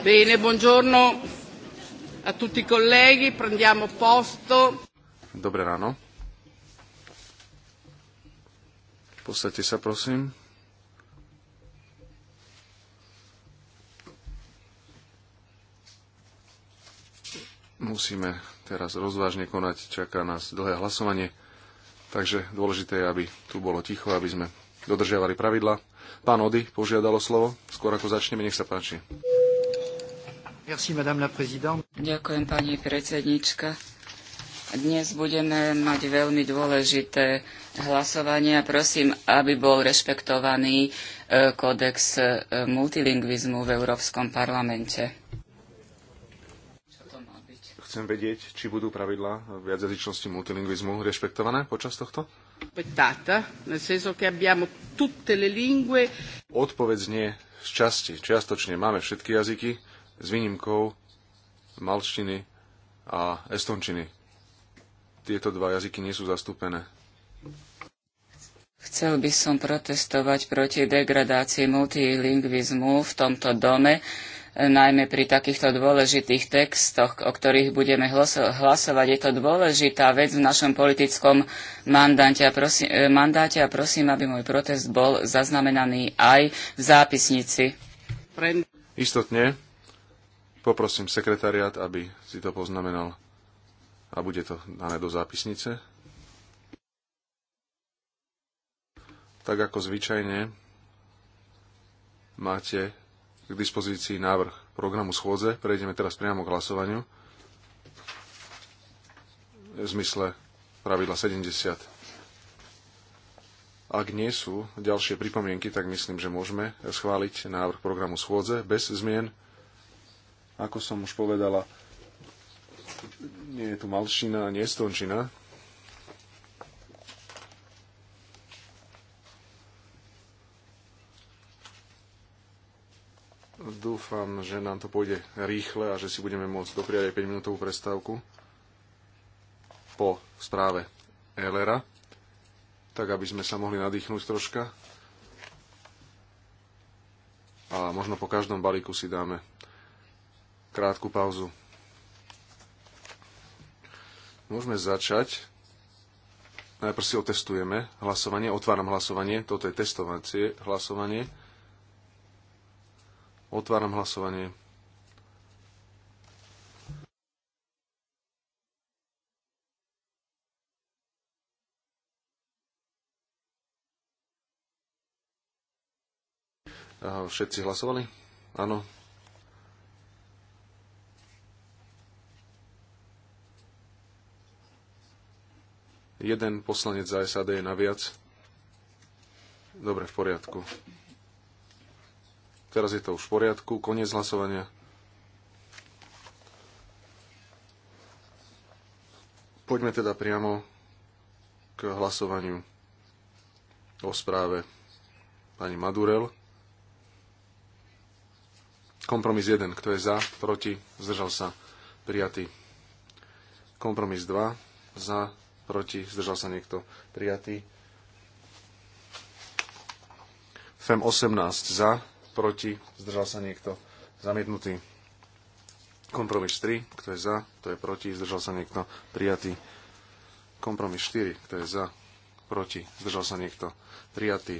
Bene, buongiorno a tutti i colleghi, prendiamo posto. Dobre ráno. Postaďte sa, prosím. Musíme teraz rozvážne konať, čaká nás dlhé hlasovanie, takže dôležité je, aby tu bolo ticho, aby sme dodržiavali pravidla. Pán Ody požiadalo slovo, skôr ako začneme, nech sa páči. Merci, madame la présidente. Ďakujem, pani predsednička. Dnes budeme mať veľmi dôležité hlasovanie a prosím, aby bol rešpektovaný e, kódex e, multilingvizmu v Európskom parlamente. Chcem vedieť, či budú pravidlá viacjazyčnosti multilingvizmu rešpektované počas tohto? Odpovedz nie z časti. Čiastočne máme všetky jazyky, s výnimkou malštiny a estončiny. Tieto dva jazyky nie sú zastúpené. Chcel by som protestovať proti degradácii multilingvizmu v tomto dome, najmä pri takýchto dôležitých textoch, o ktorých budeme hlasovať. Je to dôležitá vec v našom politickom mandáte a, prosím, e, mandáte a prosím, aby môj protest bol zaznamenaný aj v zápisnici. Istotne, Poprosím sekretariat, aby si to poznamenal a bude to dané do zápisnice. Tak ako zvyčajne máte k dispozícii návrh programu schôdze. Prejdeme teraz priamo k hlasovaniu v zmysle pravidla 70. Ak nie sú ďalšie pripomienky, tak myslím, že môžeme schváliť návrh programu schôdze bez zmien. Ako som už povedala, nie je tu malšina ani stončina. Dúfam, že nám to pôjde rýchle a že si budeme môcť dopriať aj 5-minútovú prestávku po správe Elera, tak aby sme sa mohli nadýchnúť troška. A možno po každom balíku si dáme krátku pauzu. Môžeme začať. Najprv si otestujeme hlasovanie. Otváram hlasovanie. Toto je testovacie hlasovanie. Otváram hlasovanie. Všetci hlasovali? Áno, Jeden poslanec za SAD je naviac. Dobre, v poriadku. Teraz je to už v poriadku. Koniec hlasovania. Poďme teda priamo k hlasovaniu o správe pani Madurel. Kompromis 1. Kto je za, proti, zdržal sa, prijatý. Kompromis 2. Za, proti, zdržal sa niekto, prijatý. FEM 18 za, proti, zdržal sa niekto, zamietnutý. Kompromis 3, kto je za, kto je proti, zdržal sa niekto, prijatý. Kompromis 4, kto je za, proti, zdržal sa niekto, prijatý.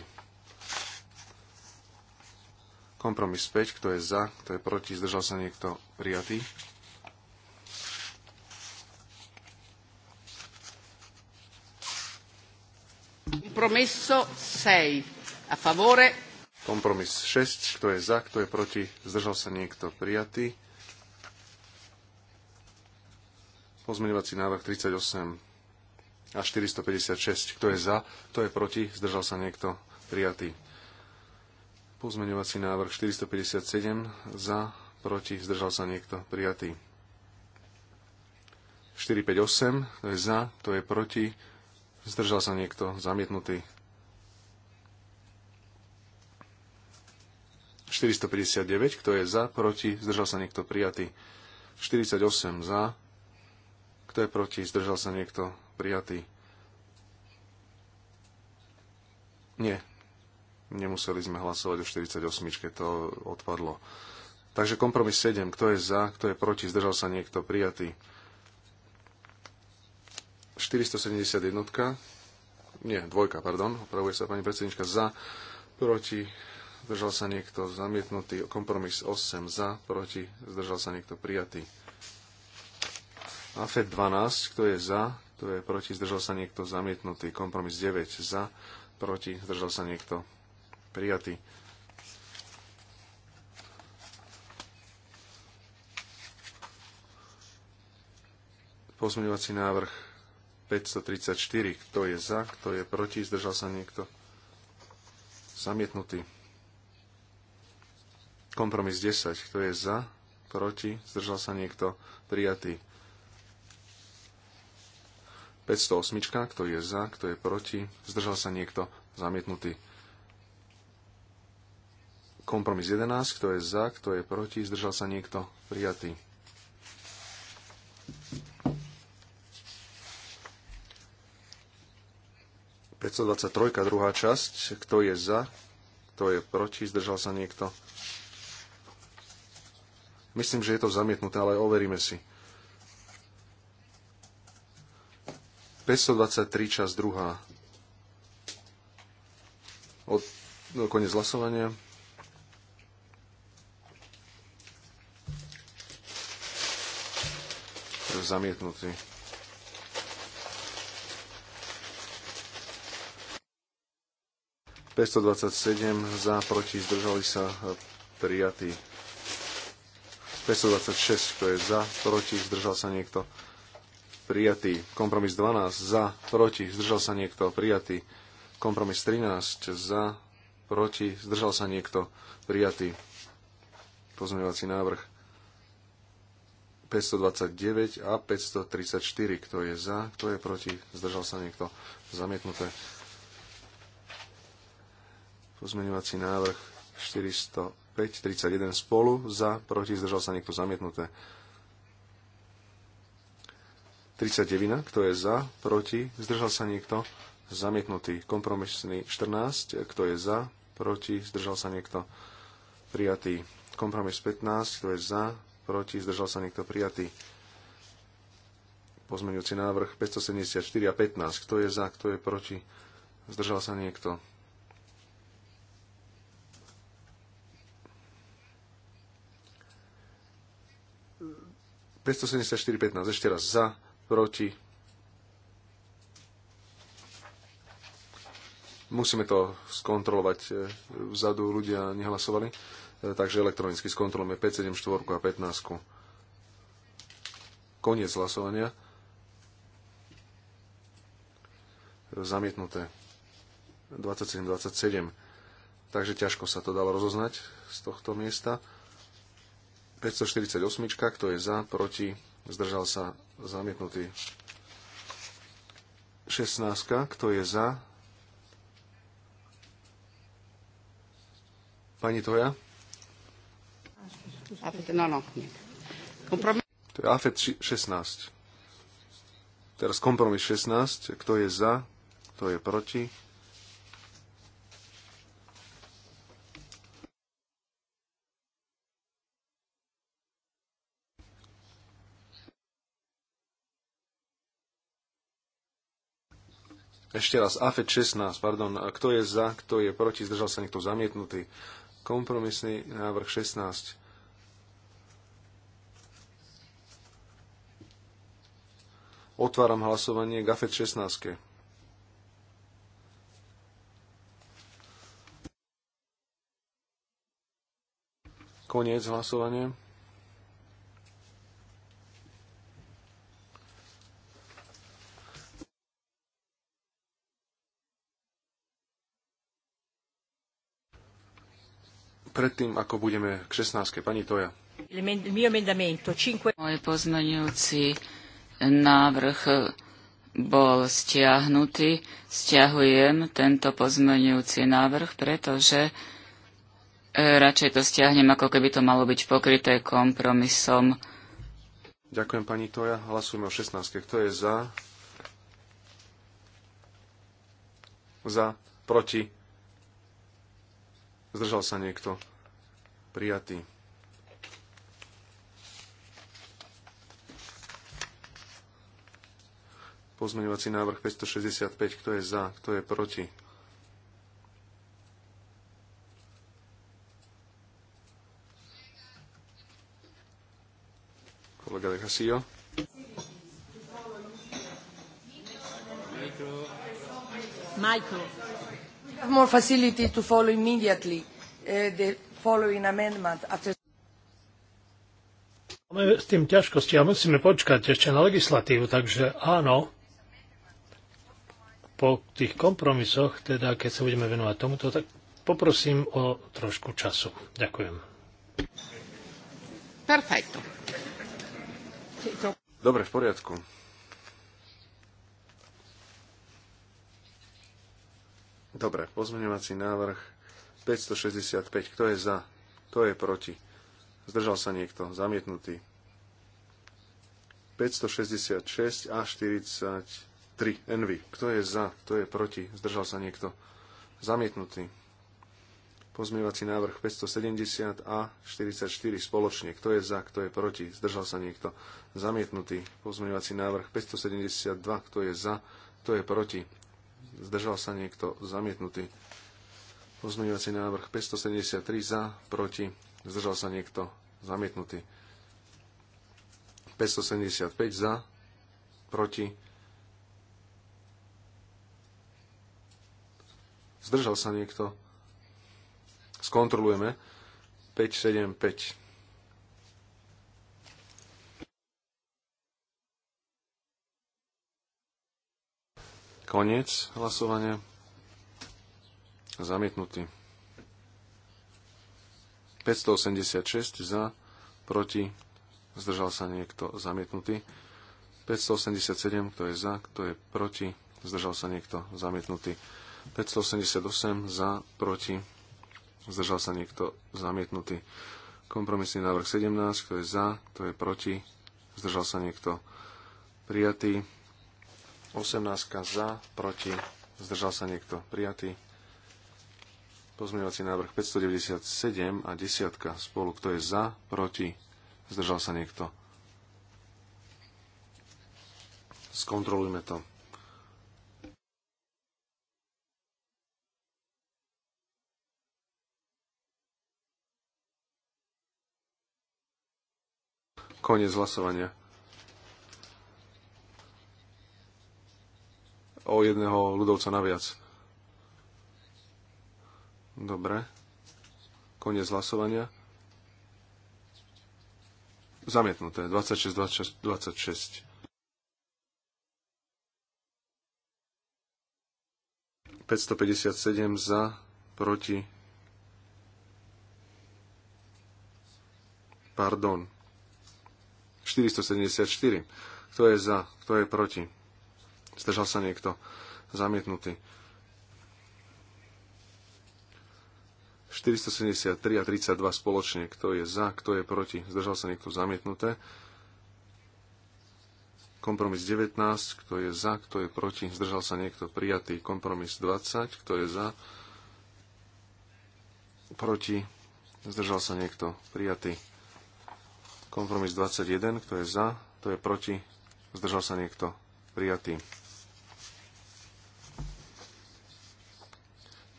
Kompromis 5, kto je za, kto je proti, zdržal sa niekto, prijatý. Compromesso 6. A favore. Kompromis 6. Kto je za, kto je proti? Zdržal sa niekto? Prijatý. Pozmeňovací návrh 38 a 456. Kto je za, kto je proti? Zdržal sa niekto? Prijatý. Pozmeňovací návrh 457 za, proti, zdržal sa niekto, prijatý. 458, to je za, to je proti, Zdržal sa niekto? Zamietnutý. 459, kto je za, proti, zdržal sa niekto prijatý. 48 za, kto je proti, zdržal sa niekto prijatý. Nie, nemuseli sme hlasovať o 48, to odpadlo. Takže kompromis 7, kto je za, kto je proti, zdržal sa niekto prijatý. 471. Nie, dvojka, pardon. Opravuje sa pani predsednička za, proti, zdržal sa niekto zamietnutý. Kompromis 8 za, proti, zdržal sa niekto prijatý. AFED 12, kto je za, kto je proti, zdržal sa niekto zamietnutý. Kompromis 9 za, proti, zdržal sa niekto prijatý. Pozmeňovací návrh 534. Kto je za, kto je proti, zdržal sa niekto? Zamietnutý. Kompromis 10. Kto je za, proti, zdržal sa niekto? Prijatý. 508. Kto je za, kto je proti, zdržal sa niekto? Zamietnutý. Kompromis 11. Kto je za, kto je proti, zdržal sa niekto? Prijatý. 523, druhá časť. Kto je za? Kto je proti? Zdržal sa niekto? Myslím, že je to zamietnuté, ale overíme si. 523, časť druhá. Od, no, konec hlasovania. Zamietnutý. 527 za, proti, zdržali sa, e, prijatý. 526, kto je za, proti, zdržal sa niekto, prijatý. Kompromis 12, za, proti, zdržal sa niekto, prijatý. Kompromis 13, za, proti, zdržal sa niekto, prijatý. Pozmeňovací návrh 529 a 534, kto je za, kto je proti, zdržal sa niekto, zamietnuté. Pozmeňovací návrh 405, 31 spolu, za, proti, zdržal sa niekto zamietnuté. 39, kto je za, proti, zdržal sa niekto zamietnutý. Kompromisný 14, kto je za, proti, zdržal sa niekto prijatý. Kompromis 15, kto je za, proti, zdržal sa niekto prijatý. Pozmeňujúci návrh 574 a 15, kto je za, kto je proti, zdržal sa niekto 574.15. Ešte raz za, proti. Musíme to skontrolovať. E, vzadu ľudia nehlasovali, e, takže elektronicky skontrolujeme 574 a 15. Koniec hlasovania. Zamietnuté. 27-27. Takže ťažko sa to dalo rozoznať z tohto miesta. 548, kto je za, proti, zdržal sa, zamietnutý. 16, kto je za? Pani Toja? No, no. To je AFET 16. Teraz kompromis 16. Kto je za? Kto je proti? Ešte raz, AFE 16, pardon. Kto je za, kto je proti, zdržal sa niekto zamietnutý. Kompromisný návrh 16. Otváram hlasovanie k AFE 16. Koniec hlasovania. predtým, ako budeme k 16. Pani Toja. Môj pozmeňujúci návrh bol stiahnutý. Stiahujem tento pozmeňujúci návrh, pretože e, radšej to stiahnem, ako keby to malo byť pokryté kompromisom. Ďakujem pani Toja. Hlasujeme o 16. Kto je za? Za? Proti? Zdržal sa niekto? Prijatý. Pozmeňovací návrh 565. Kto je za? Kto je proti? Kolega de Castillo. Michael. Uh, Máme s tým ťažkosti a musíme počkať ešte na legislatívu, takže áno, po tých kompromisoch, teda keď sa budeme venovať tomuto, tak poprosím o trošku času. Ďakujem. Perfekto. Dobre, v poriadku. Dobre, pozmeňovací návrh 565. Kto je za? Kto je proti? Zdržal sa niekto? Zamietnutý. 566 a 43. Envy. Kto je za? Kto je proti? Zdržal sa niekto? Zamietnutý. Pozmeňovací návrh 570 a 44 spoločne. Kto je za, kto je proti? Zdržal sa niekto? Zamietnutý. Pozmeňovací návrh 572. Kto je za, kto je proti? zdržal sa niekto, zamietnutý. Pozmeňovací návrh 573 za, proti, zdržal sa niekto, zamietnutý. 575 za, proti, zdržal sa niekto, skontrolujeme, 575 Koniec hlasovania. Zamietnutý. 586 za, proti, zdržal sa niekto, zamietnutý. 587, kto je za, kto je proti, zdržal sa niekto, zamietnutý. 588 za, proti, zdržal sa niekto, zamietnutý. Kompromisný návrh 17, kto je za, kto je proti, zdržal sa niekto, prijatý. 18 za, proti, zdržal sa niekto, prijatý. Pozmeňovací návrh 597 a 10 spolu, kto je za, proti, zdržal sa niekto. Skontrolujme to. Koniec hlasovania. o jedného ľudovca naviac. Dobre. Koniec hlasovania. Zamietnuté. 26, 26, 26. ...557 za, proti... Pardon. 474. Kto je za, kto je proti? Zdržal sa niekto? Zamietnutý. 473 a 32 spoločne. Kto je za, kto je proti? Zdržal sa niekto? Zamietnuté. Kompromis 19. Kto je za, kto je proti? Zdržal sa niekto? Prijatý. Kompromis 20. Kto je za? Proti? Zdržal sa niekto? Prijatý. Kompromis 21. Kto je za, kto je proti? Zdržal sa niekto? Prijatý.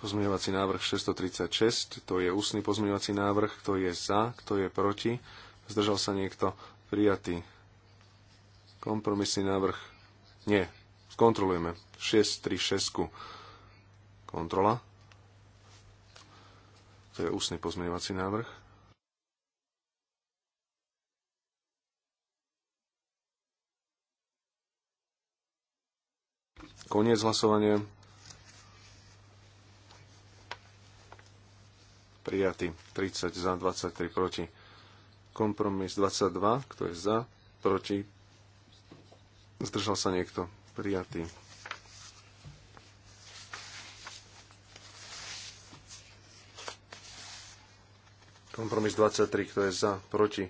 Pozmeňovací návrh 636, to je ústny pozmeňovací návrh, kto je za, kto je proti. Zdržal sa niekto? Prijatý. Kompromisný návrh? Nie. Skontrolujeme. 636. Kontrola. To je ústny pozmeňovací návrh. Koniec hlasovania. prijatý. 30 za, 23 proti. Kompromis 22, kto je za, proti. Zdržal sa niekto. Prijatý. Kompromis 23, kto je za, proti.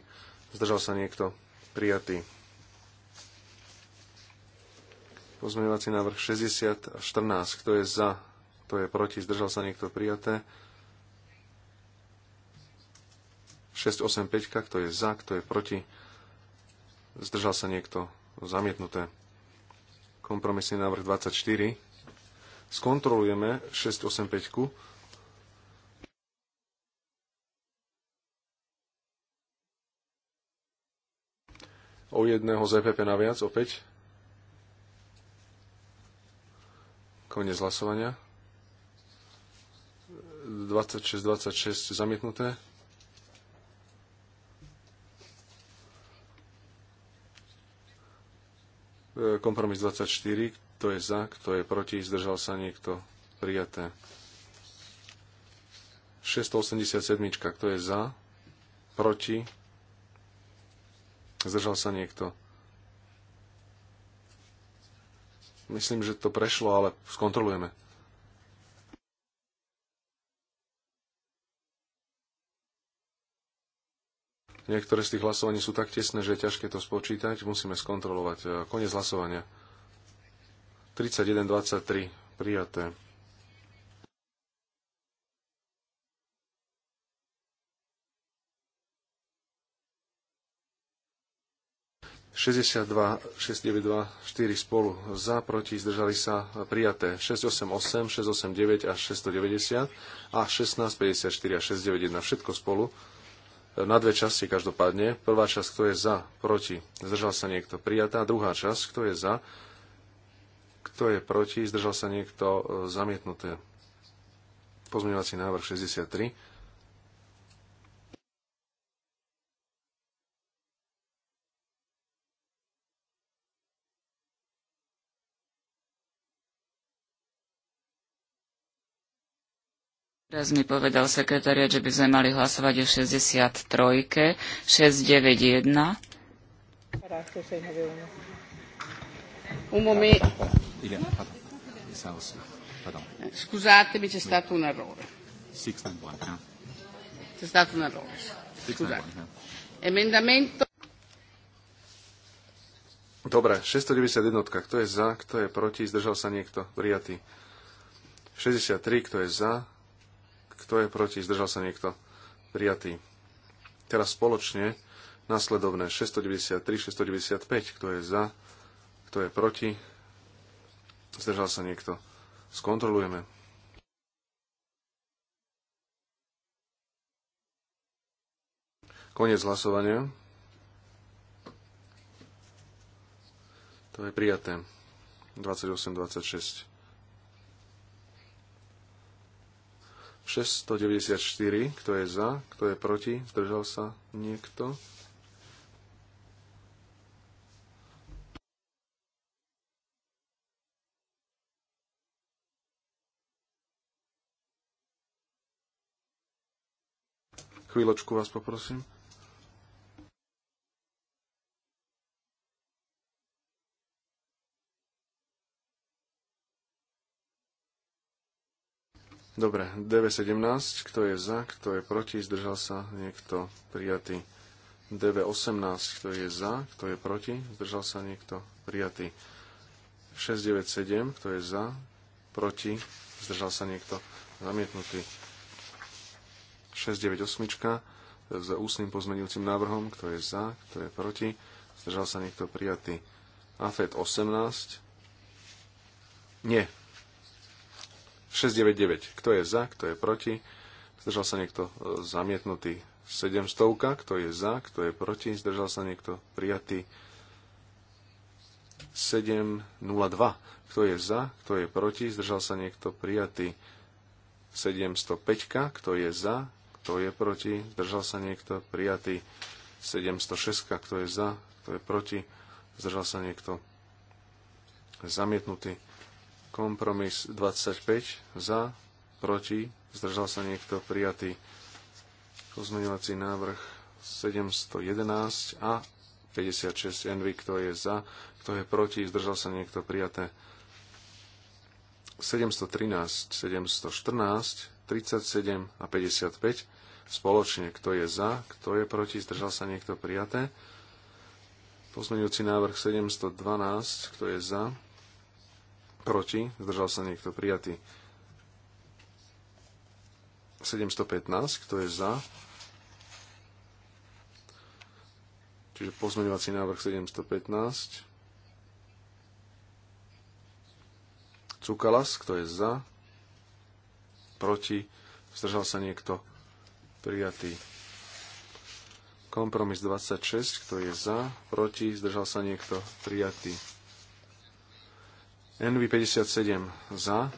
Zdržal sa niekto. Prijatý. Pozmeňovací návrh 60 a 14. Kto je za, kto je proti, zdržal sa niekto prijaté. 685, kto je za, kto je proti. Zdržal sa niekto. Zamietnuté. Kompromisný návrh 24. Skontrolujeme 685. -ku. O jedného ZPP e naviac, opäť. Konec hlasovania. 26, 26 zamietnuté. Kompromis 24, kto je za, kto je proti, zdržal sa niekto, prijaté. 687, kto je za, proti, zdržal sa niekto. Myslím, že to prešlo, ale skontrolujeme. Niektoré z tých hlasovaní sú tak tesné, že je ťažké to spočítať. Musíme skontrolovať. E, Konec hlasovania. 31.23. Prijaté. štyri spolu za, proti, zdržali sa prijaté 688, 689 až 690 a 1654 a 691 všetko spolu na dve časti každopádne. Prvá časť, kto je za, proti, zdržal sa niekto, prijatá. Druhá časť, kto je za, kto je proti, zdržal sa niekto, e, zamietnuté. Pozmeňovací návrh 63 Teraz mi povedal sekretariat, že by sme mali hlasovať o 63, 691. Un momento. Scusatemi, c'è stato un errore. C'è stato un errore. Scusate. Emendamento. Dobre, 691, kto je za, kto je proti, zdržal sa niekto, prijatý. 63, kto je za, kto je proti? Zdržal sa niekto? Prijatý. Teraz spoločne nasledovné 693, 695. Kto je za? Kto je proti? Zdržal sa niekto? Skontrolujeme. Konec hlasovania. To je prijaté. 28-26. 694, kto je za, kto je proti, zdržal sa niekto. Chvíľočku vás poprosím. Dobre, DV17, kto je za, kto je proti, zdržal sa niekto prijatý. DV18, kto je za, kto je proti, zdržal sa niekto prijatý. 697, kto je za, proti, zdržal sa niekto zamietnutý. 698 s ústnym pozmenujúcim návrhom, kto je za, kto je proti, zdržal sa niekto prijatý. AFED 18, nie, 699. E, kto je za, kto je proti? Zdržal sa niekto zamietnutý. 700. Kto je za, kto je proti? Zdržal sa niekto prijatý. 702. Kto je za, kto je proti? Zdržal sa niekto prijatý. 705. Kto je za, kto je proti? Zdržal sa niekto prijatý. 706. Kto je za, kto je proti? Zdržal sa niekto zamietnutý. Kompromis 25 za, proti, zdržal sa niekto prijatý. Pozmeňovací návrh 711 a 56 Envy, kto je za, kto je proti, zdržal sa niekto prijaté. 713, 714, 37 a 55 spoločne, kto je za, kto je proti, zdržal sa niekto prijaté. Pozmeňujúci návrh 712, kto je za, proti, zdržal sa niekto prijatý. 715, kto je za. Čiže pozmeňovací návrh 715. Cukalas, kto je za. Proti, zdržal sa niekto prijatý. Kompromis 26, kto je za, proti, zdržal sa niekto prijatý. NV57 za.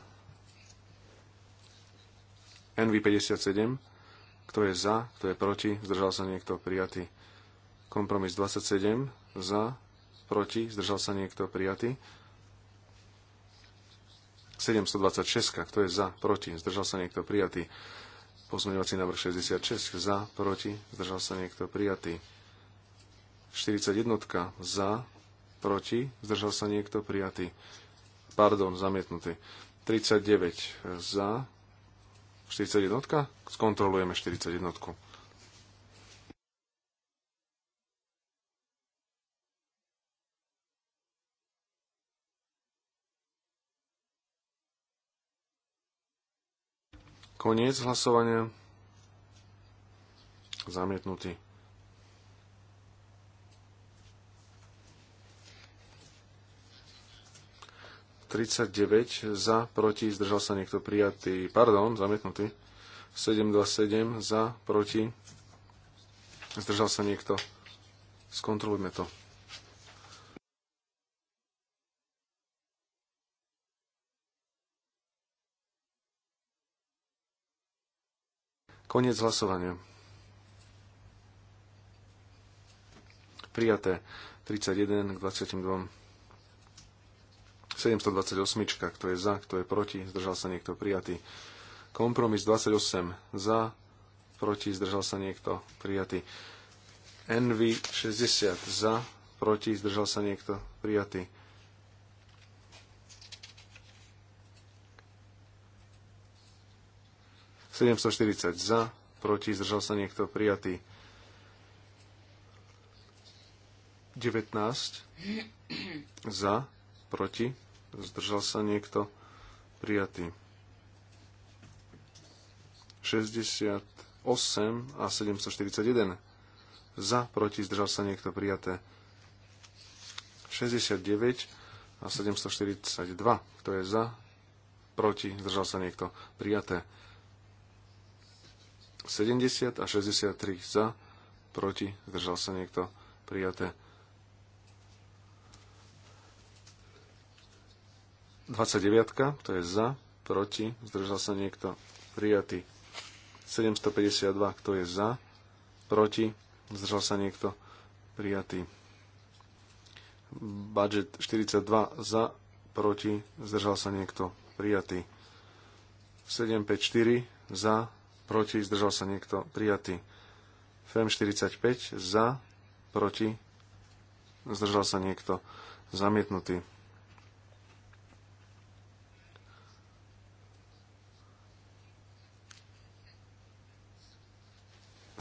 NV57. Kto je za, kto je proti, zdržal sa niekto, prijatý. Kompromis 27 za, proti, zdržal sa niekto, prijatý. 726, kto je za, proti, zdržal sa niekto, prijatý. Pozmeňovací návrh 66, za, proti, zdržal sa niekto, prijatý. 41 za, proti, zdržal sa niekto, prijatý. Pardon, zamietnutý. 39 za. 41? Skontrolujeme 41. Koniec hlasovania. Zamietnutý. 39 za, proti, zdržal sa niekto prijatý, pardon, zamietnutý. 727 za, proti, zdržal sa niekto. Skontrolujme to. Koniec hlasovania. Prijaté 31 k 22. 728, kto je za, kto je proti, zdržal sa niekto prijatý. Kompromis 28 za, proti, zdržal sa niekto prijatý. NV 60 za, proti, zdržal sa niekto prijatý. ...740 za, proti, zdržal sa niekto prijatý. 19 za, proti, zdržal sa niekto, prijatý. 68 a 741 za, proti, zdržal sa niekto, prijaté. 69 a 742, kto je za, proti, zdržal sa niekto, prijaté. 70 a 63 za, proti, zdržal sa niekto, prijaté. 29, to je za, proti, zdržal sa niekto, prijatý. 752, kto je za, proti, zdržal sa niekto, prijatý. Budget 42 za, proti, zdržal sa niekto, prijatý. 754 za, proti, zdržal sa niekto, prijatý. FEM 45 za, proti, zdržal sa niekto, zamietnutý.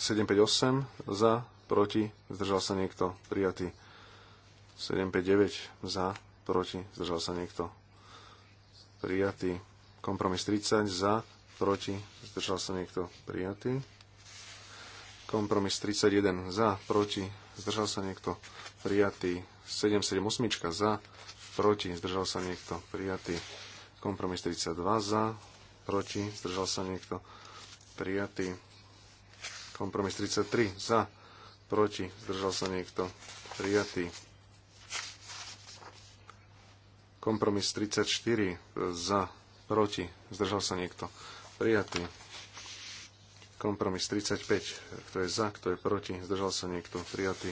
758 za, proti, zdržal sa niekto, prijatý. 759 za, proti, zdržal sa niekto, prijatý. Kompromis 30 za, proti, zdržal sa niekto, prijatý. Kompromis 31 za, proti, zdržal sa niekto, prijatý. 778 za, proti, zdržal sa niekto, prijatý. Kompromis 32 za, proti, zdržal sa niekto, prijatý. Kompromis 33 za, proti, zdržal sa niekto, prijatý. Kompromis 34 za, proti, zdržal sa niekto, prijatý. Kompromis 35, kto je za, kto je proti, zdržal sa niekto, prijatý.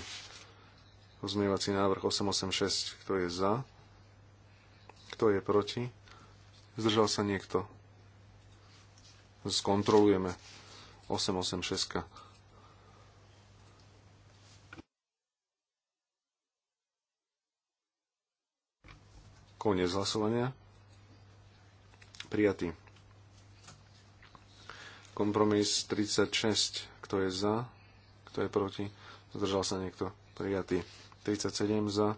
Pozmeňovací návrh 886, kto je za, kto je proti, zdržal sa niekto. Skontrolujeme. 886. Koniec hlasovania. Prijatý. Kompromis 36. Kto je za? Kto je proti? Zdržal sa niekto? Prijatý. 37 za.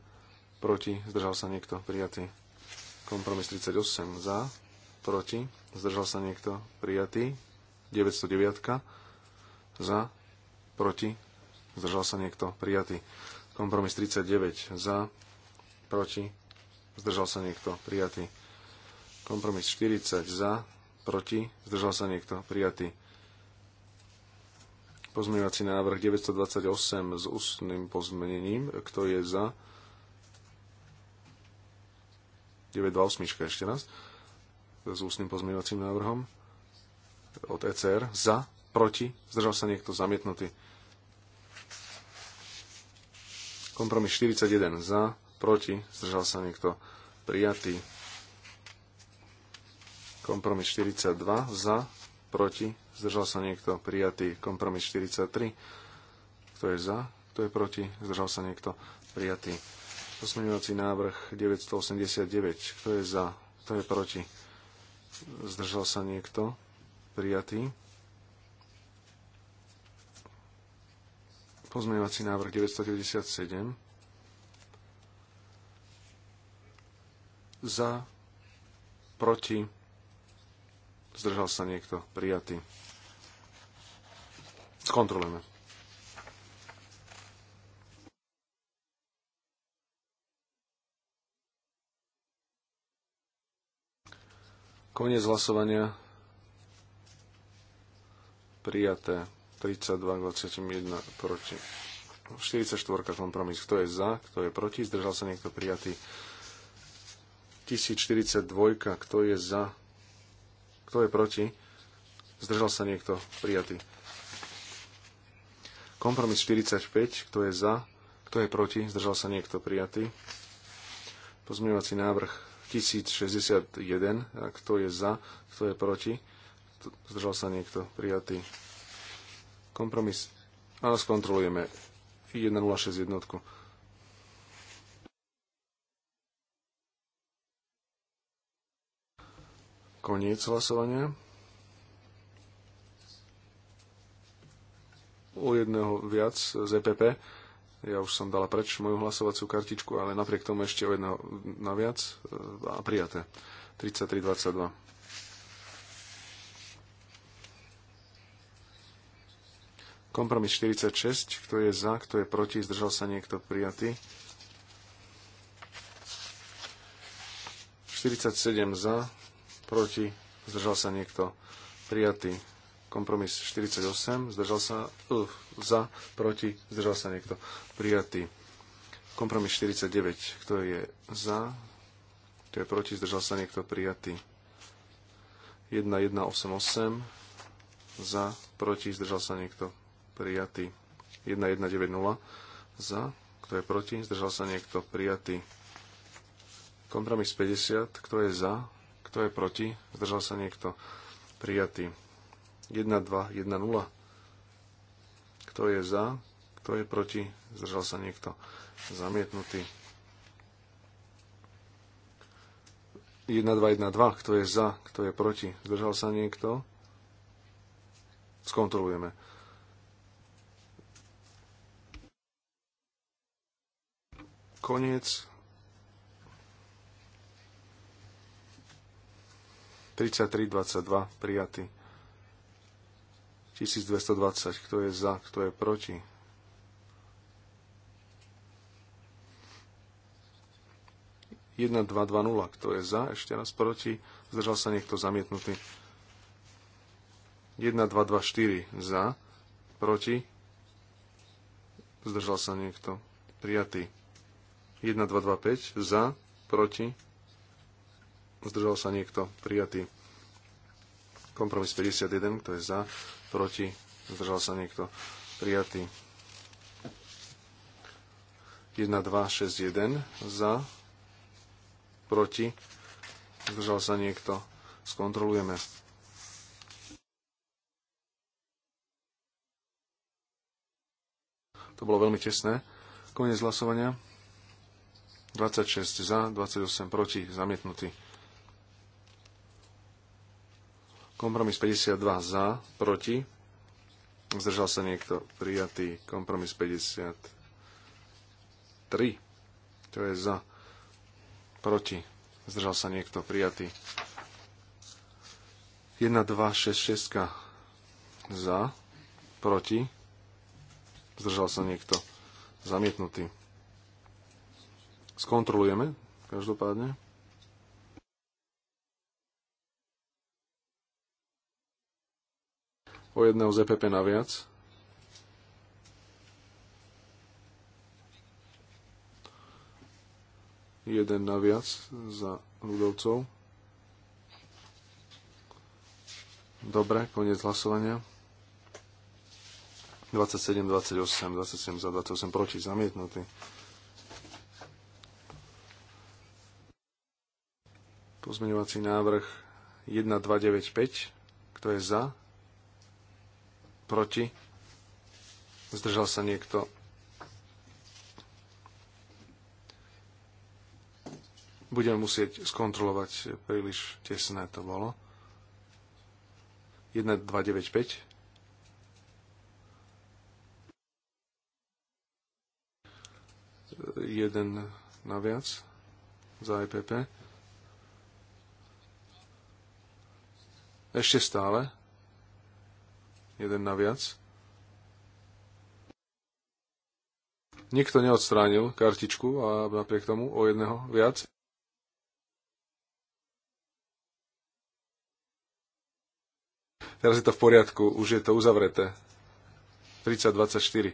Proti? Zdržal sa niekto? Prijatý. Kompromis 38 za. Proti? Zdržal sa niekto? Prijatý. 909 za, proti, zdržal sa niekto, prijatý. Kompromis 39 za, proti, zdržal sa niekto, prijatý. Kompromis 40 za, proti, zdržal sa niekto, prijatý. Pozmeňovací návrh 928 s ústnym pozmenením. Kto je za? 928 ešte raz. S ústnym pozmeňovacím návrhom od ECR. Za, proti, zdržal sa niekto, zamietnutý. Kompromis 41 za, proti, zdržal sa niekto, prijatý. Kompromis 42 za, proti, zdržal sa niekto, prijatý. Kompromis 43, kto je za, kto je proti, zdržal sa niekto, prijatý. Posmeňovací návrh 989, kto je za, kto je proti, zdržal sa niekto, prijatý. Pozmeňovací návrh 997. Za, proti, zdržal sa niekto, prijatý. Skontrolujeme. Koniec hlasovania prijaté 32 21 proti. 44 kompromis. Kto je za, kto je proti? Zdržal sa niekto prijatý. 1042. Kto je za? Kto je proti? Zdržal sa niekto prijatý. Kompromis 45. Kto je za? Kto je proti? Zdržal sa niekto prijatý. Pozmeňovací návrh 1061. Kto je za? Kto je proti? Zdržal sa niekto? Prijatý. Kompromis. A skontrolujeme 1.06 jednotku. Koniec hlasovania. O jedného viac z EPP. Ja už som dala preč moju hlasovaciu kartičku, ale napriek tomu ešte o jedného naviac e, a prijaté. 3322. Kompromis 46, kto je za, kto je proti, zdržal sa niekto prijatý. 47 za, proti, zdržal sa niekto prijatý. Kompromis 48, zdržal sa, uh, za, proti, zdržal sa niekto prijatý. Kompromis 49, kto je za, kto je proti, zdržal sa niekto prijatý. 1188, za, proti, zdržal sa niekto prijatý. 1190 za, kto je proti, zdržal sa niekto, prijatý. Kompromis 50, kto je za, kto je proti, zdržal sa niekto, prijatý. 1210, kto je za, kto je proti, zdržal sa niekto, zamietnutý. 1212, kto je za, kto je proti, zdržal sa niekto, skontrolujeme. Koniec. 33,22 prijatý. 1220, kto je za, kto je proti. Jedna, dva, dva, nula, kto je za, ešte raz proti, zdržal sa niekto zamietnutý. 1, 2, 2, 4 za, proti, zdržal sa niekto prijatý. 1225 za, proti, zdržal sa niekto, prijatý. Kompromis 51, kto je za, proti, zdržal sa niekto, prijatý. 1261 za, proti, zdržal sa niekto, skontrolujeme. To bolo veľmi tesné. Koniec hlasovania. 26 za, 28 proti, zamietnutý. Kompromis 52 za, proti. Zdržal sa niekto. Prijatý kompromis 53. To je za, proti. Zdržal sa niekto. Prijatý. 1, 2, 6, 6 za, proti. Zdržal sa niekto. Zamietnutý skontrolujeme, každopádne. O jedného ZPP e naviac. Jeden naviac za ľudovcov. Dobre, koniec hlasovania. 27, 28, 27 za 28 proti, zamietnutý. Pozmeňovací návrh 1295. Kto je za? Proti? Zdržal sa niekto? Budem musieť skontrolovať, príliš tesné to bolo. 1295. jeden naviac za EPP. Ešte stále. Jeden naviac. Nikto neodstránil kartičku a napriek tomu o jedného viac. Teraz je to v poriadku, už je to uzavreté. 30-24.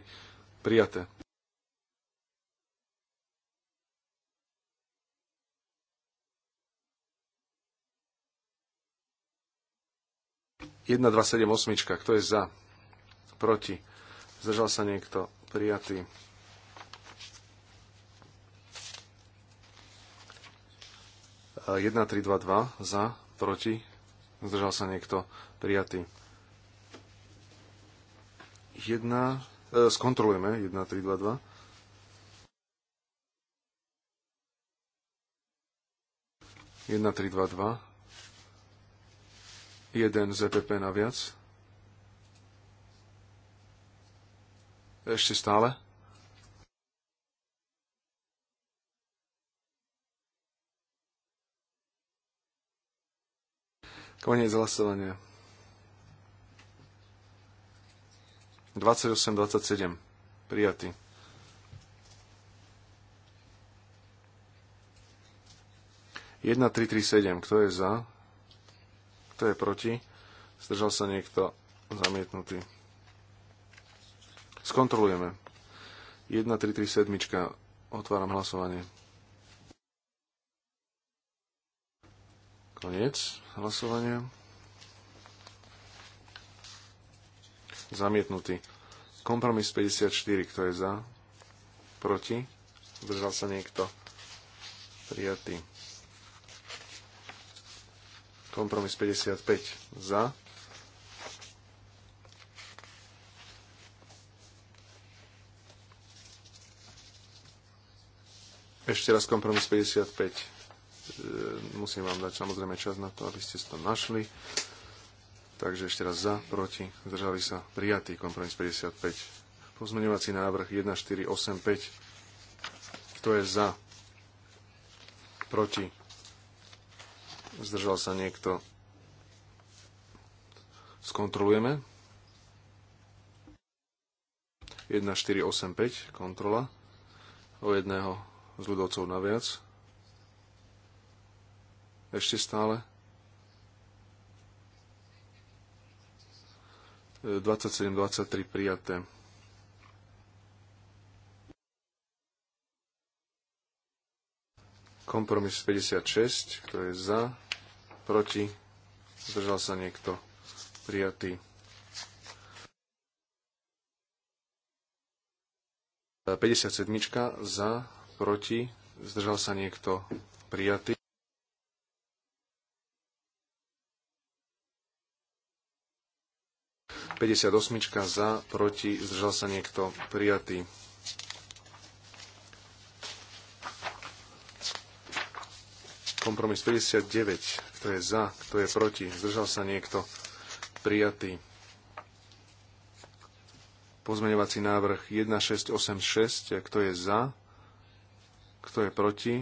Prijaté. 1, 2, 7, 8. Kto je za? Proti. Zdržal sa niekto? Prijatý. Jedna, tri, Za, proti. Zdržal sa niekto? Prijatý. 1 E, skontrolujeme. Jedna, tri, Jedna, tri, dva, dva jeden ZPP e EPP naviac. Ešte stále. Koniec hlasovania. 28-27. Prijatý. Jedna, tri, tri, sedem. Kto je za? Kto je proti? Zdržal sa niekto? Zamietnutý. Skontrolujeme. 7. Otváram hlasovanie. Koniec hlasovania. Zamietnutý. Kompromis 54. Kto je za? Proti? Zdržal sa niekto? Prijatý. Kompromis 55 za. Ešte raz kompromis 55. E, musím vám dať samozrejme čas na to, aby ste to našli. Takže ešte raz za, proti, zdržali sa, prijatý kompromis 55. Pozmeňovací návrh 1485. Kto je za? Proti? Zdržal sa niekto? Skontrolujeme. 1485 kontrola o jedného z ľudovcov naviac. Ešte stále. 27-23 prijaté. Kompromis 56, kto je za, proti, zdržal sa niekto, prijatý. Za 57 za, proti, zdržal sa niekto, prijatý. za, proti, zdržal sa niekto, prijatý. Kompromis 59. Kto je za, kto je proti? Zdržal sa niekto? Prijatý. Pozmeňovací návrh 1686. Kto je za? Kto je proti?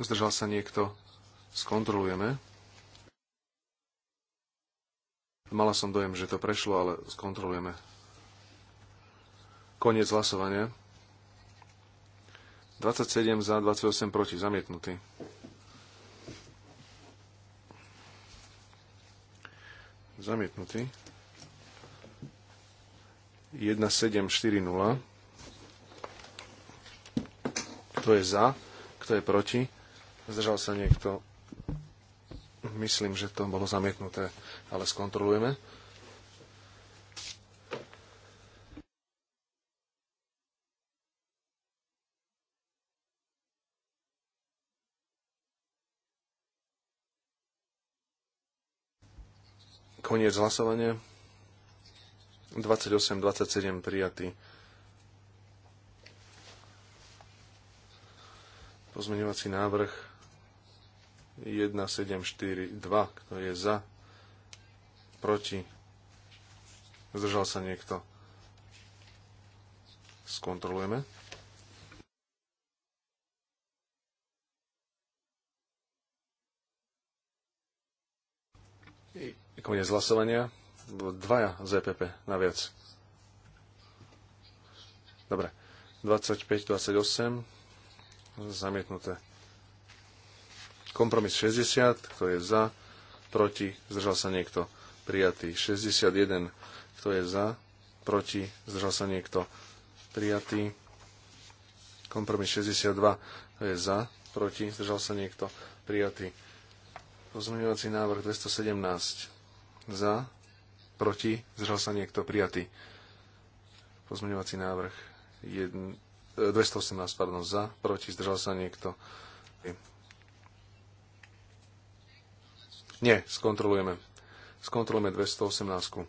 Zdržal sa niekto? Skontrolujeme. Mala som dojem, že to prešlo, ale skontrolujeme. Koniec hlasovania. 27 za, 28 proti, zamietnutý. Zamietnutý. 1740. Kto je za? Kto je proti? Zdržal sa niekto? Myslím, že to bolo zamietnuté, ale skontrolujeme. Koniec hlasovania. 28, 27 prijatý. Pozmeňovací návrh 1742, kto je za, proti, zdržal sa niekto. Skontrolujeme. koniec hlasovania. Dvaja ZPP e naviac. Dobre. 25, 28. Zamietnuté. Kompromis 60, kto je za, proti, zdržal sa niekto. Prijatý. 61, kto je za, proti, zdržal sa niekto. Prijatý. Kompromis 62, kto je za, proti, zdržal sa niekto. Prijatý. Pozmeňovací návrh 217 za, proti, zdržal sa niekto, prijatý. Pozmeňovací návrh 1, 218, e, pardon, za, proti, zdržal sa niekto. Nie, skontrolujeme. Skontrolujeme 218. -ku.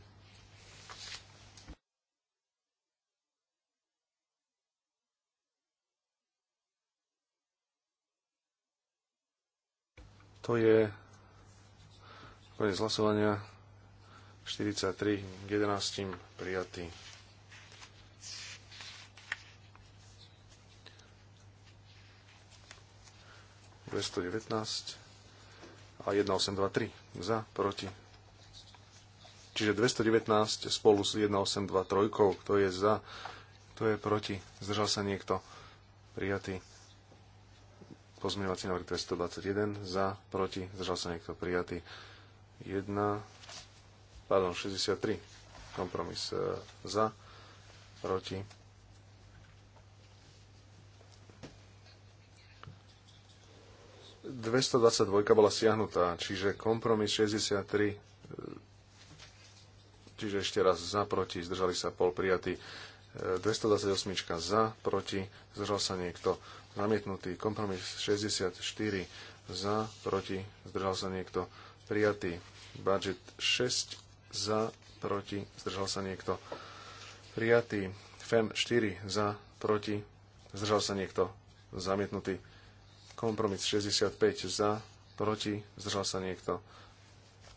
To je koniec hlasovania. 43 k 11 prijatý. ...219 a 1823 za, proti. Čiže 219 spolu s 1823, kto je za, kto je proti. Zdržal sa niekto. Prijatý. Pozmeňovací návrh 221 za, proti. Zdržal sa niekto. Prijatý. 1, pardon, 63. Kompromis e, za, proti. dvojka bola stiahnutá, čiže kompromis 63, e, čiže ešte raz za, proti, zdržali sa pol prijatí, 228 e, za, proti, zdržal sa niekto, namietnutý, kompromis 64 za, proti, zdržal sa niekto, prijatý, budget 6 za, proti, zdržal sa niekto. Prijatý. FEM 4 za, proti, zdržal sa niekto. Zamietnutý. Kompromis 65 za, proti, zdržal sa niekto.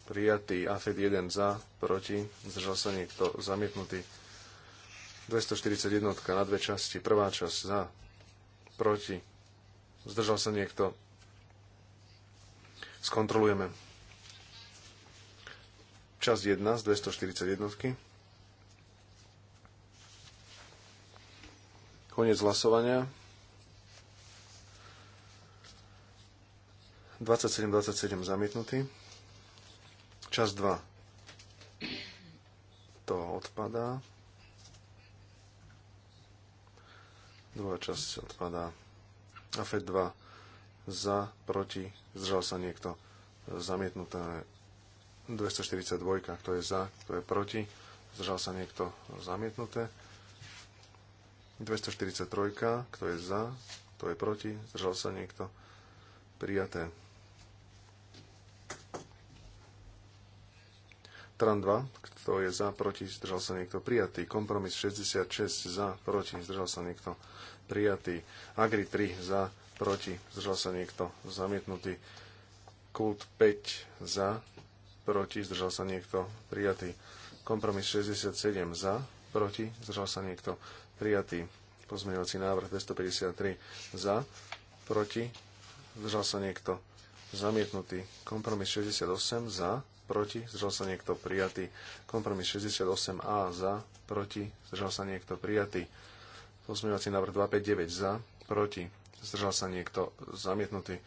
Prijatý. AFED 1 za, proti, zdržal sa niekto. Zamietnutý. 241 na dve časti. Prvá časť za, proti, zdržal sa niekto. Skontrolujeme. Časť 1 z 241. Konec hlasovania. 27-27 zamietnutý. Čas 2. To odpadá. Druhá časť odpadá. AFED 2. Za, proti, zdržal sa niekto. Zamietnuté 242, kto je za, kto je proti, zdržal sa niekto zamietnuté. 243, kto je za, kto je proti, zdržal sa niekto prijaté. Tran 2, kto je za, proti, zdržal sa niekto prijatý. Kompromis 66, za, proti, zdržal sa niekto prijatý. Agri 3, za, proti, zdržal sa niekto zamietnutý. Kult 5, za, proti, zdržal sa niekto, prijatý. Kompromis 67 za, proti, zdržal sa niekto, prijatý. Pozmeňovací návrh 253 za, proti, zdržal sa niekto, zamietnutý. Kompromis 68 za, proti, zdržal sa niekto, prijatý. Kompromis 68a za, proti, zdržal sa niekto, prijatý. Pozmeňovací návrh 259 za, proti, zdržal sa niekto, zamietnutý.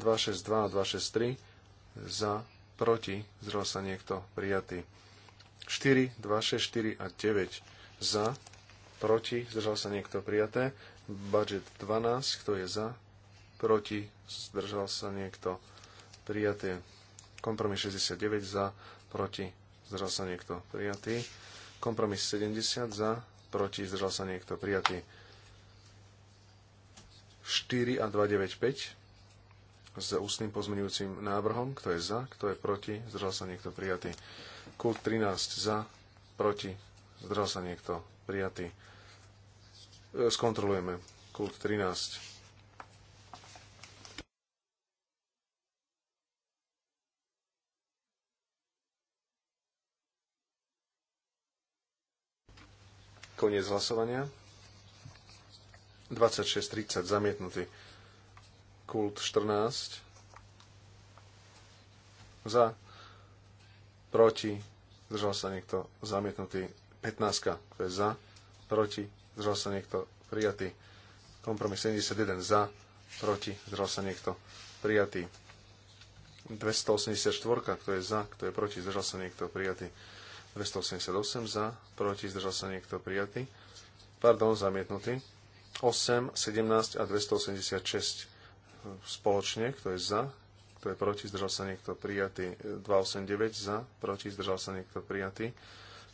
262 a 263 za, proti, zdrel sa niekto, prijatý. 4, 2, 6, 4 a 9 za, proti, zdržal sa niekto, prijaté. Budget 12, kto je za, proti, zdržal sa niekto, prijaté. Kompromis 69 za, proti, zdržal sa niekto, prijatý. Kompromis 70 za, proti, zdržal sa niekto, prijatý. 4 a 2, 9, 5 s ústnym pozmenujúcim návrhom. Kto je za, kto je proti, zdržal sa niekto prijatý. Kult 13 za, proti, zdržal sa niekto prijatý. E, skontrolujeme. Kult 13. Koniec hlasovania. 26.30 zamietnutý kult 14 za, proti, zdržal sa niekto, zamietnutý 15, to je za, proti, zdržal sa niekto, prijatý, kompromis 71 za, proti, zdržal sa niekto, prijatý, 284, kto je za, kto je proti, zdržal sa niekto, prijatý, 288 za, proti, zdržal sa niekto, prijatý, pardon, zamietnutý, 8, 17 a 286 spoločne, kto je za, kto je proti, zdržal sa niekto prijatý. 289 za, proti, zdržal sa niekto prijatý.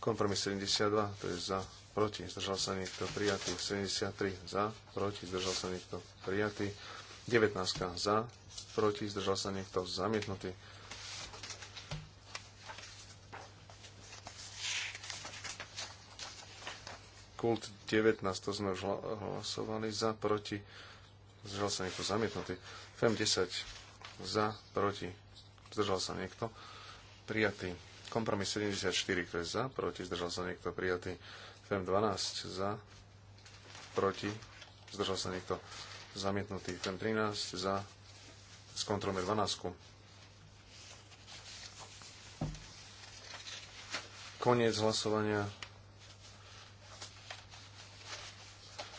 Kompromis 72, to je za, proti, zdržal sa niekto prijatý. 73 za, proti, zdržal sa niekto prijatý. 19 za, proti, zdržal sa niekto zamietnutý. Kult 19, to sme už hlasovali za, proti, zdržal sa niekto zamietnutý. FEM 10 za, proti, zdržal sa niekto prijatý. Kompromis 74, kto je za, proti, zdržal sa niekto prijatý. FEM 12 za, proti, zdržal sa niekto zamietnutý. FEM 13 za, skontrolujeme 12. Koniec hlasovania.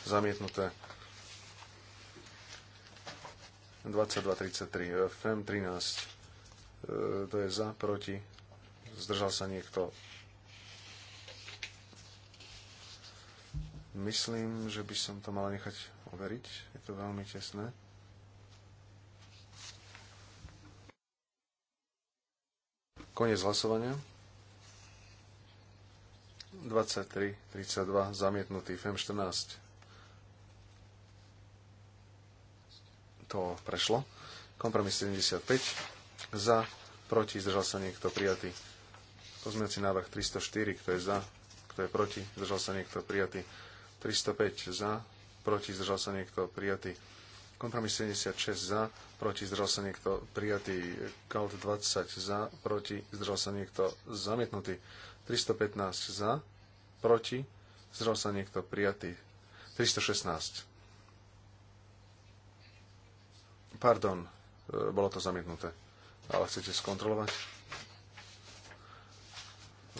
Zamietnuté. 22.33, FEM 13, e, to je za, proti, zdržal sa niekto. Myslím, že by som to mala nechať overiť, je to veľmi tesné. Koniec hlasovania. 23, 32, zamietnutý, FEM 14, to prešlo. Kompromis 75 za, proti, zdržal sa niekto prijatý. Pozmeňací návrh 304, kto je za, kto je proti, zdržal sa niekto prijatý. 305 za, proti, zdržal sa niekto prijatý. Kompromis 76 za, proti zdržal sa niekto prijatý. Kaut 20 za, proti zdržal sa niekto zamietnutý. 315 za, proti zdržal sa niekto prijatý. 316 Pardon, e, bolo to zamietnuté. Ale chcete skontrolovať?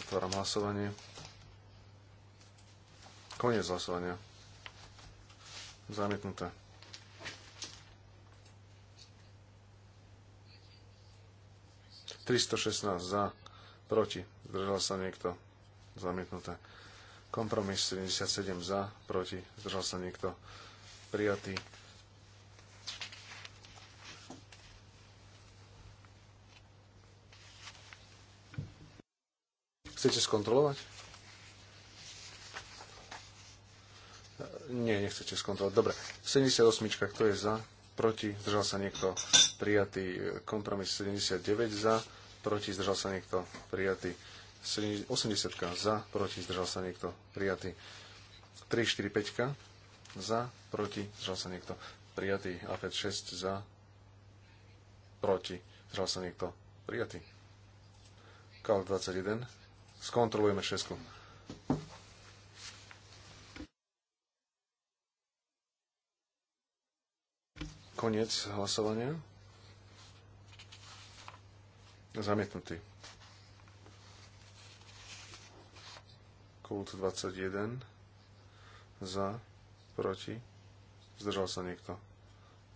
Otváram hlasovanie. Koniec hlasovania. Zamietnuté. 316 za, proti, zdržal sa niekto, zamietnuté. Kompromis 77 za, proti, zdržal sa niekto, prijatý. Chcete skontrolovať? Nie, nechcete skontrolovať. Dobre. 78. Kto je za? Proti? Zdržal sa niekto? Prijatý. Kompromis 79 za. Proti? Zdržal sa niekto? Prijatý. 80 za. Proti? Zdržal sa niekto? Prijatý. 3, 4, 5 za. Proti? Zdržal sa niekto? Prijatý. A5, 6 za. Proti? Zdržal sa niekto? Prijatý. KAL 21 Skontrolujeme všetko. Koniec hlasovania. Zamietnutý. Kult 21. Za. Proti. Zdržal sa niekto.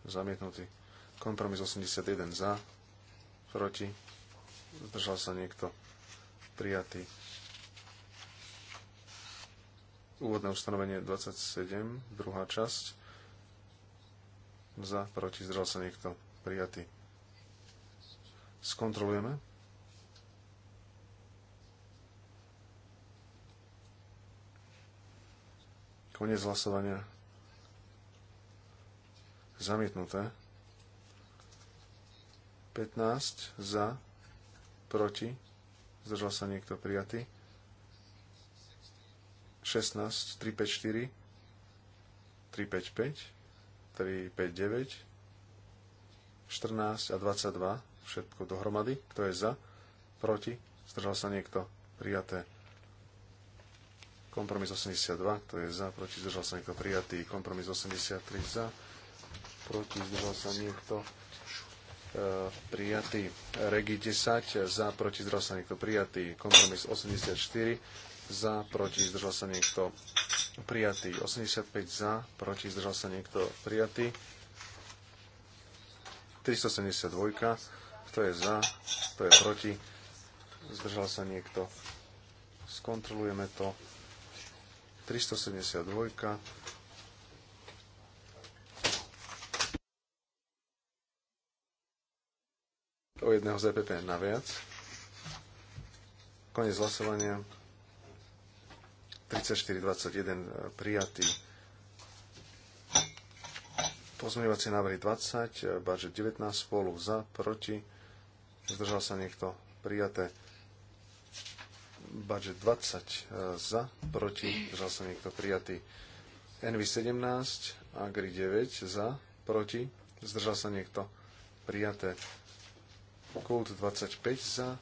Zamietnutý. Kompromis 81. Za. Proti. Zdržal sa niekto prijatý. Úvodné ustanovenie 27, druhá časť. Za, proti, zdrel sa niekto. Prijatý. Skontrolujeme. Koniec hlasovania. Zamietnuté. 15 za, proti, zdržal sa niekto prijatý. 16, 354, 355, 359, 14 a 22, všetko dohromady. Kto je za? Proti? Zdržal sa niekto? Prijaté. Kompromis 82, kto je za? Proti? Zdržal sa niekto? Prijatý. Kompromis 83 za. Proti? Zdržal sa niekto? E, prijatý. Regi 10 za, proti zdržal sa niekto prijatý. Kompromis 84 za, proti zdržal sa niekto prijatý. 85 za, proti zdržal sa niekto prijatý. 372, kto je za, kto je proti, zdržal sa niekto. Skontrolujeme to. 372, O jedného ZPP e naviac. Konec hlasovania. 34.21 e, prijatý. Pozmeňovacie návrhy 20, e, budget 19 spolu za, proti. Zdržal sa niekto prijaté. Budget 20 za, proti. Zdržal sa niekto prijatý. NV 17, Agri 9 za, proti. Zdržal sa niekto prijaté. Kult 25 za,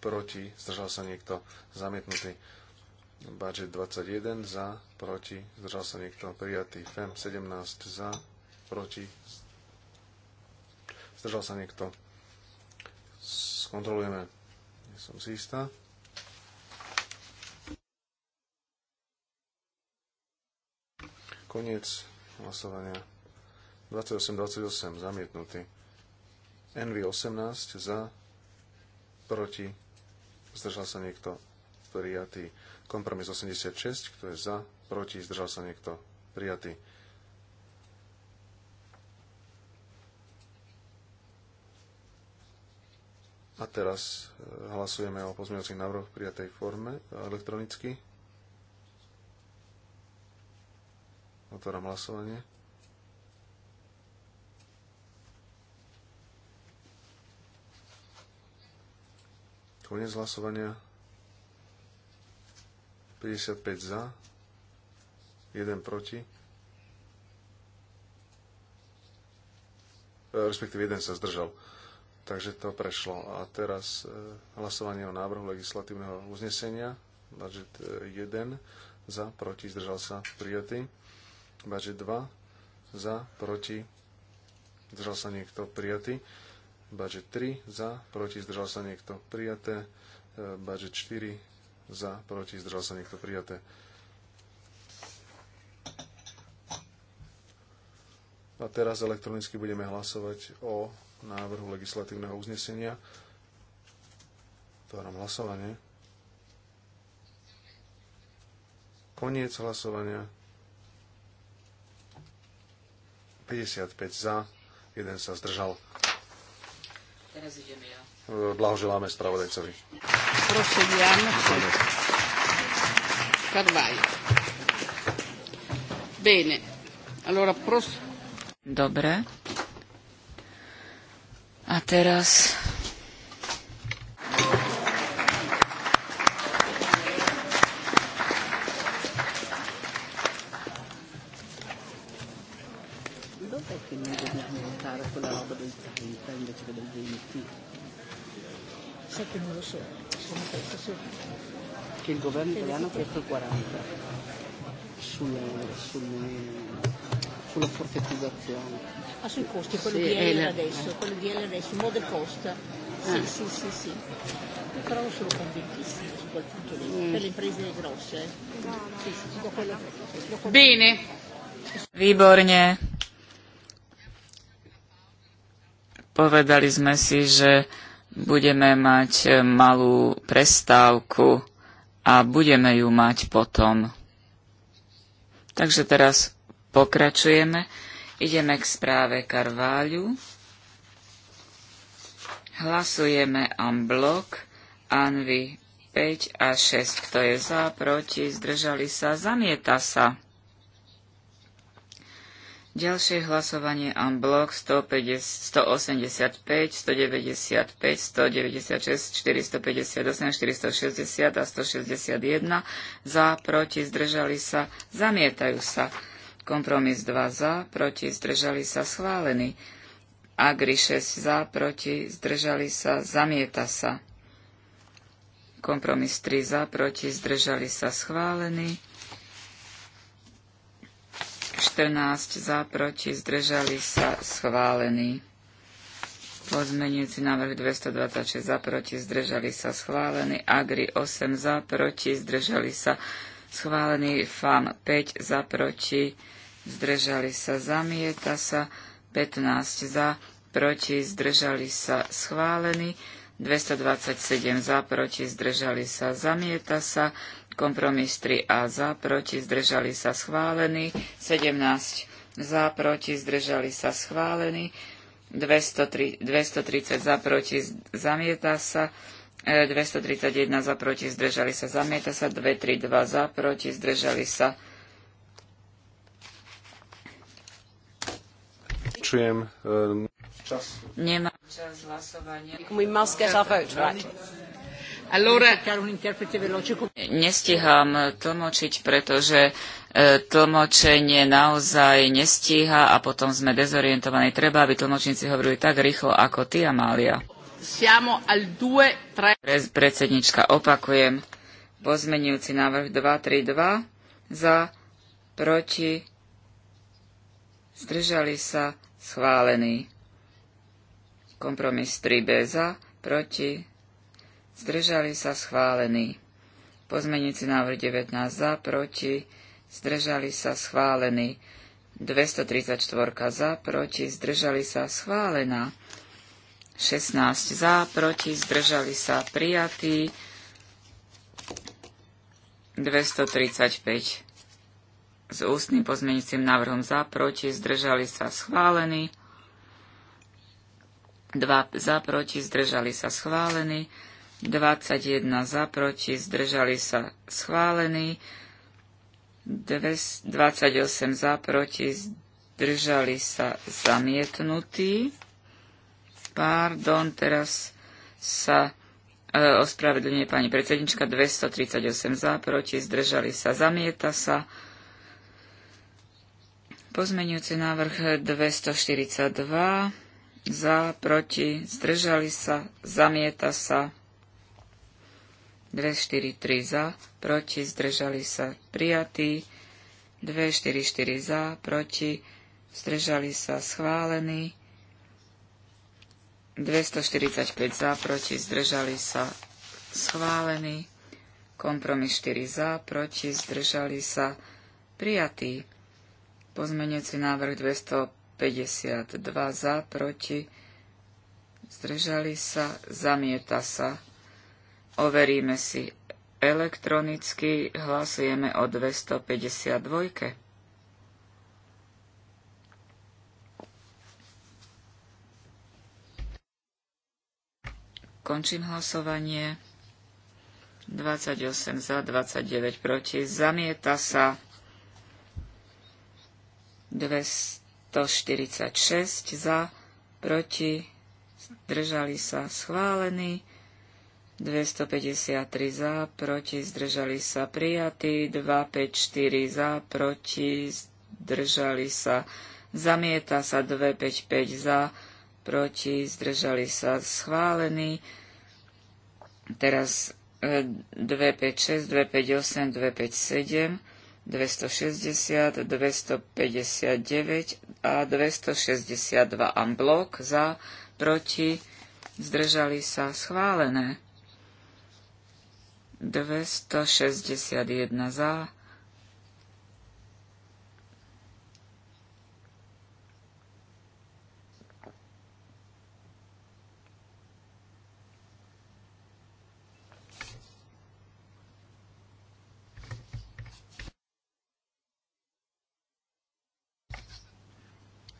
proti, zdržal sa niekto, zamietnutý. Budget 21 za, proti, zdržal sa niekto, prijatý. FEM 17 za, proti, zdržal sa niekto. Skontrolujeme, nie som si istá. Koniec hlasovania. 28-28 zamietnutý. NV18 za, proti, zdržal sa niekto prijatý. Kompromis 86, kto je za, proti, zdržal sa niekto prijatý. A teraz e, hlasujeme o pozmeňovacích návrhoch v prijatej forme e, elektronicky. Otváram hlasovanie. Koniec hlasovania. 55 za, 1 proti. E, respektíve 1 sa zdržal. Takže to prešlo. A teraz e, hlasovanie o návrhu legislatívneho uznesenia. Budget 1 e, za, proti, zdržal sa, prijatý. Budget 2 za, proti, zdržal sa niekto, prijatý. Budget 3 za, proti zdržal sa niekto prijaté. E, budget 4 za, proti zdržal sa niekto prijaté. A teraz elektronicky budeme hlasovať o návrhu legislatívneho uznesenia. Otváram hlasovanie. Koniec hlasovania. 55 za, 1 sa zdržal. Teraz idem ja. Blahoželáme spravodajcovi. Prosím, Jan. Karvaj. Bene. Allora, pros... Dobre. A teraz che il governo italiano ha chiesto il 40 sulle, sulle, sulla forfettizzazione. Ah, sui costi, quello sì, di Elena adesso, eh. quello di Elena adesso, model cost. Sì, eh. sì, sì, sì. Io però non sono convintissima su quel punto lì, mm. per le imprese grosse. Eh. No, no. Sì, sì, su quello, su quello Bene. Výborne. Povedali sme si, že budeme mať eh, malú prestávku a budeme ju mať potom. Takže teraz pokračujeme. Ideme k správe Karváľu. Hlasujeme en blok Anvy 5 a 6. Kto je za, proti, zdržali sa, zamieta sa. Ďalšie hlasovanie en blok 185, 195, 196, 458, 460 a 161 za, proti, zdržali sa, zamietajú sa. Kompromis 2 za, proti, zdržali sa, schválený. Agri 6 za, proti, zdržali sa, zamieta sa. Kompromis 3 za, proti, zdržali sa, schválený. 14 za, proti, zdržali sa, schválený. Pozmenujúci návrh 226 za, proti, zdržali sa, schválený. Agri 8 za, proti, zdržali sa, schválený. FAM 5 za, proti, zdržali sa, zamieta sa. 15 za, proti, zdržali sa, schválený. 227 za, proti, zdržali sa, zamieta sa kompromis 3a za, proti, zdržali sa schválený, 17 za, proti, zdržali sa schválený, 203, 230 za, proti, zamieta sa, 231 e, za, proti, zdržali sa, zamieta sa, 232 za, proti, zdržali sa. Čujem. Um... Čas. Nemám čas hlasovania. We must get our vote right. Allora... Nestíham tlmočiť, pretože e, tlmočenie naozaj nestíha a potom sme dezorientovaní. Treba, aby tlmočníci hovorili tak rýchlo ako ty, Amália. Siamo al 2, 3... Pre, predsednička, opakujem. Pozmenujúci návrh 232 za, proti, zdržali sa, schválený. Kompromis 3B za, proti, zdržali sa schválení. Pozmenici návrh 19 za, proti, zdržali sa schválení. 234 za, proti, zdržali sa schválená. 16 za, proti, zdržali sa prijatí. 235 s ústnym pozmeňujúcim návrhom za, proti, zdržali sa schválení. 2 za, proti, zdržali sa schválení. 21 za, proti, zdržali sa schválení, 28 za, proti, zdržali sa zamietnutí. Pardon, teraz sa e, ospravedlňuje pani predsednička, 238 za, proti, zdržali sa, zamieta sa. Pozmenujúci návrh 242 za, proti, zdržali sa, zamieta sa. 243 za, proti, zdržali sa prijatí, 244 za, proti, zdržali sa schválení, 245 za, proti, zdržali sa schválení, kompromis 4 za, proti, zdržali sa prijatí, pozmeniaci návrh 252 za, proti, zdržali sa, zamieta sa. Overíme si elektronicky, hlasujeme o 252. Končím hlasovanie. 28 za, 29 proti. Zamieta sa 246 za, proti. Zdržali sa schválení. 253 za, proti, zdržali sa prijatí, 254 za, proti, zdržali sa, zamieta sa 255 za, proti, zdržali sa schválení. Teraz 256, 258, 257, 260, 259 a 262 amblok za, proti, zdržali sa schválené. 261 za,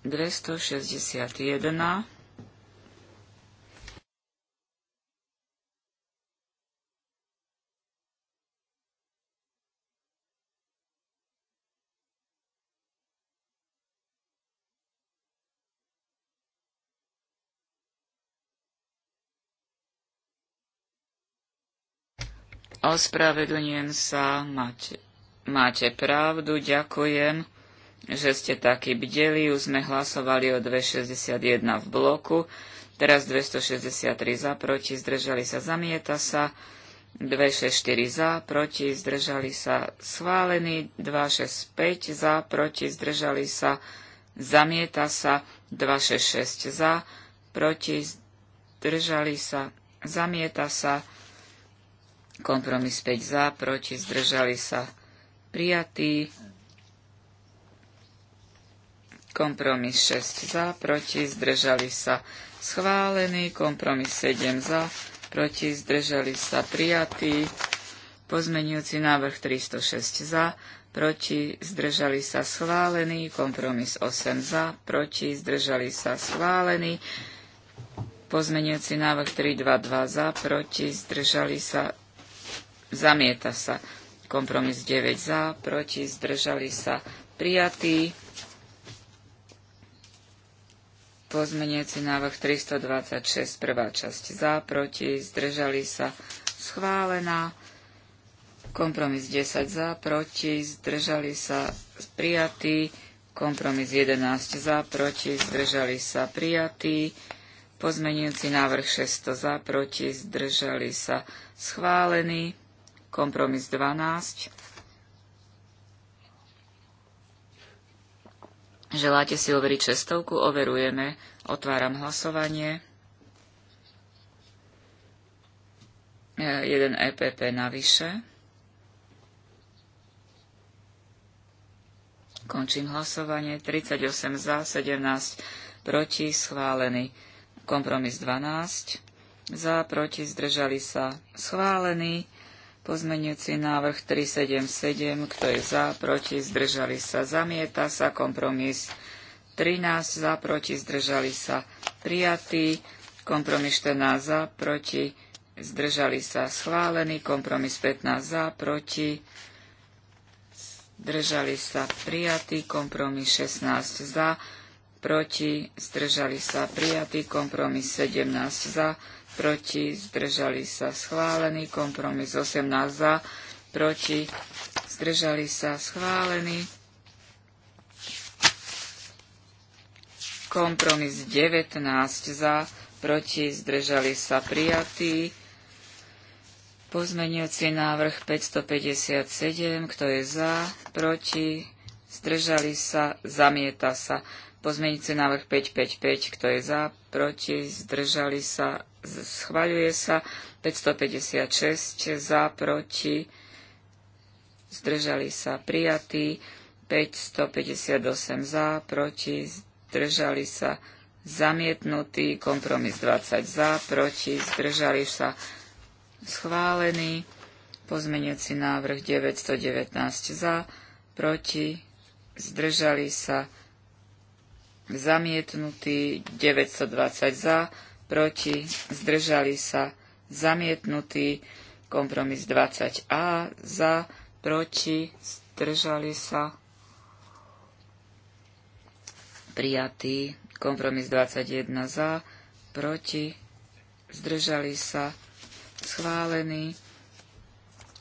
dvesto šesťdesiat jedna Ospravedlňujem sa, máte, máte pravdu, ďakujem, že ste takí bdeli. Už sme hlasovali o 261 v bloku, teraz 263 za, proti, zdržali sa, zamieta sa. 264 za, proti, zdržali sa, schválený. 265 za, proti, zdržali sa, zamieta sa. 266 za, proti, zdržali sa, zamieta sa. Kompromis 5 za, proti, zdržali sa prijatí. Kompromis 6 za, proti, zdržali sa schválený. Kompromis 7 za, proti, zdržali sa prijatí. Pozmenujúci návrh 306 za, proti, zdržali sa schválený. Kompromis 8 za, proti, zdržali sa schválený. Pozmenujúci návrh 322 za, proti, zdržali sa zamieta sa. Kompromis 9 za, proti, zdržali sa, prijatí, Pozmeniaci návrh 326, prvá časť za, proti, zdržali sa, schválená. Kompromis 10 za, proti, zdržali sa, prijatí, Kompromis 11 za, proti, zdržali sa, prijatí, Pozmenujúci návrh 600 za, proti, zdržali sa, schválený. Kompromis 12. Želáte si overiť šestovku? Overujeme. Otváram hlasovanie. 1 e, EPP navyše. Končím hlasovanie. 38 za, 17 proti, schválený. Kompromis 12 za, proti, zdržali sa, schválený. Pozmenujúci návrh 377, kto je za, proti, zdržali sa, zamieta sa. Kompromis 13 za, proti, zdržali sa, prijatý. Kompromis 14 za, proti, zdržali sa, schválený. Kompromis 15 za, proti, zdržali sa, prijatý. Kompromis 16 za, proti, zdržali sa, prijatý. Kompromis 17 za, proti, proti, zdržali sa schválený, kompromis 18 za, proti, zdržali sa schválený, kompromis 19 za, proti, zdržali sa prijatý, pozmenujúci návrh 557, kto je za, proti, zdržali sa, zamieta sa. Pozmeňujúci návrh 555, kto je za, proti, zdržali sa, schvaľuje sa 556 za, proti, zdržali sa prijatí, 558 za, proti, zdržali sa zamietnutí, kompromis 20 za, proti, zdržali sa schválený, pozmeniaci návrh 919 za, proti, zdržali sa zamietnutí, 920 za, proti, zdržali sa, zamietnutý, kompromis 20A, za, proti, zdržali sa, prijatý, kompromis 21 za, proti, zdržali sa, schválený,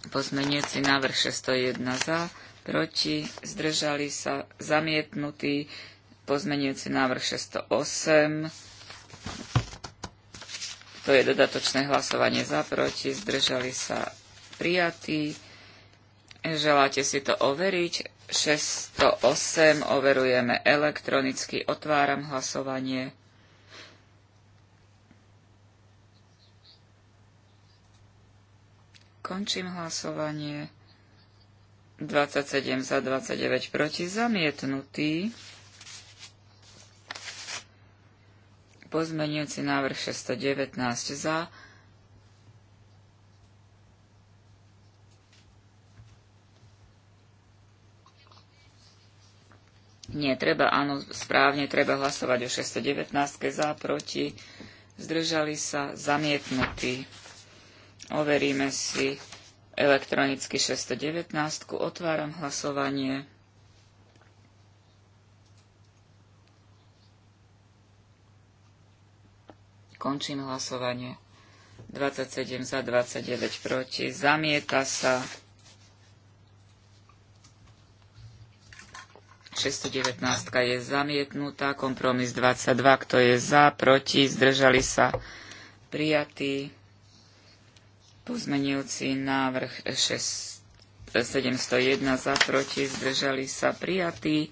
pozmeniaci návrh 601 za, proti, zdržali sa, zamietnutý, pozmeniaci návrh 608, to je dodatočné hlasovanie za, proti, zdržali sa prijatí. Želáte si to overiť? 608 overujeme elektronicky. Otváram hlasovanie. Končím hlasovanie. 27 za 29 proti zamietnutý. Pozmenujúci návrh 619 za. Nie, treba, áno, správne, treba hlasovať o 619 za, proti, zdržali sa, zamietnutí. Overíme si elektronicky 619, otváram hlasovanie. Končím hlasovanie. 27 za, 29 proti. Zamieta sa. 619 je zamietnutá. Kompromis 22, kto je za, proti, zdržali sa. Prijatý pozmenujúci návrh 6, 701 za, proti, zdržali sa. Prijatý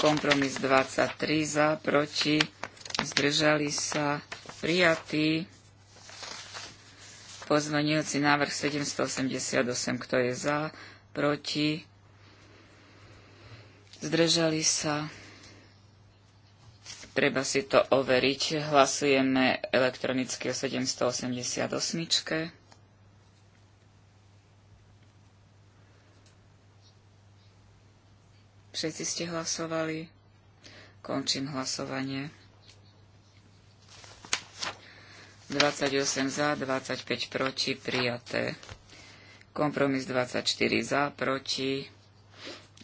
Kompromis 23 za, proti, zdržali sa, prijatý. Pozvaniujúci návrh 788, kto je za, proti, zdržali sa. Treba si to overiť. Hlasujeme elektronicky o 788. Všetci ste hlasovali. Končím hlasovanie. 28 za, 25 proti, prijaté. Kompromis 24 za, proti,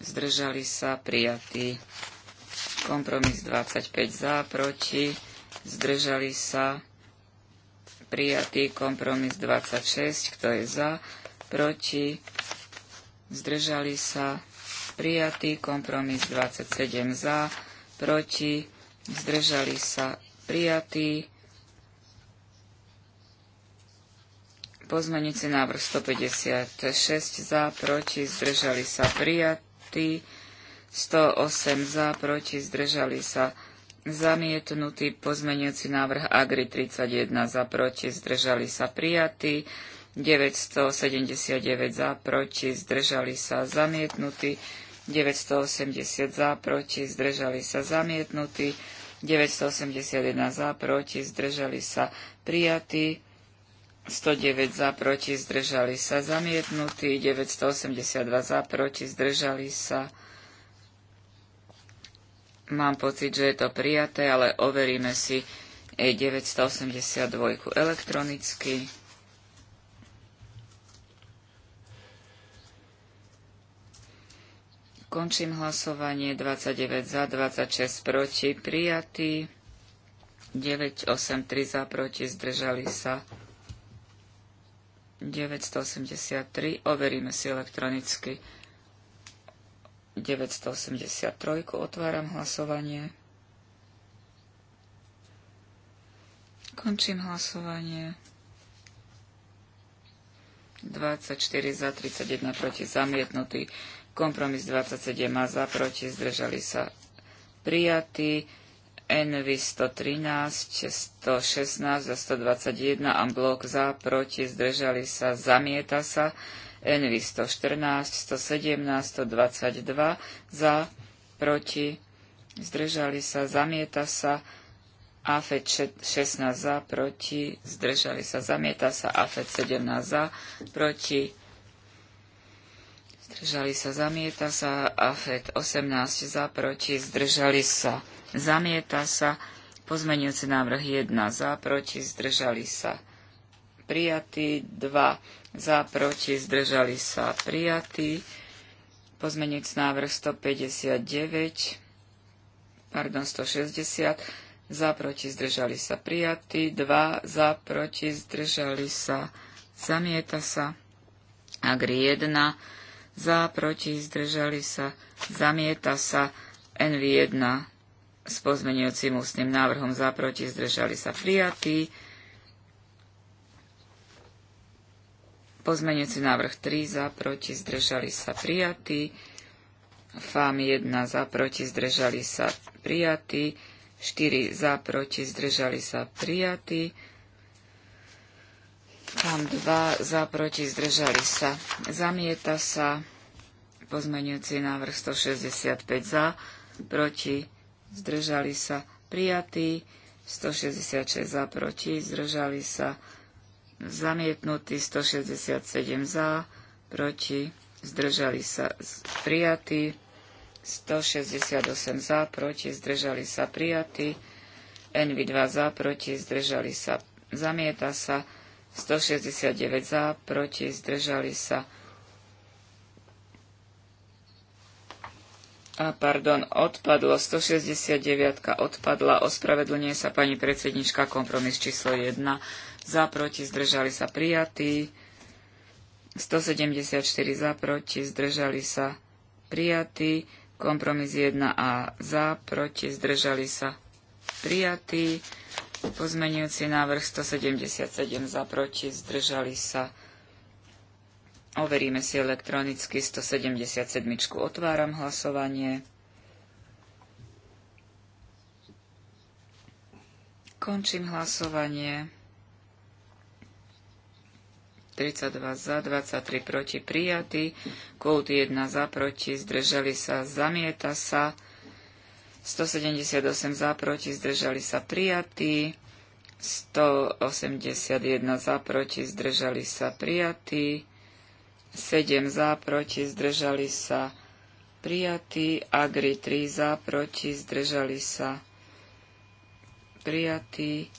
zdržali sa, prijatý. Kompromis 25 za, proti, zdržali sa, prijatý. Kompromis 26, kto je za, proti, zdržali sa, prijatý, kompromis 27 za, proti, zdržali sa prijatý. pozmenici návrh 156 za, proti, zdržali sa prijatý. 108 za, proti, zdržali sa zamietnutý. Pozmenujúci návrh Agri 31 za, proti, zdržali sa prijatý. 979 za, proti, zdržali sa zamietnutý. 980 za, proti, zdržali sa zamietnutí, 981 za, proti, zdržali sa prijatí, 109 za, proti, zdržali sa zamietnutí, 982 za, proti, zdržali sa. Mám pocit, že je to prijaté, ale overíme si 982 eh, elektronicky. Končím hlasovanie 29 za, 26 proti, prijatý. 9, 8, 3 za, proti, zdržali sa. 983, overíme si elektronicky. 983, otváram hlasovanie. Končím hlasovanie. 24 za, 31 proti, zamietnutý. Kompromis 27 a za, proti, zdržali sa prijatí. NV 113, 116 a 121 a blok za, proti, zdržali sa, zamieta sa. NV 114, 117, 122 za, proti, zdržali sa, zamieta sa. AFED 16 za, proti, zdržali sa, zamieta sa, AFED 17 za, proti, zdržali sa, zamieta sa, AFED 18 za, proti, zdržali sa, zamieta sa, pozmenujúci návrh 1 za, proti, zdržali sa, prijatý, 2 za, proti, zdržali sa, prijatý, pozmenujúci návrh 159, pardon, 160, za, proti, zdržali sa prijatí, 2 za, proti, zdržali sa, zamieta sa, agri 1 za, proti, zdržali sa, zamieta sa, NV1 s pozmenujúcim ústnym návrhom za, proti, zdržali sa prijatí, pozmeňujúci návrh 3 za, proti, zdržali sa prijatí, FAM 1 za, proti, zdržali sa prijatí, 4 za, proti, zdržali sa prijatí. Tam 2 za, proti, zdržali sa. Zamieta sa pozmenujúci návrh 165 za, proti, zdržali sa prijatí. 166 za, proti, zdržali sa zamietnutí. 167 za, proti, zdržali sa prijatí. 168 za, proti, zdržali sa prijatí. Envy 2 za, proti, zdržali sa, zamieta sa. 169 za, proti, zdržali sa. A pardon, odpadlo, 169 odpadla, ospravedlňuje sa pani predsednička, kompromis číslo 1, za, proti, zdržali sa prijatí. 174 za, proti, zdržali sa prijatí. Kompromis 1A za, proti, zdržali sa prijatý, Pozmenujúci návrh 177 za, proti, zdržali sa. Overíme si elektronicky 177. Otváram hlasovanie. Končím hlasovanie. 32 za, 23 proti prijatý, kult 1 za, proti, zdržali sa, zamieta sa, 178 za, proti, zdržali sa, prijatý, 181 za, proti, zdržali sa, prijatý, 7 za, proti, zdržali sa, prijatý, Agri 3 za, proti, zdržali sa, prijatý,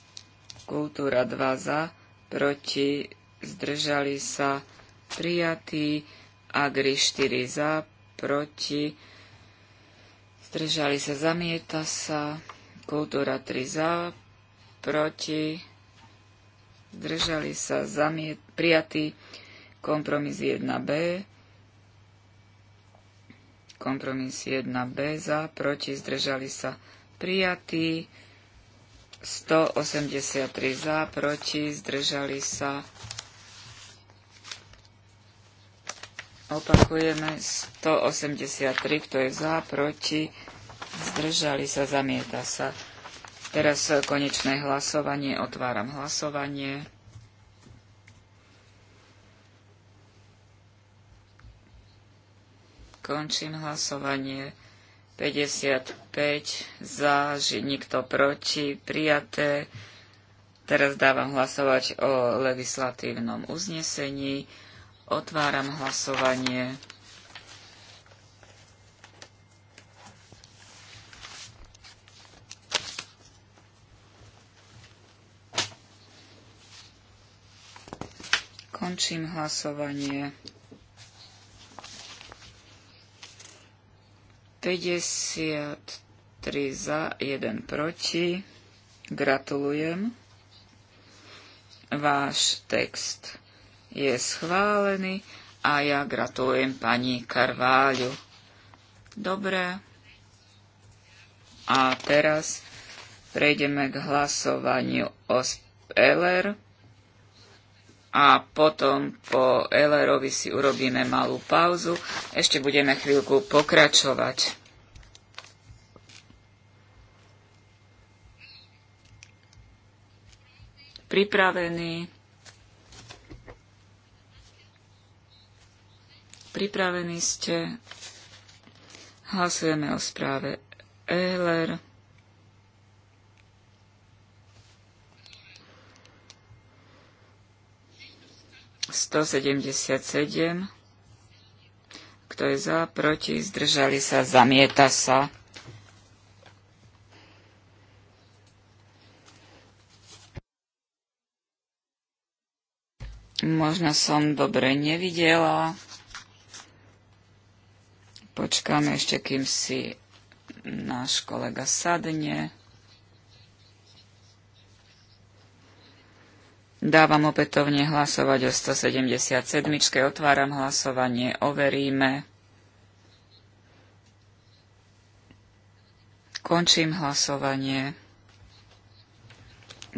Kultúra 2 za, proti, zdržali sa prijatí, Agri 4 za, proti, zdržali sa, zamieta sa, Kultúra 3 za, proti, zdržali sa, zamiet, prijatí, kompromis 1b, kompromis 1b za, proti, zdržali sa, prijatí, 183 za, proti, zdržali sa, Opakujeme 183, kto je za, proti, zdržali sa, zamieta sa. Teraz konečné hlasovanie, otváram hlasovanie. Končím hlasovanie. 55 za, že nikto proti, prijaté. Teraz dávam hlasovať o legislatívnom uznesení. Otváram hlasovanie. Končím hlasovanie. 53 za, 1 proti. Gratulujem. Váš text je schválený a ja gratulujem pani Karváľu. Dobre. A teraz prejdeme k hlasovaniu o LR a potom po LR-ovi si urobíme malú pauzu. Ešte budeme chvíľku pokračovať. Pripravený. pripravení ste. Hlasujeme o správe Euler. Sto sedemdesiat sedem. Kto je za, proti, zdržali sa, zamieta sa. Možno som dobre nevidela. Počkáme ešte, kým si náš kolega sadne. Dávam opätovne hlasovať o 177. Otváram hlasovanie. Overíme. Končím hlasovanie.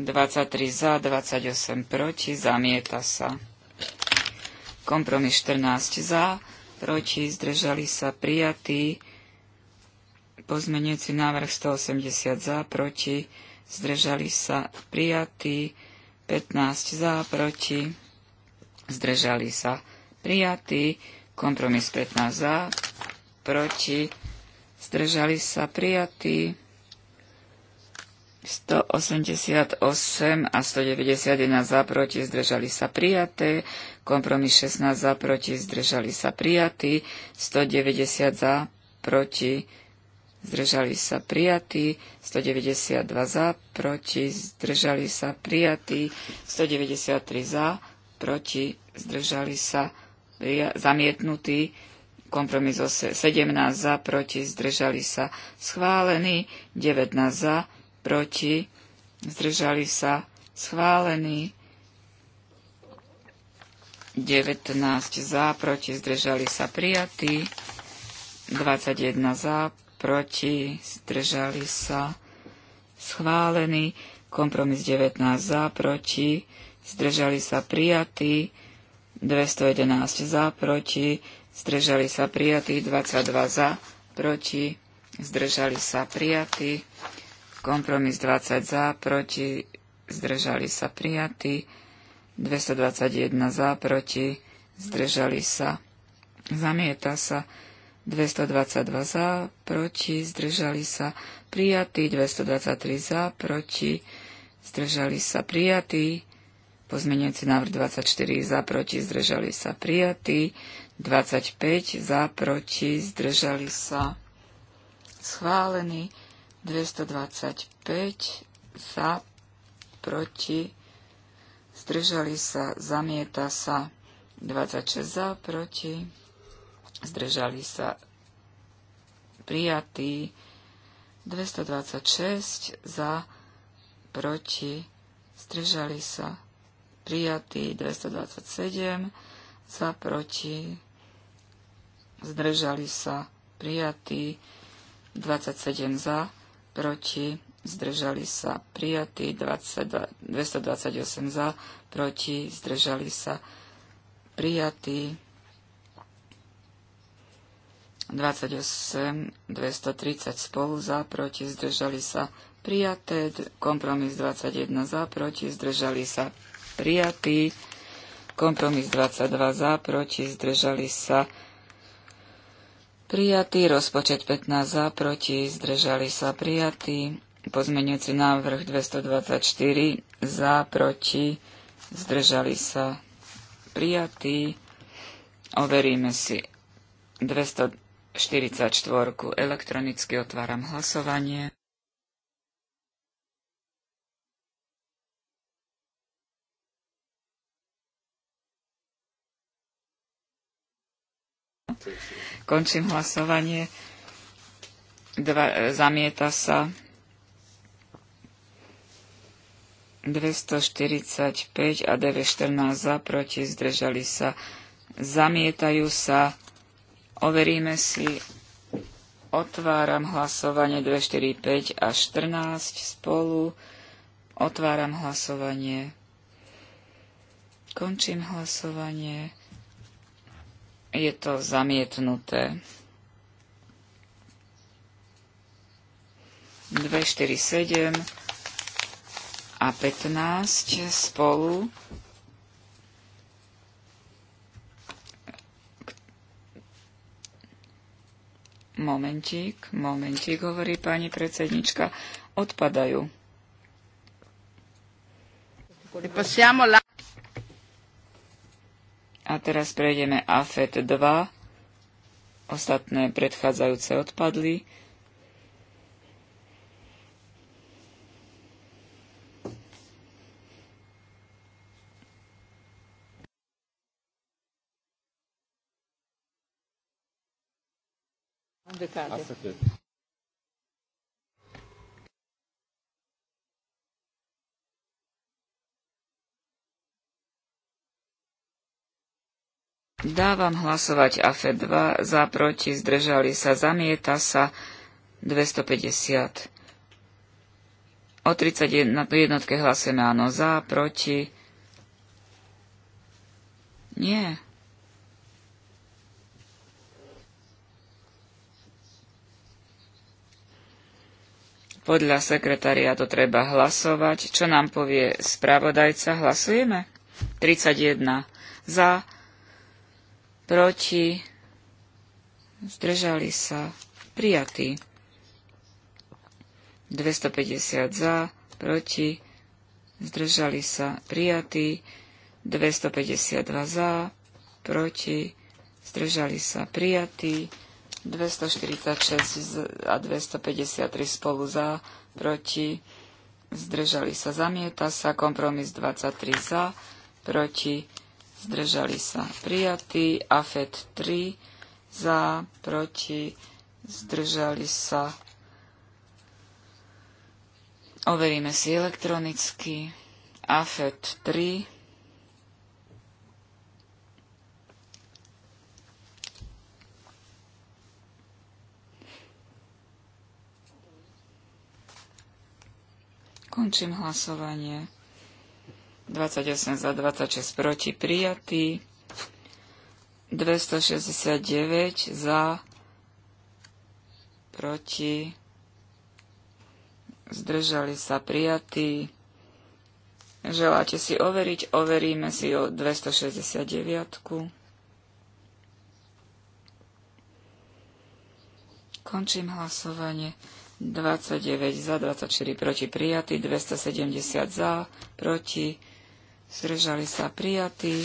23 za, 28 proti, zamieta sa. Kompromis 14 za, proti, zdržali sa prijatí. Pozmenujúci návrh 180 za, proti, zdržali sa prijatí. 15 za, proti, zdržali sa prijatí. Kompromis 15 za, proti, zdržali sa prijatí. 188 a 191 za proti, zdržali sa prijaté, kompromis 16 za, proti, zdržali sa prijatí, 190 za, proti, zdržali sa prijatí, 192 za, proti, zdržali sa prijatí, 193 za, proti, zdržali sa zamietnutí, kompromis 17 za, proti, zdržali sa schválený, 19 za, proti, zdržali sa schválený, 19 za, proti, zdržali sa prijatí. 21 za, proti, zdržali sa schválení. Kompromis 19 za, proti, zdržali sa prijatí. 211 za, proti, zdržali sa prijatí. 22 za, proti, zdržali sa prijatí. Kompromis 20 za, proti, zdržali sa prijatí. 221 za, proti, zdržali sa. Zamieta sa 222 za, proti, zdržali sa. Prijatý 223 za, proti, zdržali sa. Prijatý pozmeniaci návrh 24 za, proti, zdržali sa. Prijatý 25 za, proti, zdržali sa. Schválený 225 za, proti, zdržali sa, zamieta sa 26 za, proti, zdržali sa, prijatí 226 za, proti, zdržali sa, prijatí 227 za, proti, zdržali sa, prijatí, 27 za, proti, zdržali sa prijatí, 228 za, proti, zdržali sa prijatí, 28, 230 spolu za, proti, zdržali sa prijaté, kompromis 21 za, proti, zdržali sa prijatí, kompromis 22 za, proti, zdržali sa prijatí, rozpočet 15 za, proti, zdržali sa prijatí, pozmeňujúci návrh 224 za, proti, zdržali sa prijatí. Overíme si 244. Elektronicky otváram hlasovanie. Končím hlasovanie. Dva, e, zamieta sa. 245 a 914 za, proti, zdržali sa, zamietajú sa. Overíme si, otváram hlasovanie 245 a 14 spolu, otváram hlasovanie, končím hlasovanie, je to zamietnuté. 247 a 15 spolu. Momentík, momentík, hovorí pani predsednička, odpadajú. A teraz prejdeme AFET 2. Ostatné predchádzajúce odpadli. sekretariat. Dávam hlasovať AFE 2, za, proti, zdržali sa, zamieta sa 250. O 31 na jednotke hlasujeme áno, za, proti. Nie. Podľa sekretariátu treba hlasovať. Čo nám povie spravodajca? Hlasujeme? 31 za, proti, zdržali sa, prijatí. 250 za, proti, zdržali sa, prijatí. 252 za, proti, zdržali sa, prijatí. 246 a 253 spolu za, proti, zdržali sa, zamieta sa, kompromis 23 za, proti, zdržali sa, prijatý, AFET 3 za, proti, zdržali sa. Overíme si elektronicky. AFET 3. Končím hlasovanie. 28 za 26 proti prijatý. 269 za proti. Zdržali sa prijatí. Želáte si overiť? Overíme si o 269. -ku. Končím hlasovanie. 29 za, 24 proti prijatý, 270 za, proti, zdržali sa prijatí,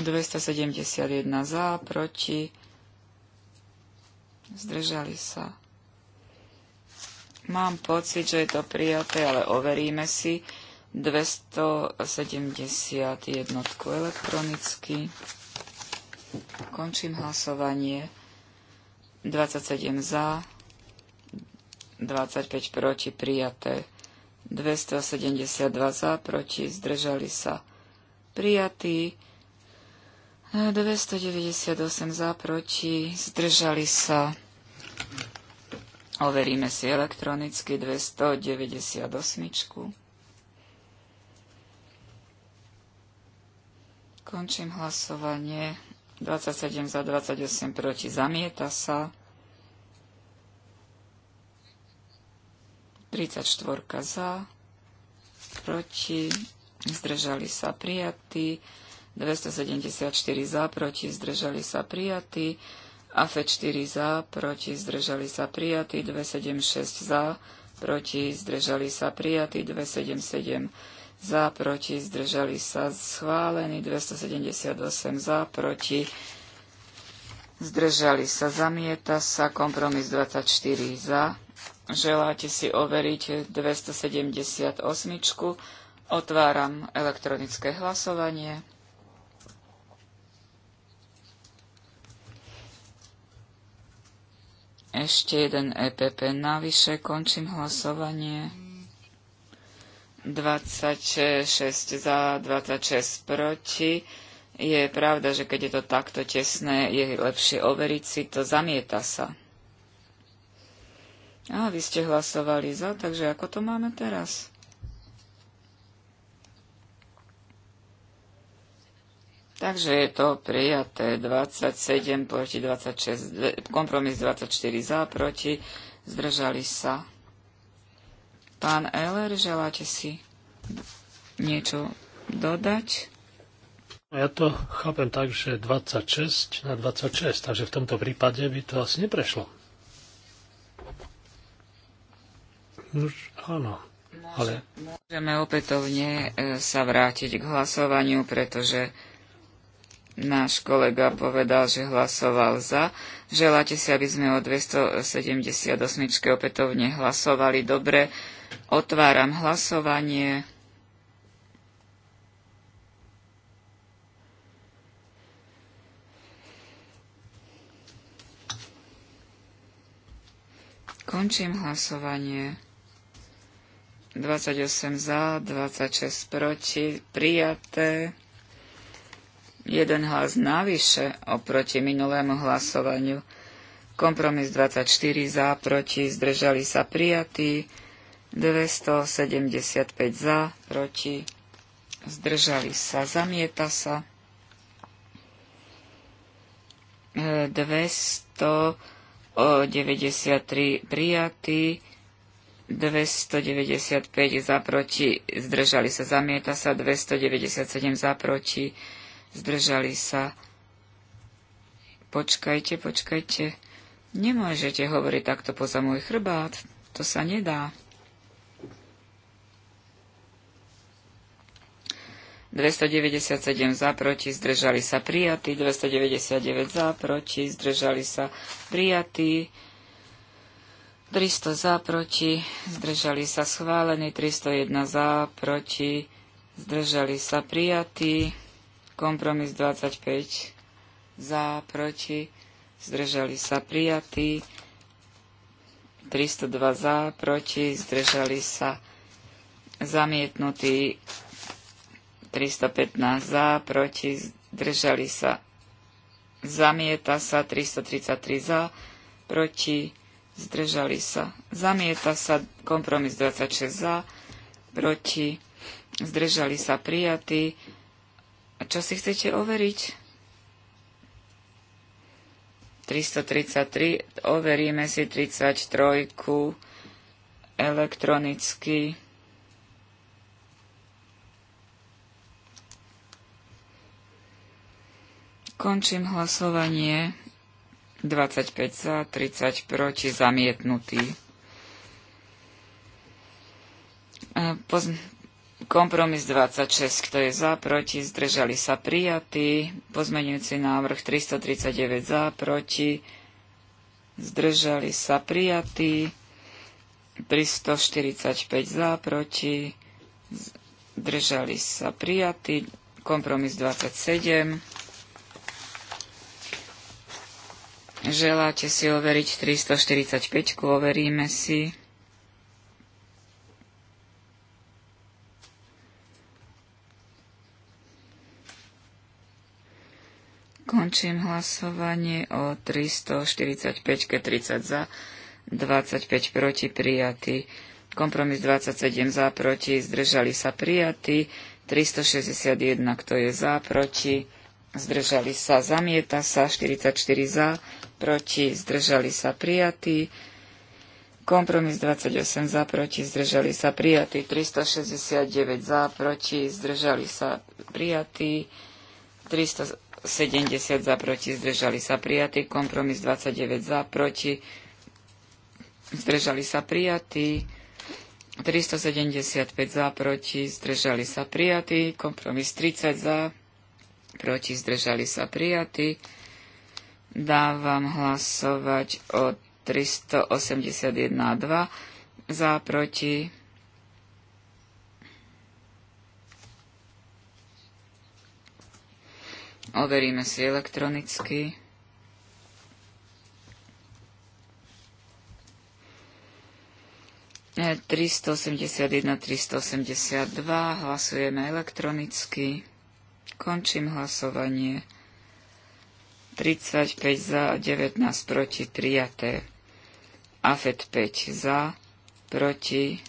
271 za, proti, zdržali sa. Mám pocit, že je to prijaté, ale overíme si 270 jednotku elektronicky. Končím hlasovanie. 27 za, 25 proti prijaté. 272 za proti zdržali sa prijatí. 298 za proti zdržali sa. Overíme si elektronicky 298. Končím hlasovanie. 27 za 28 proti zamieta sa. 34 za, proti, zdržali sa prijatí, 274 za, proti, zdržali sa prijatí, af 4 za, proti, zdržali sa prijatí, 276 za, proti, zdržali sa prijatí, 277 za, proti, zdržali sa schválení, 278 za, proti, zdržali sa, zamieta sa, kompromis 24 za, želáte si overiť 278. Otváram elektronické hlasovanie. Ešte jeden EPP navyše. Končím hlasovanie. 26 za, 26 proti. Je pravda, že keď je to takto tesné, je lepšie overiť si to. Zamieta sa. A vy ste hlasovali za, takže ako to máme teraz? Takže je to prijaté 27 proti 26, kompromis 24 za, proti, zdržali sa. Pán Eller, želáte si niečo dodať? Ja to chápem tak, že 26 na 26, takže v tomto prípade by to asi neprešlo. Už áno. Ale... Môžeme opätovne e, sa vrátiť k hlasovaniu, pretože náš kolega povedal, že hlasoval za. Želáte si, aby sme o 278 opätovne hlasovali. Dobre, otváram hlasovanie. Končím hlasovanie. 28 za, 26 proti, prijaté. Jeden hlas navyše oproti minulému hlasovaniu. Kompromis 24 za, proti, zdržali sa prijatí. 275 za, proti, zdržali sa, zamieta sa. 293 prijatí. 295 za proti, zdržali sa, zamieta sa, 297 za proti, zdržali sa. Počkajte, počkajte, nemôžete hovoriť takto poza môj chrbát, to sa nedá. 297 za, proti, zdržali sa prijatí, 299 za, proti, zdržali sa prijatí, 300 za, proti, zdržali sa schválení, 301 za, proti, zdržali sa prijatí, kompromis 25 za, proti, zdržali sa prijatí, 302 za, proti, zdržali sa zamietnutí, 315 za, proti, zdržali sa, zamieta sa, 333 za, proti, zdržali sa. Zamieta sa kompromis 26 za, proti, zdržali sa prijatí. A čo si chcete overiť? 333, overíme si 33 elektronicky. Končím hlasovanie. 25 za, 30 proti, zamietnutý. E, kompromis 26, kto je za, proti, zdržali sa prijatí. Pozmenujúci návrh 339 za, proti, zdržali sa prijatí. 345 za, proti, zdržali sa prijatí. Kompromis 27. Želáte si overiť 345, overíme si. Končím hlasovanie o 345 30 za, 25 proti prijatý. Kompromis 27 za proti, zdržali sa prijatí. 361, kto je za proti, zdržali sa, zamieta sa. 44 za, proti, zdržali sa prijatí. Kompromis 28 za, proti, zdržali sa prijatí. 369 za, proti, zdržali sa prijatí. 370 za, proti, zdržali sa prijatí. Kompromis 29 za, proti, zdržali sa prijatí. 375 za, proti, zdržali sa prijatí. Kompromis 30 za, proti, zdržali sa prijatí. Dávam hlasovať o 381.2 za proti. Overíme si elektronicky. E, 381, 382, hlasujeme elektronicky. Končím hlasovanie. 35 za, 19 proti, prijaté. AFET 5 za, proti,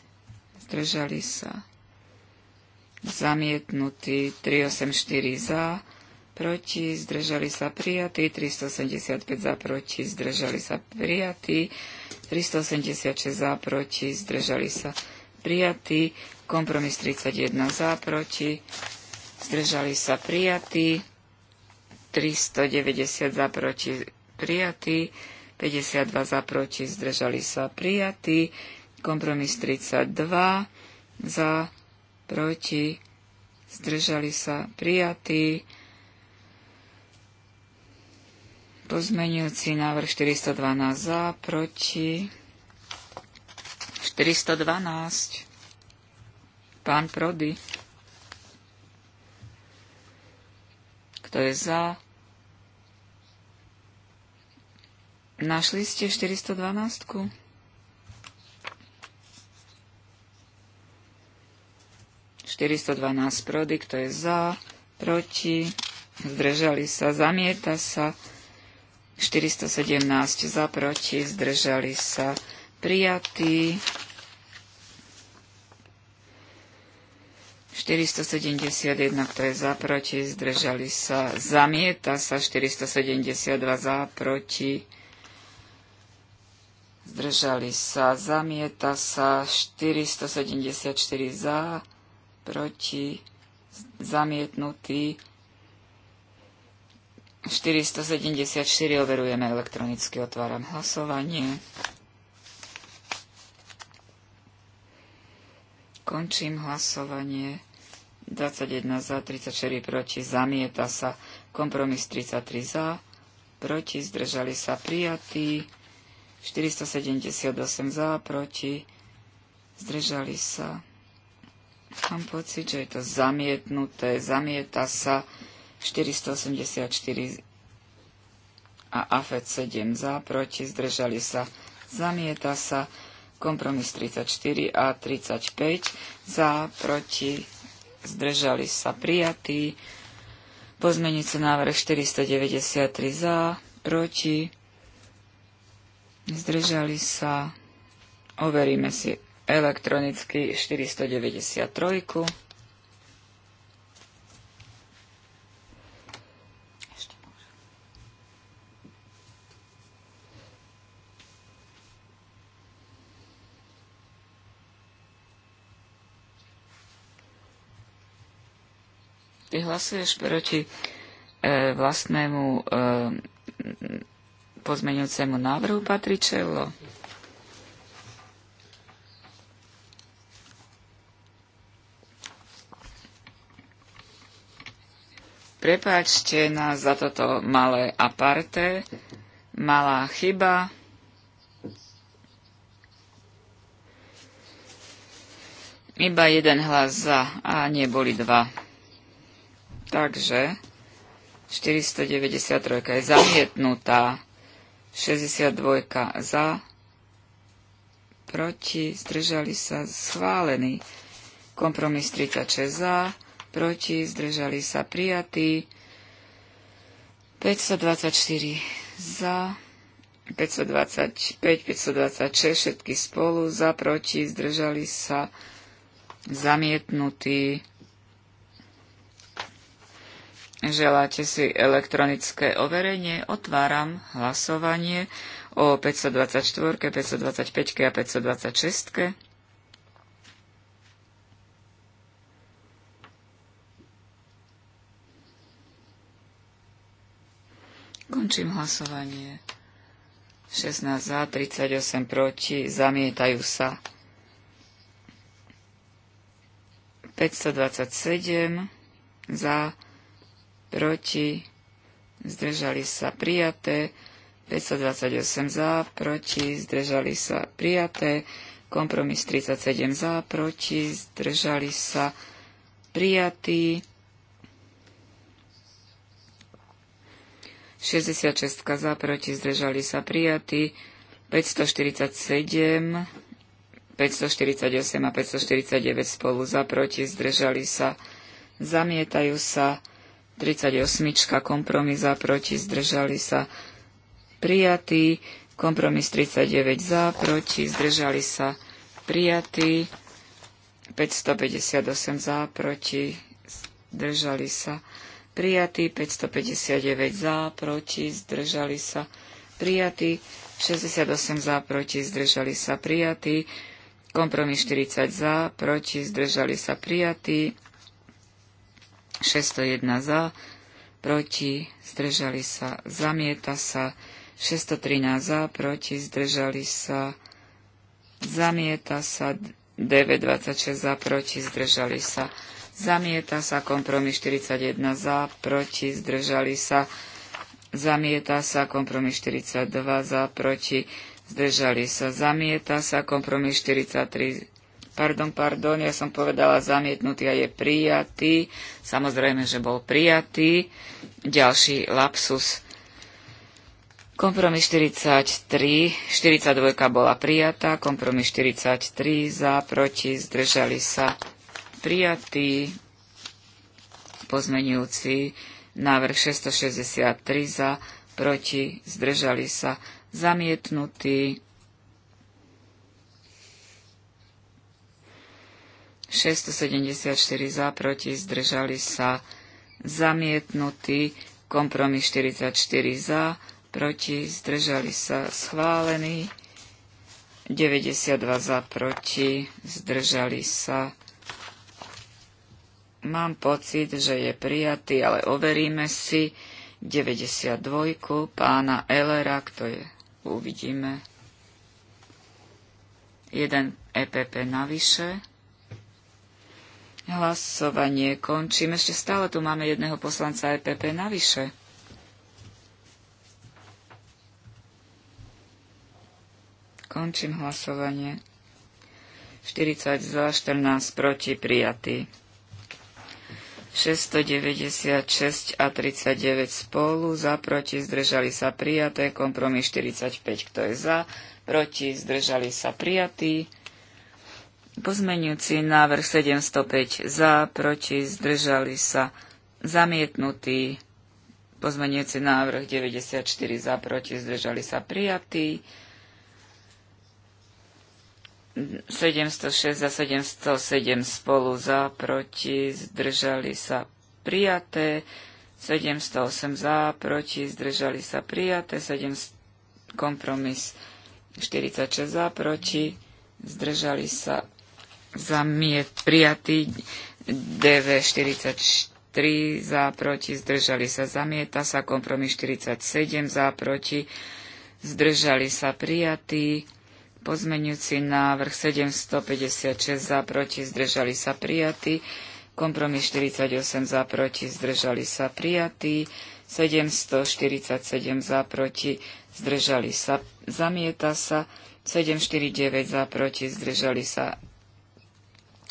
zdržali sa. Zamietnutý 384 za, proti, zdržali sa prijatí, 385 za, proti, zdržali sa prijatí, 386 za, proti, zdržali sa prijatí, kompromis 31 za, proti, zdržali sa prijatí. 392 proti prijatý, 52 za proti zdržali sa prijatý, kompromis 32 za proti zdržali sa prijatý, pozmenujúci návrh 412 za proti 412 pán Prody. Kto je za? Našli ste 412? -ku? ...412 prody, kto je za, proti, zdržali sa, zamieta sa, 417 za, proti, zdržali sa, prijatí, 471, kto je za, proti, zdržali sa, zamieta sa, 472 za, proti, zdržali sa, zamieta sa, 474 za, proti, zamietnutý, 474 overujeme elektronicky, otváram hlasovanie. Končím hlasovanie. 21 za, 34 proti, zamieta sa. Kompromis 33 za, proti, zdržali sa prijatí. 478 za, proti, zdržali sa. Mám pocit, že je to zamietnuté, zamieta sa. 484 a AFED 7 za, proti, zdržali sa. Zamieta sa. Kompromis 34 a 35 za, proti, zdržali sa prijatí. Pozmenujúci návrh 493 za, proti, zdržali sa, overíme si elektronicky 493. Ty hlasuješ proti e, vlastnému e, pozmeňujúcemu návrhu Patričello. Prepáčte nás za toto malé aparté, malá chyba. Iba jeden hlas za a neboli dva. Takže 493 je zamietnutá. 62 za, proti, zdržali sa, schválený. Kompromis 36 za, proti, zdržali sa, prijatý. 524 za, 525, 526, všetky spolu, za, proti, zdržali sa, zamietnutý. Želáte si elektronické overenie? Otváram hlasovanie o 524, 525 a 526. Končím hlasovanie. 16 za, 38 proti, zamietajú sa. 527 za, proti, zdržali sa prijaté, 528 za, proti, zdržali sa prijaté, kompromis 37 za, proti, zdržali sa prijatí, 66 za, proti, zdržali sa prijatí, 547, 548 a 549 spolu za, proti, zdržali sa, zamietajú sa, 38. kompromis za, proti, zdržali sa prijatí, Kompromis 39 za, proti, zdržali sa prijatí, 558 za, proti, zdržali sa prijatí, 559 za, proti, zdržali sa prijatí, 68 za, proti, zdržali sa prijatí, Kompromis 40 za, proti, zdržali sa prijatí. 601 za, proti, zdržali sa, zamieta sa, 613 za, proti, zdržali sa, zamieta sa, 926 za, proti, zdržali sa, zamieta sa, kompromis 41 za, proti, zdržali sa, zamieta sa, kompromis 42 za, proti, zdržali sa, zamieta sa, kompromis 43 Pardon, pardon, ja som povedala zamietnutý a je prijatý. Samozrejme, že bol prijatý. Ďalší lapsus. Kompromis 43, 42 bola prijatá, kompromis 43 za, proti, zdržali sa prijatý pozmenujúci návrh 663 za, proti, zdržali sa zamietnutý 674 za, proti, zdržali sa zamietnutí. Kompromis 44 za, proti, zdržali sa schválení. 92 za, proti, zdržali sa. Mám pocit, že je prijatý, ale overíme si. 92 pána Elera, kto je, uvidíme. Jeden EPP navyše. Hlasovanie končím. Ešte stále tu máme jedného poslanca EPP navyše. Končím hlasovanie. 40 za, 14 proti, prijatý. 696 a 39 spolu, za, proti, zdržali sa prijaté, kompromis 45, kto je za, proti, zdržali sa prijatí. Pozmeňujúci návrh 705 za, proti, zdržali sa, zamietnutý. pozmeňujúci návrh 94 za, proti, zdržali sa, prijatý. 706 za 707 spolu za, proti, zdržali sa, prijaté. 708 za, proti, zdržali sa, prijaté. 7 kompromis 46 za, proti, zdržali sa, zamiet prijatý, DV 43 za proti, zdržali sa, zamieta sa, kompromis 47 za proti, zdržali sa, prijatý, pozmenujúci návrh 756 za proti, zdržali sa, prijatý, kompromis 48 za proti, zdržali sa, prijatý, 747 za proti, zdržali sa, zamieta sa, 749 za proti, zdržali sa,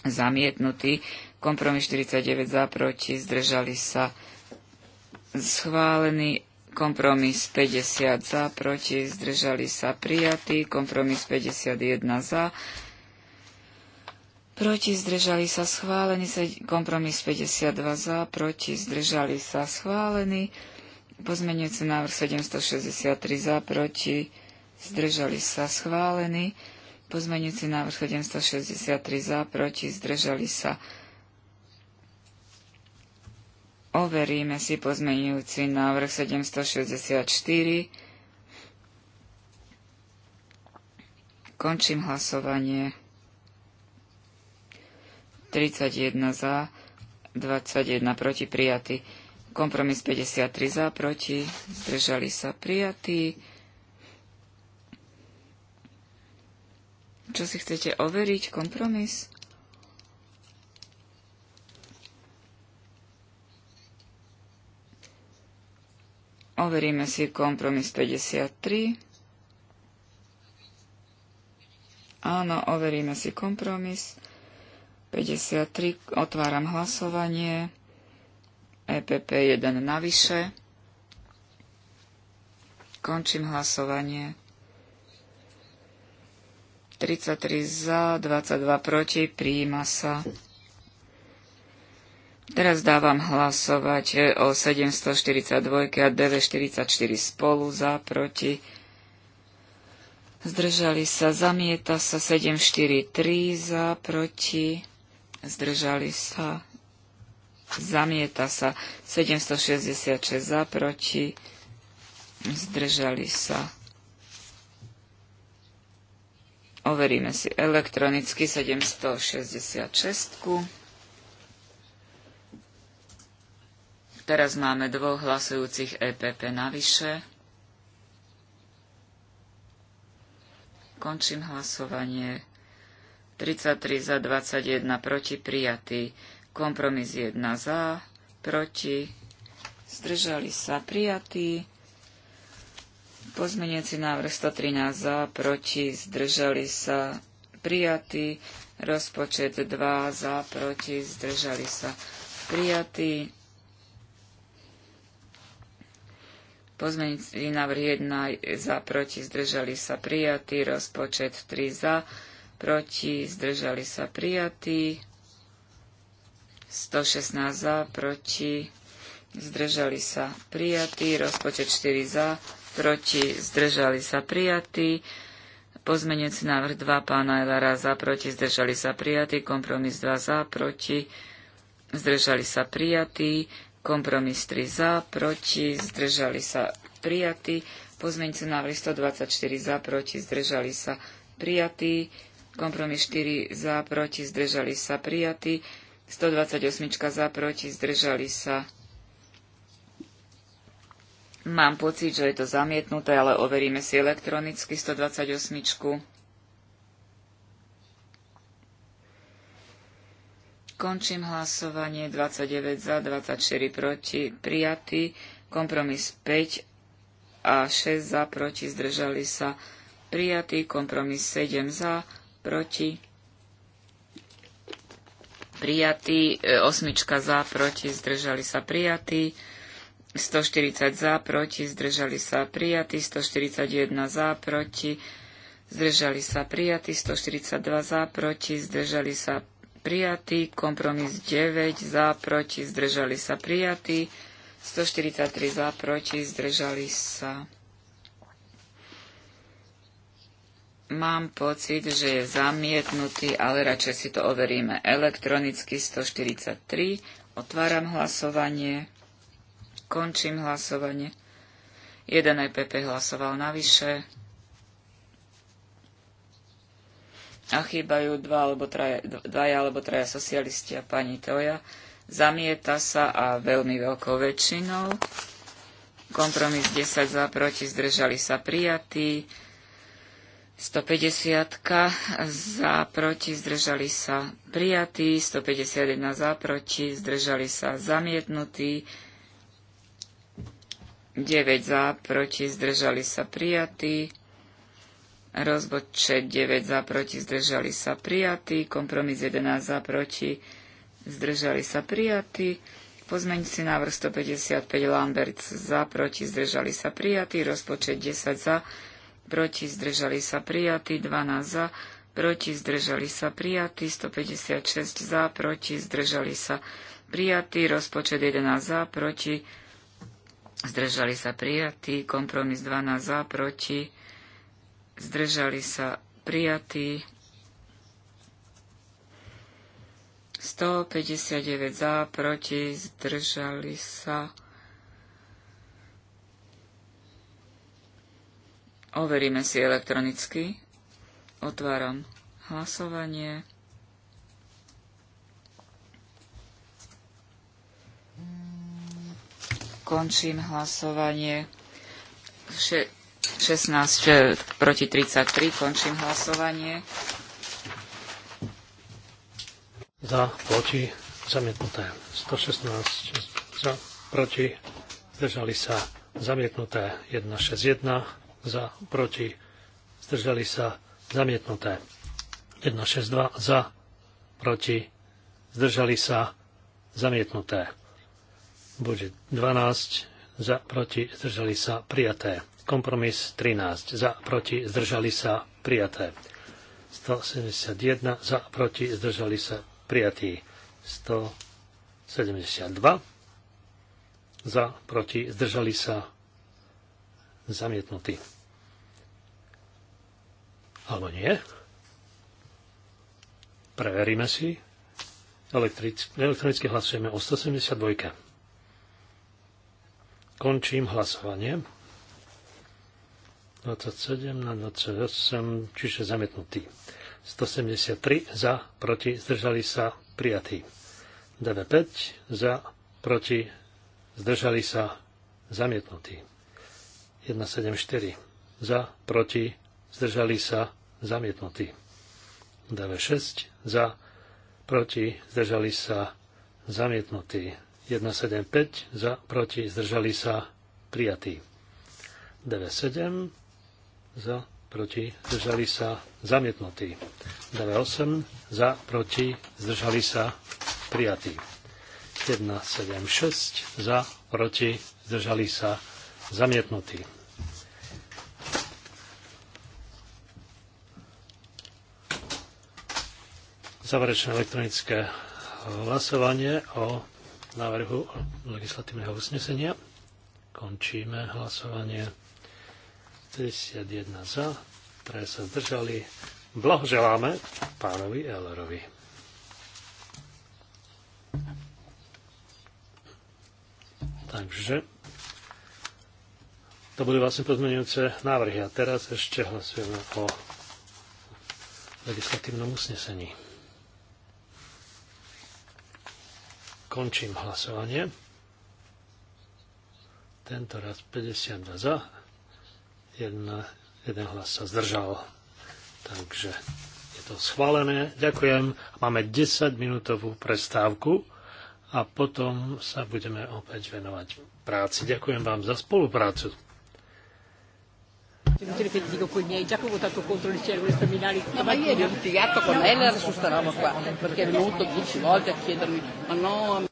zamietnutý. Kompromis 49 za, proti, zdržali sa schválený. Kompromis 50 za, proti, zdržali sa prijatý. Kompromis 51 za, proti, zdržali sa schválený. Kompromis 52 za, proti, zdržali sa schválený. Pozmeňujúci návrh 763 za, proti, zdržali sa schválený. Pozmenujúci návrh 763 za, proti, zdržali sa. Overíme si pozmenujúci návrh 764. Končím hlasovanie. 31 za, 21 proti prijatý. Kompromis 53 za, proti, zdržali sa prijatý. Čo si chcete overiť? Kompromis? Overíme si kompromis 53. Áno, overíme si kompromis 53. Otváram hlasovanie. EPP 1 navyše. Končím hlasovanie. 33 za, 22 proti, príjima sa. Teraz dávam hlasovať o 742 a 944 spolu za, proti. Zdržali sa, zamieta sa 743 za, proti. Zdržali sa, zamieta sa 766 za, proti. Zdržali sa Overíme si elektronicky 766. Teraz máme dvoch hlasujúcich EPP navyše. Končím hlasovanie. 33 za 21 proti prijatý. Kompromis 1 za, proti. Zdržali sa prijatí. Pozmeniaci návrh 113 za, proti, zdržali sa, prijatý. Rozpočet 2 za, proti, zdržali sa, prijatý. Pozmeniaci návrh 1 za, proti, zdržali sa, prijatý. Rozpočet 3 za, proti, zdržali sa prijatí, 116 za, proti, zdržali sa prijatí, rozpočet 4 za, proti, zdržali sa prijatí. Pozmenec návrh 2 pána Elara za, proti, zdržali sa prijatí. Kompromis 2 za, proti, zdržali sa prijatí. Kompromis 3 za, proti, zdržali sa prijatí. Pozmenec návrh 124 za, proti, zdržali sa prijatí. Kompromis 4 za, proti, zdržali sa prijatí. 128 za, proti, zdržali sa prijatí. Mám pocit, že je to zamietnuté, ale overíme si elektronicky 128. Končím hlasovanie 29 za, 24 proti, prijatý, kompromis 5 a 6 za, proti, zdržali sa, prijatý, kompromis 7 za, proti, prijatý, e, osmička za, proti, zdržali sa, prijatý, 140 za, proti, zdržali sa prijatí, 141 za, proti, zdržali sa prijatí, 142 za, proti, zdržali sa prijatí, kompromis 9 za, proti, zdržali sa prijatí, 143 za, proti, zdržali sa. Mám pocit, že je zamietnutý, ale radšej si to overíme elektronicky 143. Otváram hlasovanie. Končím hlasovanie. Jeden Pepe hlasoval navyše. A chýbajú dva alebo traja, dvaja alebo traja socialisti a pani Toja. Zamieta sa a veľmi veľkou väčšinou. Kompromis 10 za proti, zdržali sa prijatí. 150 za proti, zdržali sa prijatí. 151 za proti, zdržali sa zamietnutí. 9 za, proti, zdržali sa prijatí. Rozbočet 9 za, proti, zdržali sa prijatí. Kompromis 11 za, proti, zdržali sa prijatí. si návrh 155 Lambert za, proti, zdržali sa prijatí. Rozpočet 10 za, proti, zdržali sa prijatí. 12 za, proti, zdržali sa prijatí. 156 za, proti, zdržali sa prijatí. Rozpočet 11 za, proti, zdržali sa prijatí, kompromis 12 za, proti, zdržali sa prijatí, 159 za, proti, zdržali sa. Overíme si elektronicky. Otváram hlasovanie. Končím hlasovanie. 16 e, proti 33. Končím hlasovanie. Za, proti, zamietnuté. 116 za, proti, zdržali sa zamietnuté 161, za, proti, zdržali sa zamietnuté 162, za, proti, zdržali sa zamietnuté bude 12, za, proti, zdržali sa, prijaté. Kompromis 13, za, proti, zdržali sa, prijaté. 171, za, proti, zdržali sa, prijatí. 172, za, proti, zdržali sa, zamietnutí. Alebo nie? Preveríme si. Elektric- elektronicky hlasujeme o 172. Končím hlasovanie. 27 na 28, čiže zamietnutý. 173 za, proti, zdržali sa, prijatý. 95 za, proti, zdržali sa, zamietnutý. 174 za, proti, zdržali sa, zamietnutý. 96 za, proti, zdržali sa, zamietnutý. 175 za, proti, zdržali sa, prijatí. 97 za, proti, zdržali sa, zamietnutí. 98 za, proti, zdržali sa, prijatí. 176 za, proti, zdržali sa, zamietnutí. Záverečné elektronické hlasovanie o návrhu legislatívneho usnesenia. Končíme hlasovanie. 31 za, ktoré sa zdržali. Blahoželáme pánovi Ellerovi. Takže to budú vlastne pozmenujúce návrhy. A teraz ešte hlasujeme o legislatívnom usnesení. Končím hlasovanie. Tento raz 52 za, jedna, jeden hlas sa zdržal. Takže je to schválené. Ďakujem. Máme 10-minútovú prestávku a potom sa budeme opäť venovať práci. Ďakujem vám za spoluprácu inutile che ti dico con i miei, già che ho votato contro il cielo questa No, ma ieri ho litigato con Heller su sta roba qua, perché è venuto dieci volte a chiedermi, ma no...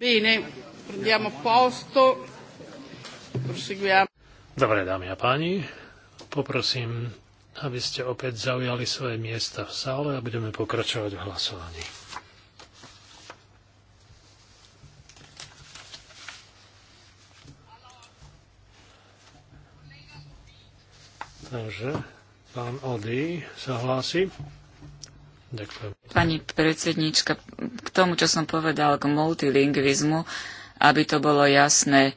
Bene, prendiamo posto. Proseguiamo. Dobre, dámy a páni, poprosím, aby ste opäť zaujali svoje miesta v sále a budeme pokračovať v hlasovaní. Takže pán Ody sa hlási. Ďakujem. Pani predsednička, tomu, čo som povedal k multilingvizmu, aby to bolo jasné.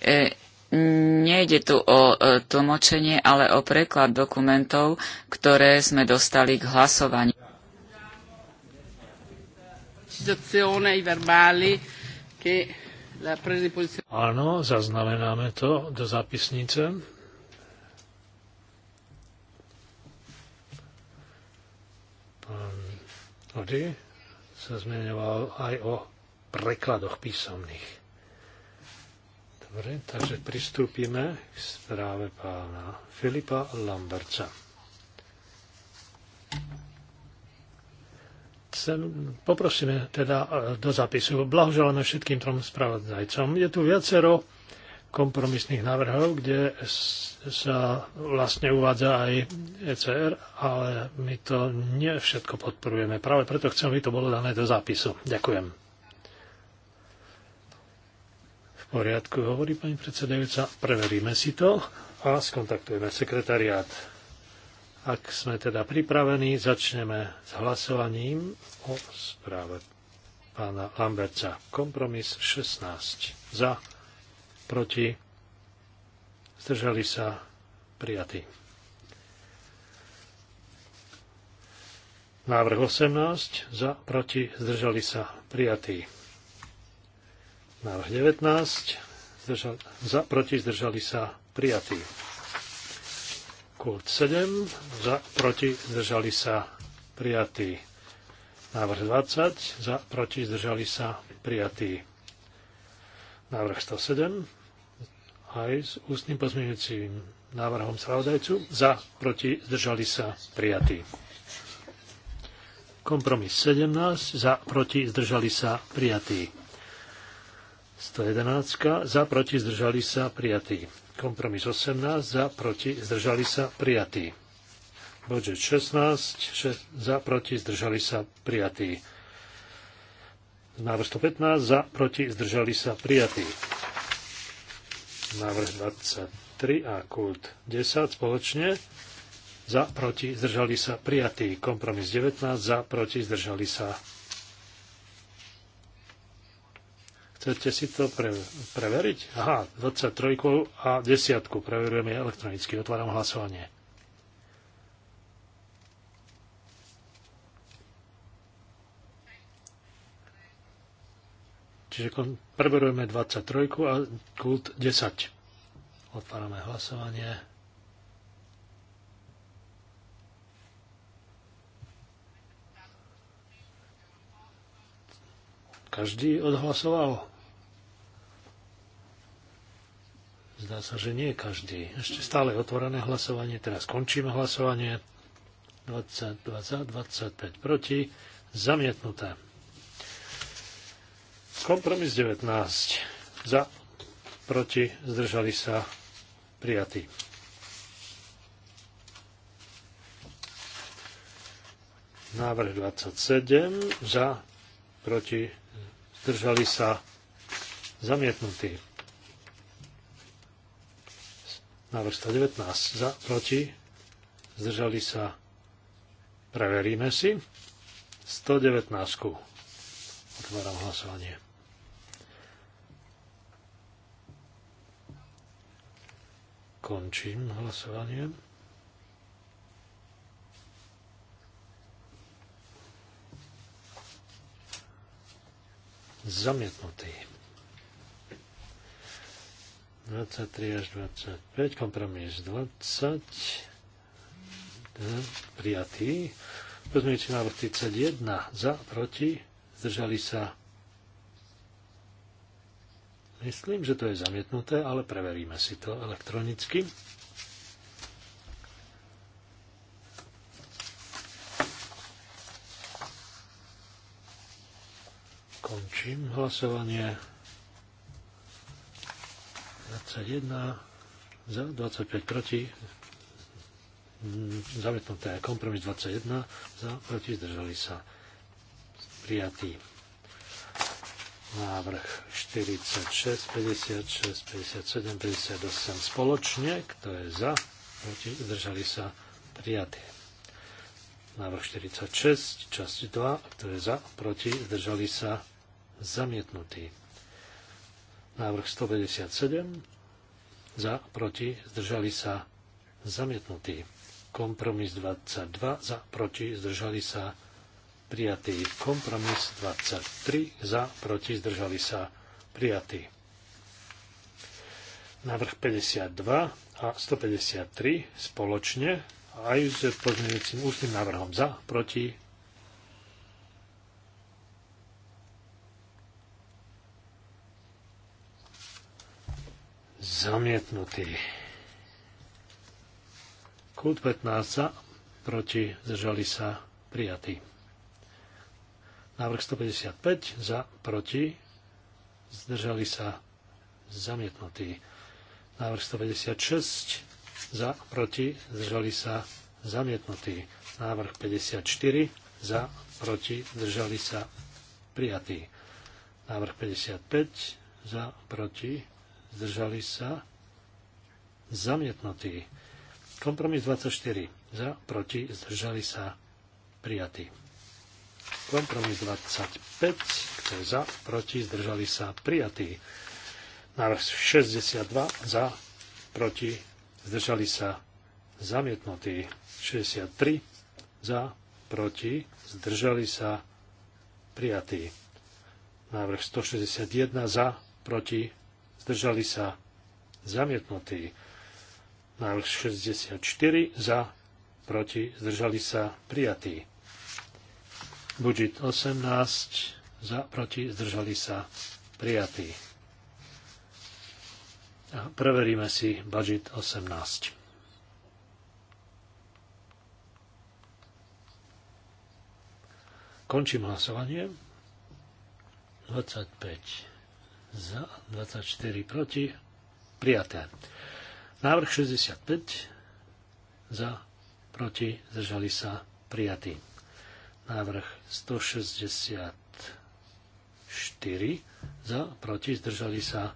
E, nejde tu o e, tlmočenie, ale o preklad dokumentov, ktoré sme dostali k hlasovaniu. Áno, zaznamenáme to do zápisnice. Pán Ody sa zmenoval aj o prekladoch písomných. Dobre, takže pristúpime k správe pána Filipa Lamberca. Chcem, poprosíme teda eh, do zapisu. Blahoželáme všetkým trom spravodajcom. Je tu viacero kompromisných návrhov, kde sa vlastne uvádza aj ECR, ale my to nie všetko podporujeme. Práve preto chcem, aby to bolo dané do zápisu. Ďakujem. V poriadku, hovorí pani predsedajúca. Preveríme si to a skontaktujeme sekretariát. Ak sme teda pripravení, začneme s hlasovaním o správe pána Lamberca. Kompromis 16. Za proti, zdržali sa prijatí. Návrh 18 za, proti, zdržali sa prijatí. Návrh 19 zdržal, za, proti, zdržali sa prijatí. Kult 7 za, proti, zdržali sa prijatí. Návrh 20 za, proti, zdržali sa prijatí. Návrh 107 aj s ústnym pozmeňujúcim návrhom spravodajcu. Za, proti, zdržali sa, prijatí. Kompromis 17. Za, proti, zdržali sa, prijatí. 111. Za, proti, zdržali sa, prijatí. Kompromis 18. Za, proti, zdržali sa, prijatí. Budget 16. Za, proti, zdržali sa, prijatí. Návrh 115 za, proti, zdržali sa prijatí. Návrh 23 a kult 10 spoločne. Za, proti, zdržali sa prijatí. Kompromis 19 za, proti, zdržali sa. Chcete si to pre, preveriť? Aha, 23 a 10 preverujeme elektronicky. Otváram hlasovanie. Čiže preberujeme 23 a kult 10. Otvárame hlasovanie. Každý odhlasoval? Zdá sa, že nie každý. Ešte stále otvorené hlasovanie. Teraz končíme hlasovanie. 22 za, 25 proti. Zamietnuté. Kompromis 19. Za, proti, zdržali sa, prijatí. Návrh 27. Za, proti, zdržali sa, zamietnutý. Návrh 119. Za, proti, zdržali sa, preveríme si. 119. Otváram hlasovanie. Končím hlasovanie. Zamietnutý. 23 až 25, kompromis 20, prijatý. Pozmeňujúci návrh 31, za, proti, zdržali sa Myslím, že to je zamietnuté, ale preveríme si to elektronicky. Končím hlasovanie. 21 za, 25 proti. Zamietnuté kompromis 21 za, proti zdržali sa prijatí návrh 46, 56, 57, 58 spoločne. Kto je za? Proti? Zdržali sa? prijatí. Návrh 46, časť 2. Kto je za? Proti? Zdržali sa? zamietnutí. Návrh 157. Za? Proti? Zdržali sa? zamietnutí. Kompromis 22. Za? Proti? Zdržali sa? prijatý. Kompromis 23 za, proti, zdržali sa prijatý. Návrh 52 a 153 spoločne aj s pozmeňujúcim ústnym návrhom za, proti. Zamietnutý. Kult 15 za, proti, zdržali sa prijatý. Návrh 155 za, proti, zdržali sa zamietnutí. Návrh 156 za, proti, zdržali sa zamietnutí. Návrh 54 za, proti, zdržali sa prijatí. Návrh 55 za, proti, zdržali sa zamietnutí. Kompromis 24 za, proti, zdržali sa prijatí. Kompromis 25, kto je za, proti, zdržali sa prijatí. Návrh 62 za, proti, zdržali sa zamietnutí. 63 za, proti, zdržali sa prijatí. Návrh 161 za, proti, zdržali sa zamietnutí. Návrh 64 za, proti, zdržali sa prijatí. Budžet 18 za, proti, zdržali sa prijatí. A preveríme si budžet 18. Končím hlasovanie. 25 za, 24 proti, prijaté. Návrh 65 za, proti, zdržali sa prijatí. Návrh 164 za, proti, zdržali sa.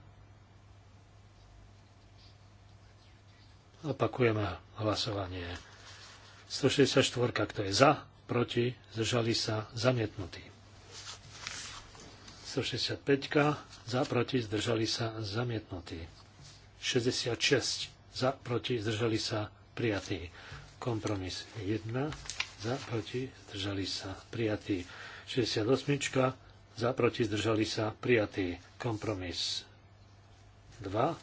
Opakujeme hlasovanie. 164, kto je za, proti, zdržali sa, zamietnutý. 165, za, proti, zdržali sa, zamietnutý. 66, za, proti, zdržali sa, prijatý. Kompromis 1, za, proti, zdržali sa, prijatý. 68. Za, proti, zdržali sa, prijatý. Kompromis 2.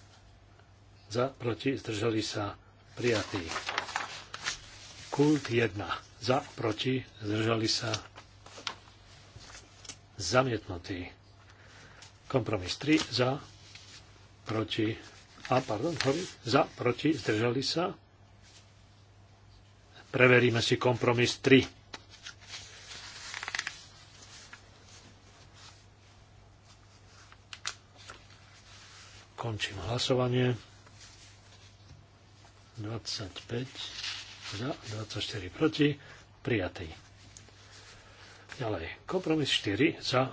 Za, proti, zdržali sa, prijatý. Kult 1. Za, proti, zdržali sa, zamietnutý. Kompromis 3. Za, proti, a pardon, za, proti, zdržali sa, Preveríme si kompromis 3. Končím hlasovanie. 25 za, 24 proti, prijatý. Ďalej, kompromis 4 za,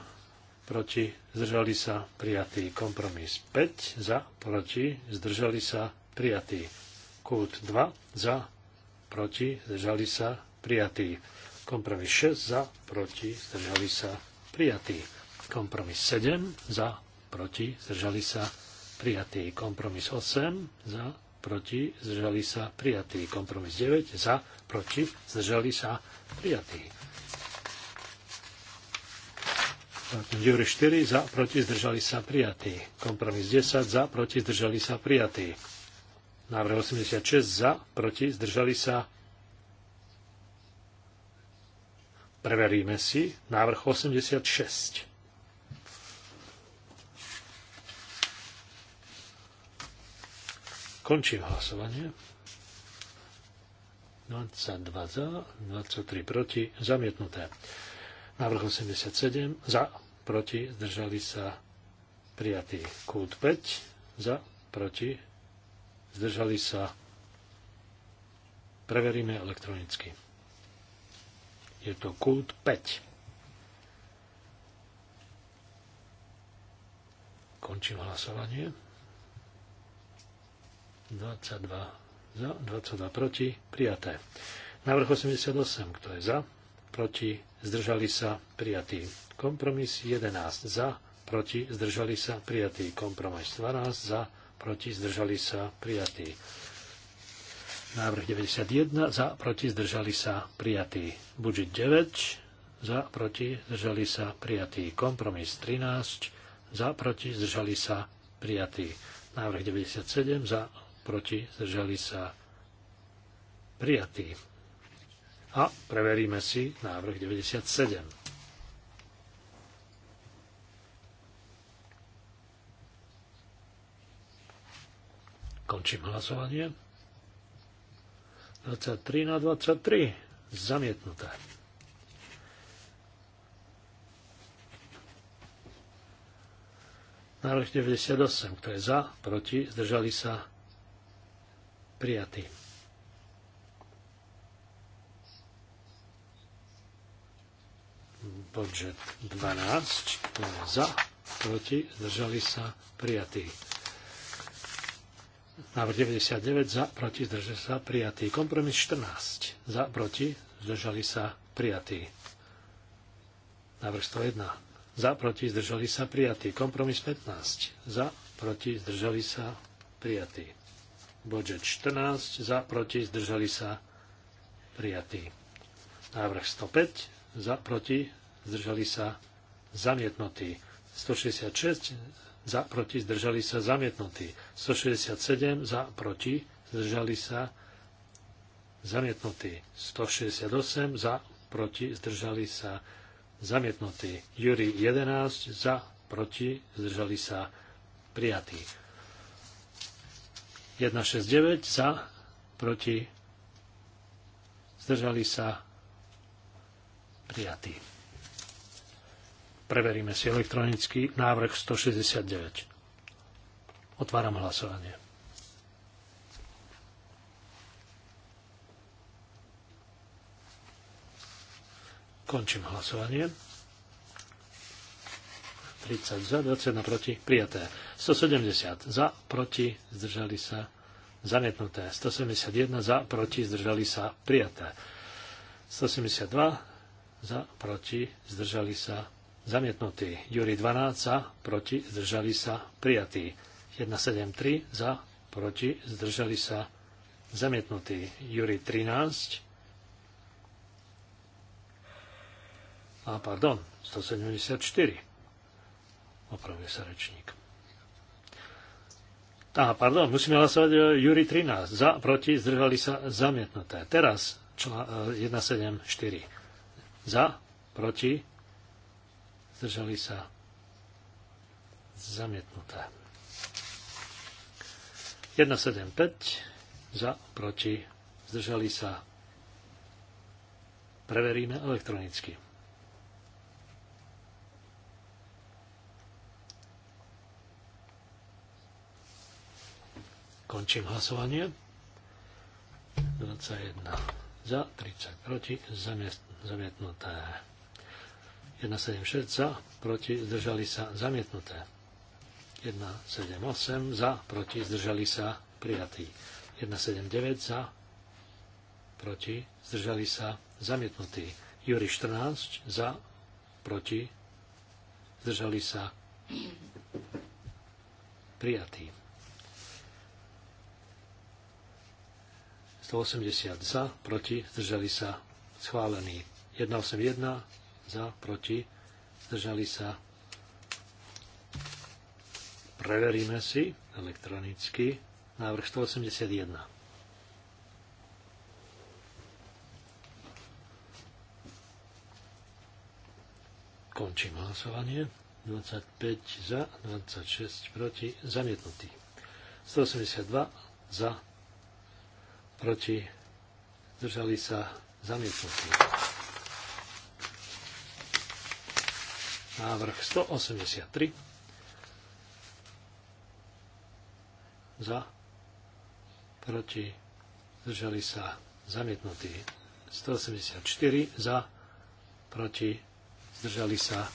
proti, zdržali sa, prijatý. Kompromis 5 za, proti, zdržali sa, prijatý. Kult 2 za, proti, zdržali sa, prijatý. Kompromis 6 za, proti, zdržali sa, prijatý. Kompromis 7 za, proti, zdržali sa, prijatý. Kompromis 8 za, proti, zdržali sa, prijatý. Kompromis 9 za, proti, zdržali sa, prijatý. Jure 4 za, proti, zdržali sa, prijatý. Kompromis 10 za, proti, zdržali sa, prijatý. Návrh 86 za, proti, zdržali sa. Preveríme si. Návrh 86. Končím hlasovanie. 22 za, 23 proti, zamietnuté. Návrh 87 za, proti, zdržali sa prijatý kút 5, za, proti, zdržali sa, preveríme elektronicky. Je to kult 5. Končím hlasovanie. 22 za, 22 proti, prijaté. Návrh 88, kto je za, proti, zdržali sa, prijatý. Kompromis 11 za, proti, zdržali sa, prijatý. Kompromis 12 za, proti, zdržali sa, prijatý. Návrh 91, za, proti, zdržali sa, prijatý. Budžet 9, za, proti, zdržali sa, prijatý. Kompromis 13, za, proti, zdržali sa, prijatý. Návrh 97, za, proti, zdržali sa, prijatý. A preveríme si návrh 97. Končím hlasovanie. 23 na 23. Zamietnuté. Návrh 98, kto je za, proti, zdržali sa, prijatý. Budžet 12, kto je za, proti, zdržali sa, prijatý. Návrh 99 za, proti, zdržali sa, prijatý. Kompromis 14 za, proti, zdržali sa, prijatý. Návrh 101 za, proti, zdržali sa, prijatý. Kompromis 15 za, proti, zdržali sa, prijatý. Budget 14 za, proti, zdržali sa, prijatý. Návrh 105 za, proti, zdržali sa, zamietnutý. 166 za, proti, zdržali sa, zamietnutý. 167 za, proti, zdržali sa, zamietnutý. 168 za, proti, zdržali sa, zamietnutý. Júri 11 za, proti, zdržali sa, prijatý. 169 za, proti, zdržali sa, prijatý. Preveríme si elektronicky návrh 169. Otváram hlasovanie. Končím hlasovanie. 30 za, 20 proti, prijaté. 170 za, proti, zdržali sa, zamietnuté. 171 za, proti, zdržali sa, prijaté. 172 za, proti, zdržali sa, zamietnutý. Juri 12 za, proti, zdržali sa, prijatý. 173 za, proti, zdržali sa, zamietnutý. juri 13 a pardon, 174. Opravuje sa rečník. Aha, pardon, musíme hlasovať Juri e, Júri 13. Za, proti, zdržali sa, zamietnuté. Teraz čl- 174. E, za, proti, zdržali sa zamietnuté. 175 za, proti, zdržali sa. Preveríme elektronicky. Končím hlasovanie. 21 za, 30 proti, zamietnuté. 176 za, proti zdržali sa zamietnuté. 178 za, proti zdržali sa prijatí. 179 za, proti zdržali sa zamietnutí. Juri 14 za, proti zdržali sa prijatí. 180 za, proti zdržali sa schválený. 181 za, proti, zdržali sa. Preveríme si elektronicky návrh 181. Končím hlasovanie. 25 za, 26 proti, zamietnutý. 182 za, proti, zdržali sa zamietnutí. Návrh 183. Za. Proti. Zdržali sa zamietnutí. 184 za. Proti. Zdržali sa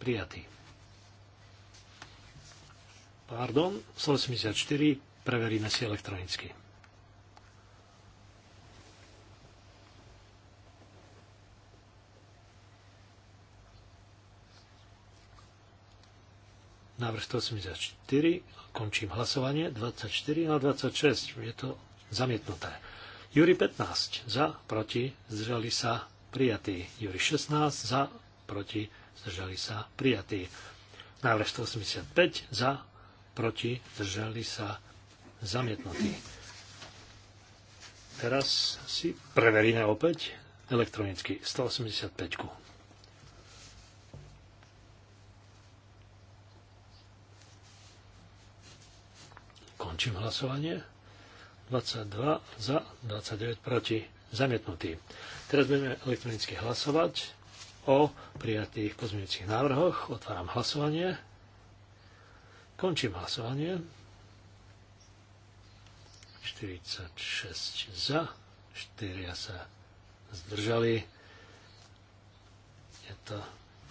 prijatí. Pardon, 184. Preveríme si elektronicky. Návrh 184, končím hlasovanie, 24 na 26, je to zamietnuté. Juri 15, za, proti, zdržali sa, prijatý. Juri 16, za, proti, zdržali sa, prijatý. Návrh 185, za, proti, zdržali sa, zamietnutý. Teraz si preveríme opäť elektronicky 185. Končím hlasovanie. 22 za, 29 proti, zamietnutý. Teraz budeme elektronicky hlasovať o prijatých pozmeňujúcich návrhoch. Otváram hlasovanie. Končím hlasovanie. 46 za, 4 sa zdržali. Je to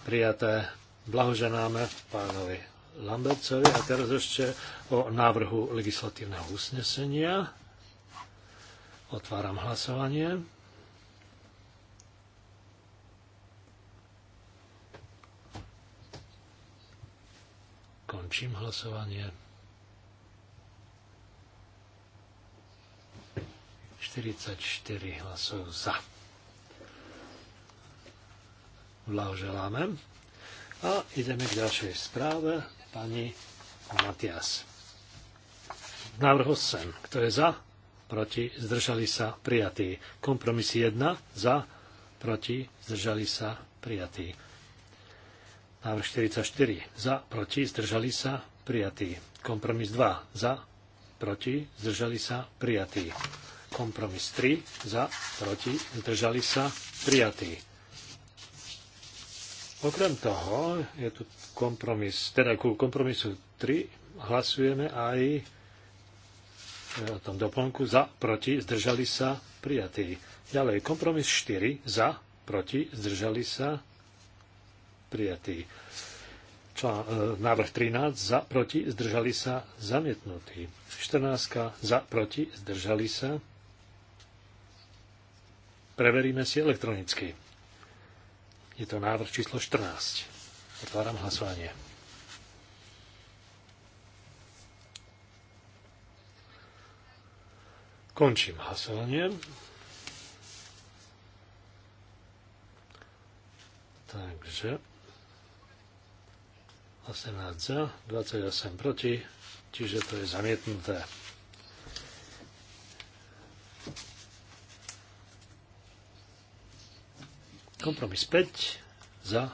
prijaté. Blahoženáme pánovi Lambertovi a teraz ešte o návrhu legislatívneho usnesenia. Otváram hlasovanie. Končím hlasovanie. 44 hlasov za. Blahoželáme. A ideme k ďalšej správe pani Matias. Návrh 8. Kto je za? Proti. Zdržali sa. Prijatý. Kompromis 1. Za. Proti. Zdržali sa. Prijatý. Návrh 44. Za. Proti. Zdržali sa. Prijatý. Kompromis 2. Za. Proti. Zdržali sa. Prijatý. Kompromis 3. Za. Proti. Zdržali sa. Prijatý Okrem toho je tu kompromis, teda ku kompromisu 3 hlasujeme aj e, o tom doplnku za, proti, zdržali sa, prijatý. Ďalej, kompromis 4 za, proti, zdržali sa, prijatý. Čo, e, návrh 13 za, proti, zdržali sa, zamietnutý. 14 za, proti, zdržali sa. Preveríme si elektronicky. Je to návrh číslo 14. Otváram hlasovanie. Končím hlasovanie. Takže 18 za, 28 proti, čiže to je zamietnuté. Kompromis 5 za,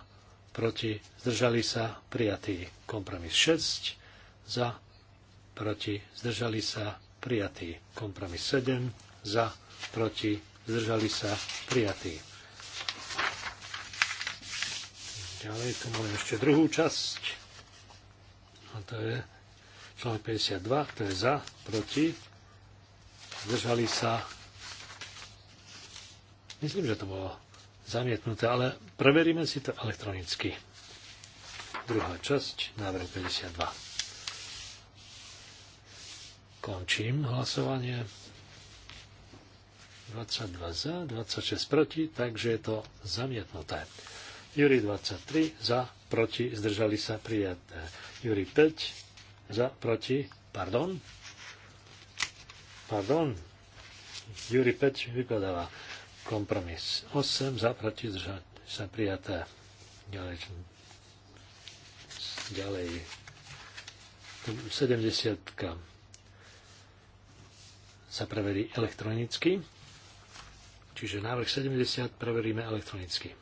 proti, zdržali sa, prijatý. Kompromis 6 za, proti, zdržali sa, prijatý. Kompromis 7 za, proti, zdržali sa, prijatý. Ďalej tu máme ešte druhú časť. A to je článok 52, to je za, proti, zdržali sa. Myslím, že to bolo Zamietnuté, ale preveríme si to elektronicky. Druhá časť, návrh 52. Končím hlasovanie. 22 za, 26 proti, takže je to zamietnuté. Juri 23 za, proti, zdržali sa prijaté. Juri 5 za, proti, pardon, pardon, Juri 5 vypadáva. Kompromis 8 za, proti, zdržali sa prijaté. Ďalej, ďalej 70 sa preverí elektronicky. Čiže návrh 70 preveríme elektronicky.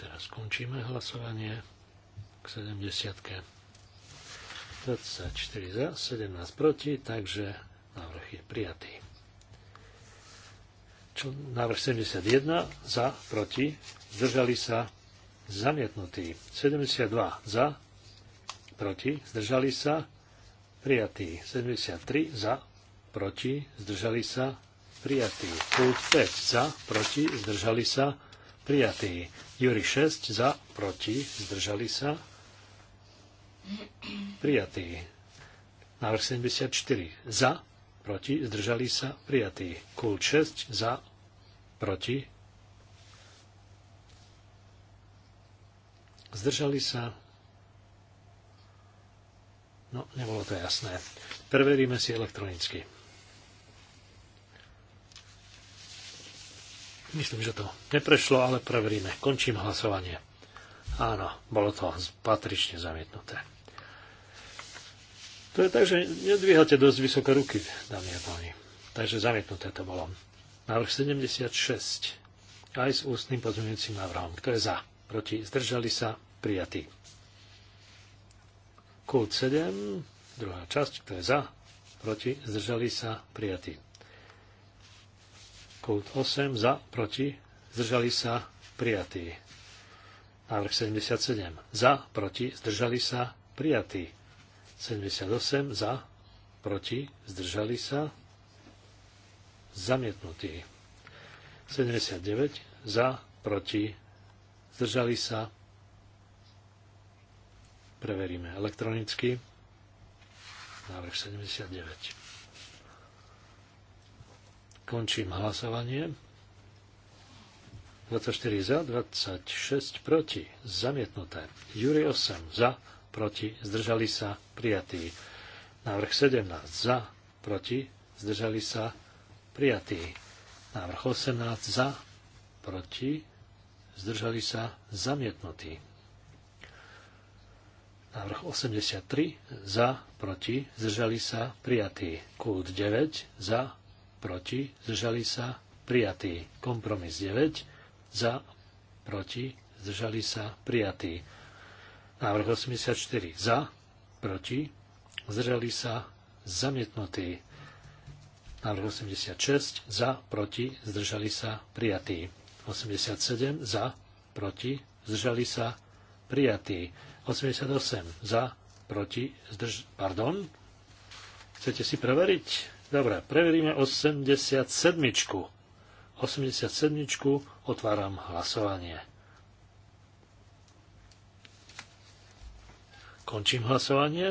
Teraz skončíme hlasovanie k 70. 24 za, 17 proti, takže návrh je prijatý návrh 71 za, proti, zdržali sa, zamietnutí. 72 za, proti, zdržali sa, prijatí. 73 za, proti, zdržali sa, prijatí. Kult 5 za, proti, zdržali sa, prijatí. Juri 6 za, proti, zdržali sa, prijatí, Návrh 74 za, proti, zdržali sa, prijatý. Kult 6 za, proti, zdržali sa, no nebolo to jasné. Preveríme si elektronicky. Myslím, že to neprešlo, ale preveríme. Končím hlasovanie. Áno, bolo to patrične zamietnuté. To je tak, že nedvíhate dosť vysoké ruky, dámy a páni. Takže zamietnuté to bolo. Návrh 76. Aj s ústnym pozmeňujúcim návrhom. Kto je za? Proti? Zdržali sa? Prijatý. Kult 7. Druhá časť. Kto je za? Proti? Zdržali sa? Prijatý. Kult 8. Za? Proti? Zdržali sa? Prijatý. Návrh 77. Za? Proti? Zdržali sa? Prijatý. 78 za, proti, zdržali sa, zamietnutý. 79 za, proti, zdržali sa, preveríme elektronicky, návrh 79. Končím hlasovanie. 24 za, 26 proti, zamietnuté. Júri 8 za, proti, zdržali sa, prijatý. Návrh 17 za, proti, zdržali sa, prijatý. Návrh 18 za, proti, zdržali sa, zamietnutý. Návrh 83 za, proti, zdržali sa, prijatý. Kult 9 za, proti, zdržali sa, prijatý. Kompromis 9 za, proti, zdržali sa, prijatý. Návrh 84 za, proti, zdržali sa zamietnutí. Návrh 86 za, proti, zdržali sa prijatí. 87 za, proti, zdržali sa prijatí. 88 za, proti, zdrž... Pardon? Chcete si preveriť? Dobre, preveríme 87. 87. Otváram hlasovanie. Končím hlasovanie.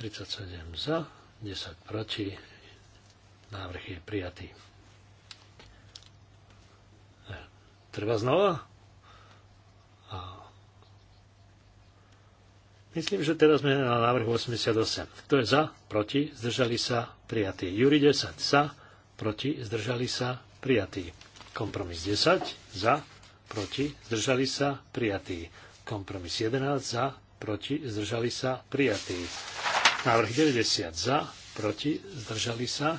37 za, 10 proti. Návrh je prijatý. Treba znova? A... Myslím, že teraz sme na návrhu 88. Kto je za? Proti? Zdržali sa? Prijatý. Juri 10 za, proti? Zdržali sa? Prijatý. Kompromis 10 za, proti? Zdržali sa? Prijatý. Kompromis 11 za, proti, zdržali sa, prijatý. Návrh 90 za, proti, zdržali sa.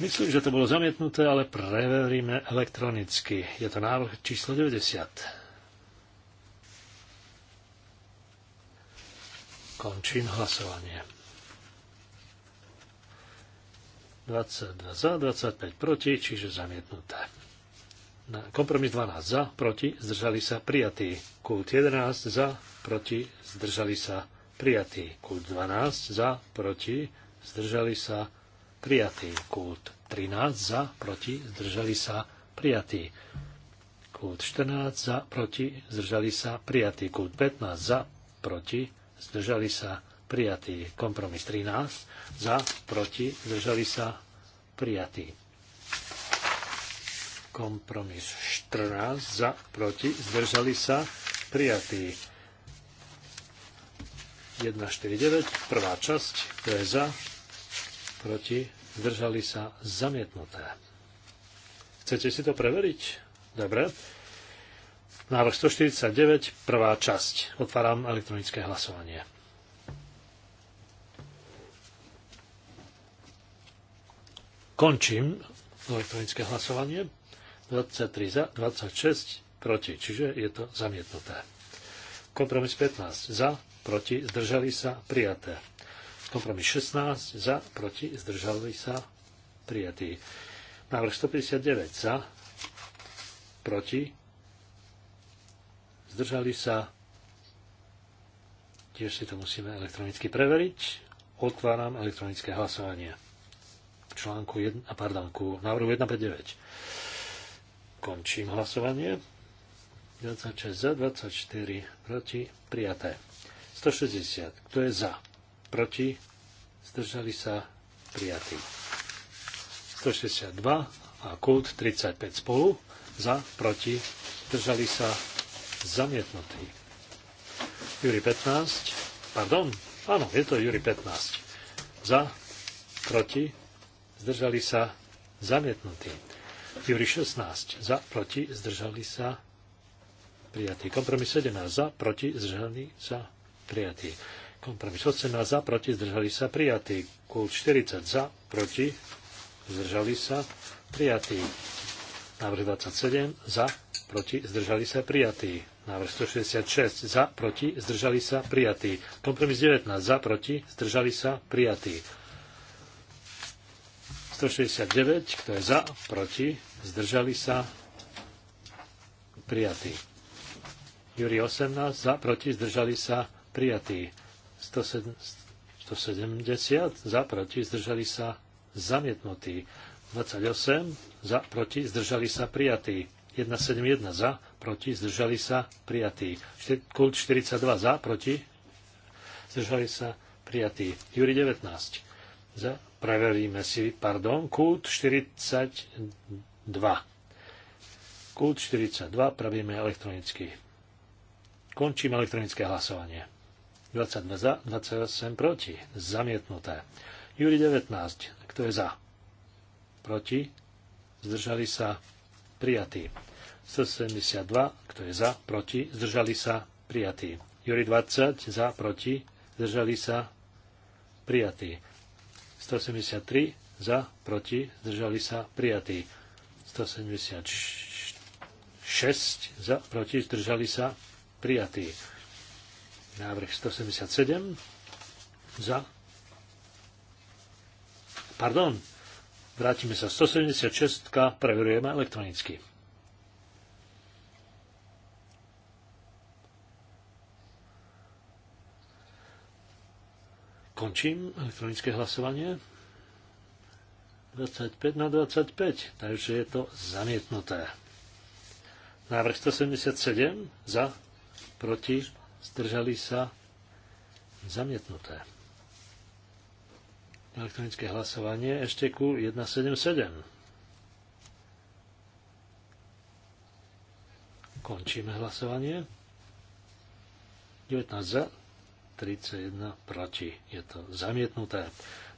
Myslím, že to bolo zamietnuté, ale preveríme elektronicky. Je to návrh číslo 90. Končím hlasovanie. 22 za, 25 proti, čiže zamietnuté. Kompromis 12 za, proti, zdržali sa prijatí. Kult 11 za, proti, zdržali sa prijatí. Kult 12 za, proti, zdržali sa prijatí. Kult 13 za, proti, zdržali sa prijatí. Kult 14 za, proti, zdržali sa prijatí. Kult 15 za, proti, zdržali sa prijatí. Kompromis 13 za, proti, zdržali sa prijatí Kompromis 14 za, proti, zdržali sa, prijatý. 149, prvá časť, to je za, proti, zdržali sa, zamietnuté. Chcete si to preveriť? Dobre. Návrh 149, prvá časť. Otváram elektronické hlasovanie. Končím elektronické hlasovanie. 23 za, 26 proti, čiže je to zamietnuté. Kompromis 15 za, proti, zdržali sa, prijaté. Kompromis 16 za, proti, zdržali sa, prijatý. Návrh 159 za, proti, zdržali sa, tiež si to musíme elektronicky preveriť. Otváram elektronické hlasovanie. Článku 1, pardon, ku návrhu 159. Končím hlasovanie. 26 za, 24 proti, prijaté. 160. Kto je za? Proti? Zdržali sa? Prijatí. 162 a kult 35 spolu. Za, proti, zdržali sa? Zamietnutí. Júri 15. Pardon? Áno, je to Júri 15. Za, proti, zdržali sa? Zamietnutí. Júri 16 za, proti, zdržali sa, prijatý. Kompromis 17 za, proti, zdržali sa, prijatý. Kompromis 18 za, proti, zdržali sa, prijatý. Kult 40 za, proti, zdržali sa, prijatý. Návrh 27 za, proti, zdržali sa, prijatý. Návrh 166 za, proti, zdržali sa, prijatý. Kompromis 19 za, proti, zdržali sa, prijatý. 169, kto je za, proti, zdržali sa, prijatý. Júri 18, za, proti, zdržali sa, prijatý. 170, za, proti, zdržali sa, zamietnutý. 28, za, proti, zdržali sa, prijatý. 171 za, proti, zdržali sa, prijatý. Kult 42 za, proti, zdržali sa, prijatý. Júri 19, za, preveríme si, pardon, kult 42 2. Kult 42 pravíme elektronicky. Končím elektronické hlasovanie. 22 za, 28 proti. Zamietnuté. Júri 19. Kto je za? Proti? Zdržali sa? Prijatí. 172. Kto je za? Proti? Zdržali sa? Prijatí. Júri 20. Za? Proti? Zdržali sa? Prijatí. 173. Za? Proti? Zdržali sa? Prijatí. 176 za, proti, zdržali sa, prijatý. Návrh 177 za. Pardon, vrátime sa. 176 preverujeme elektronicky. Končím elektronické hlasovanie. 25 na 25, takže je to zamietnuté. Návrh 177 za, proti, zdržali sa, zamietnuté. Elektronické hlasovanie ešte ku 177. Končíme hlasovanie. 19 za, 31 proti. Je to zamietnuté.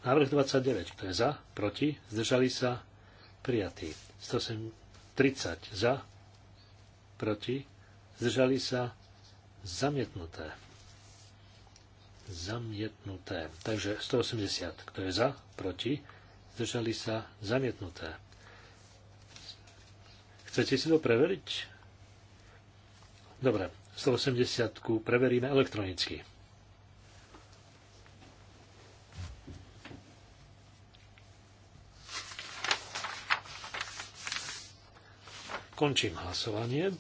Návrh 29, kto je za, proti, zdržali sa, prijatý. 130 za, proti, zdržali sa, zamietnuté. Zamietnuté. Takže 180, kto je za, proti, zdržali sa, zamietnuté. Chcete si to preveriť? Dobre, 180 preveríme elektronicky. Končím hlasovanie.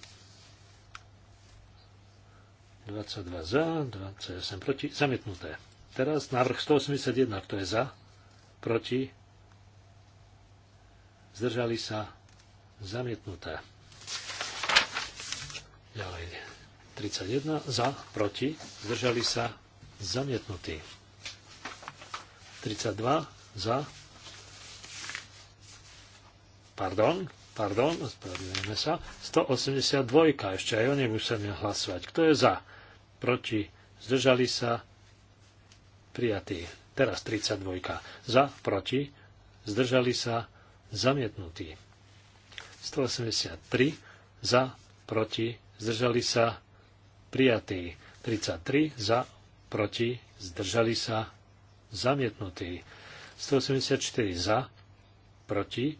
22 za, 28 proti, zamietnuté. Teraz návrh 181, kto je za, proti, zdržali sa, zamietnuté. Ďalej, 31, za, proti, zdržali sa, zamietnutí. 32, za, pardon, Pardon, ospravedlňujeme sa. 182, ešte aj o nej musíme hlasovať. Kto je za? Proti? Zdržali sa? Prijatý. Teraz 32. Za? Proti? Zdržali sa? Zamietnutý. 183. Za? Proti? Zdržali sa? Prijatý. 33. Za? Proti? Zdržali sa? Zamietnutý. 184 za, proti,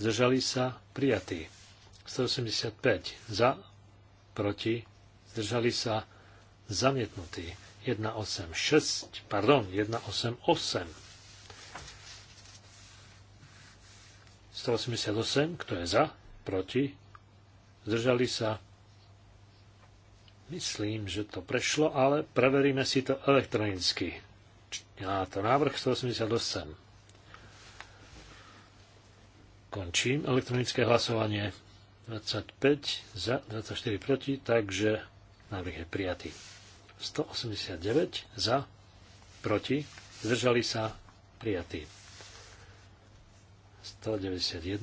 zdržali sa, prijatí. 185 za, proti, zdržali sa, zamietnutí. 186, pardon, 188. 188, kto je za, proti, zdržali sa. Myslím, že to prešlo, ale preveríme si to elektronicky. Na to návrh 188. Končím elektronické hlasovanie. 25 za, 24 proti, takže návrh je prijatý. 189 za, proti, zdržali sa, prijatý. 191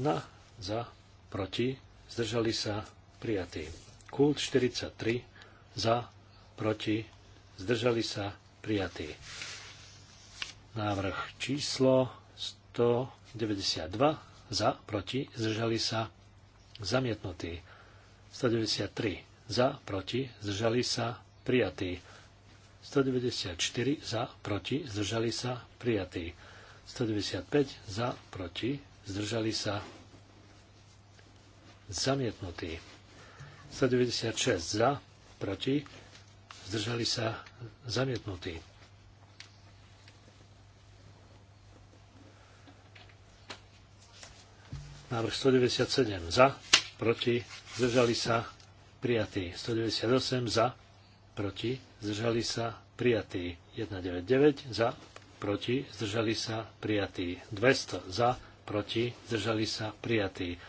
za, proti, zdržali sa, prijatý. Kult 43 za, proti, zdržali sa, prijatý. Návrh číslo 192 za, proti, zdržali sa, zamietnutý. 193 za, proti, zdržali sa, prijatý. 194 za, proti, zdržali sa, prijatý. 195 za, proti, zdržali sa, zamietnutý. 196 za, proti, zdržali sa, zamietnutý. Návrh 197 za, proti, zdržali sa, prijatý. 198 za, proti, zdržali sa, prijatý. 199 za, proti, zdržali sa, prijatý. 200 za, proti, zdržali sa, prijatý.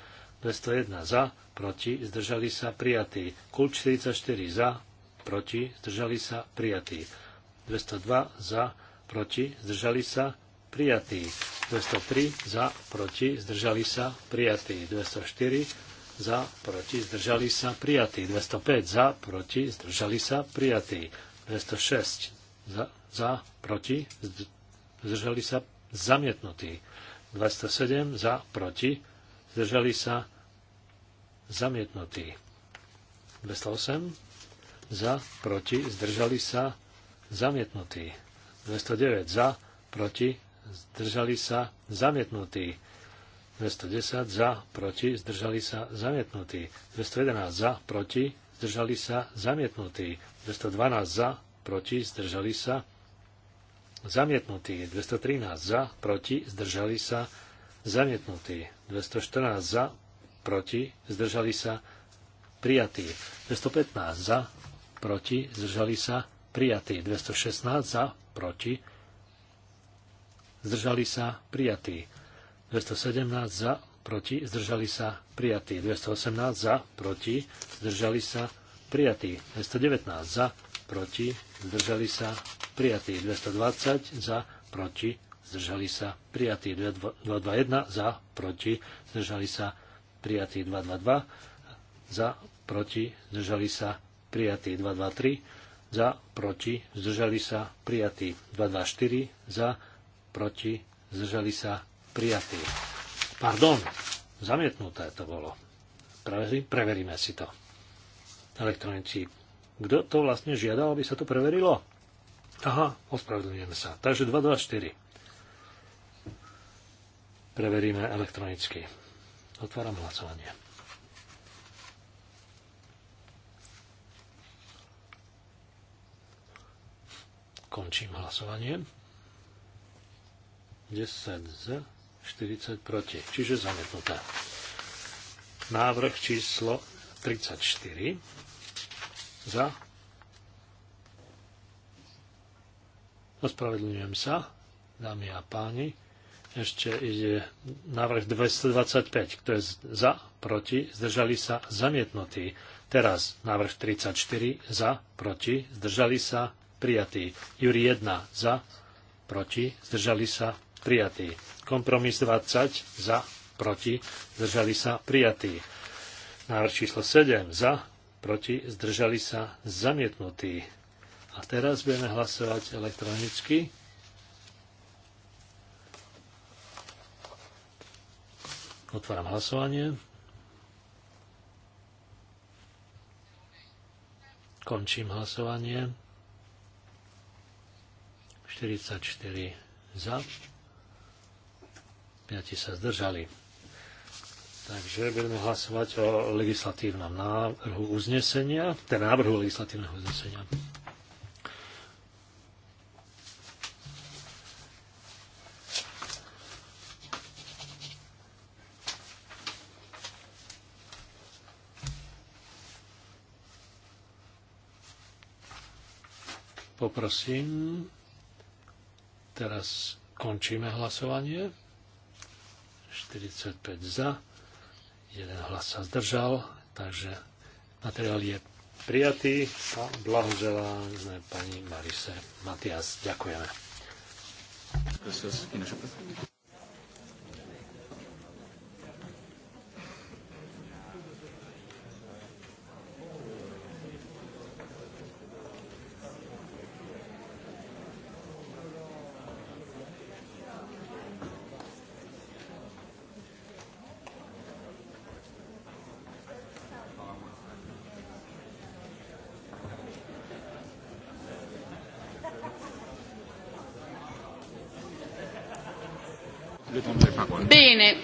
201 za, proti, zdržali sa, prijatý. Kult 44 za, proti, zdržali sa, prijatý. 202 za, proti, zdržali sa, prijatý. 203 za, proti, zdržali sa, prijatí. 204 za, proti, zdržali sa, prijatí. 205 za, proti, zdržali sa, prijatí. 206 za, za proti, zdržali sa, zamietnutí. 207 za, proti, zdržali sa, zamietnutí. 208 za, proti, zdržali sa, zamietnutí. 209 za, proti, zdržali sa, zamietnutí. 210 za, proti, zdržali sa, zamietnutí. 211 za, proti, zdržali sa, zamietnutí. 212 za, proti, zdržali sa, zamietnutí. 213 za, proti, zdržali sa, zamietnutí. 214 za, proti, zdržali sa, prijatí. 215 za, proti, zdržali sa, prijatí. 216 za, proti, zdržali sa, prijatí, 217 za, proti, zdržali sa, prijatí, 218 za, proti, zdržali sa, prijatý. 219 za, proti, zdržali sa, prijatí, 220 za, proti, zdržali sa, prijatí. 221 za, proti, zdržali sa, prijatí 222 za, proti, zdržali sa, prijatí 223 za, proti, zdržali sa, prijatí, 224 za, proti, zdržali sa, prijatí. Pardon, zamietnuté to bolo. Preveríme si to. Elektronici. Kto to vlastne žiadal, aby sa to preverilo? Aha, ospravedlňujeme sa. Takže 224. Preveríme elektronicky. Otváram hlasovanie. Končím hlasovanie. 10 z, 40 proti. Čiže zamietnutá. Návrh číslo 34 za. Ospravedlňujem sa, dámy a páni. Ešte ide návrh 225, kto je za, proti, zdržali sa, zamietnutý. Teraz návrh 34 za, proti, zdržali sa, prijatý. Júri 1 za, proti, zdržali sa, prijatý. Kompromis 20 za, proti, zdržali sa, prijatý. Návrh číslo 7 za, proti, zdržali sa, zamietnutý. A teraz budeme hlasovať elektronicky. Otváram hlasovanie. Končím hlasovanie. 44 za piati sa zdržali. Takže budeme hlasovať o legislatívnom návrhu uznesenia, teda návrhu legislatívneho uznesenia. Poprosím, teraz končíme hlasovanie. 45 za, jeden hlas sa zdržal, takže materiál je prijatý a blahoželáme pani Marise Matias. Ďakujeme.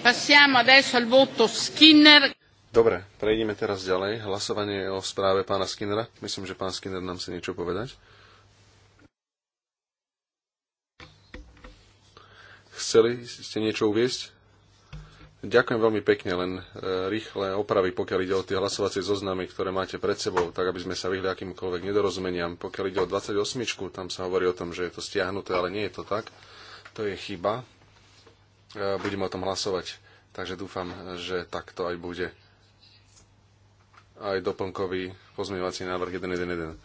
Passiamo adesso al voto Skinner. Dobre, prejdeme teraz ďalej. Hlasovanie je o správe pána Skinnera. Myslím, že pán Skinner nám chce niečo povedať. Chceli ste niečo uviesť? Ďakujem veľmi pekne, len e, rýchle opravy, pokiaľ ide o tie hlasovacie zoznamy, ktoré máte pred sebou, tak aby sme sa vyhli akýmkoľvek nedorozumeniam. Pokiaľ ide o 28, tam sa hovorí o tom, že je to stiahnuté, ale nie je to tak. To je chyba. Eh, budeme o tom hlasovať. Takže dúfam, že takto aj bude aj doplnkový pozmeňovací návrh 1.1.1.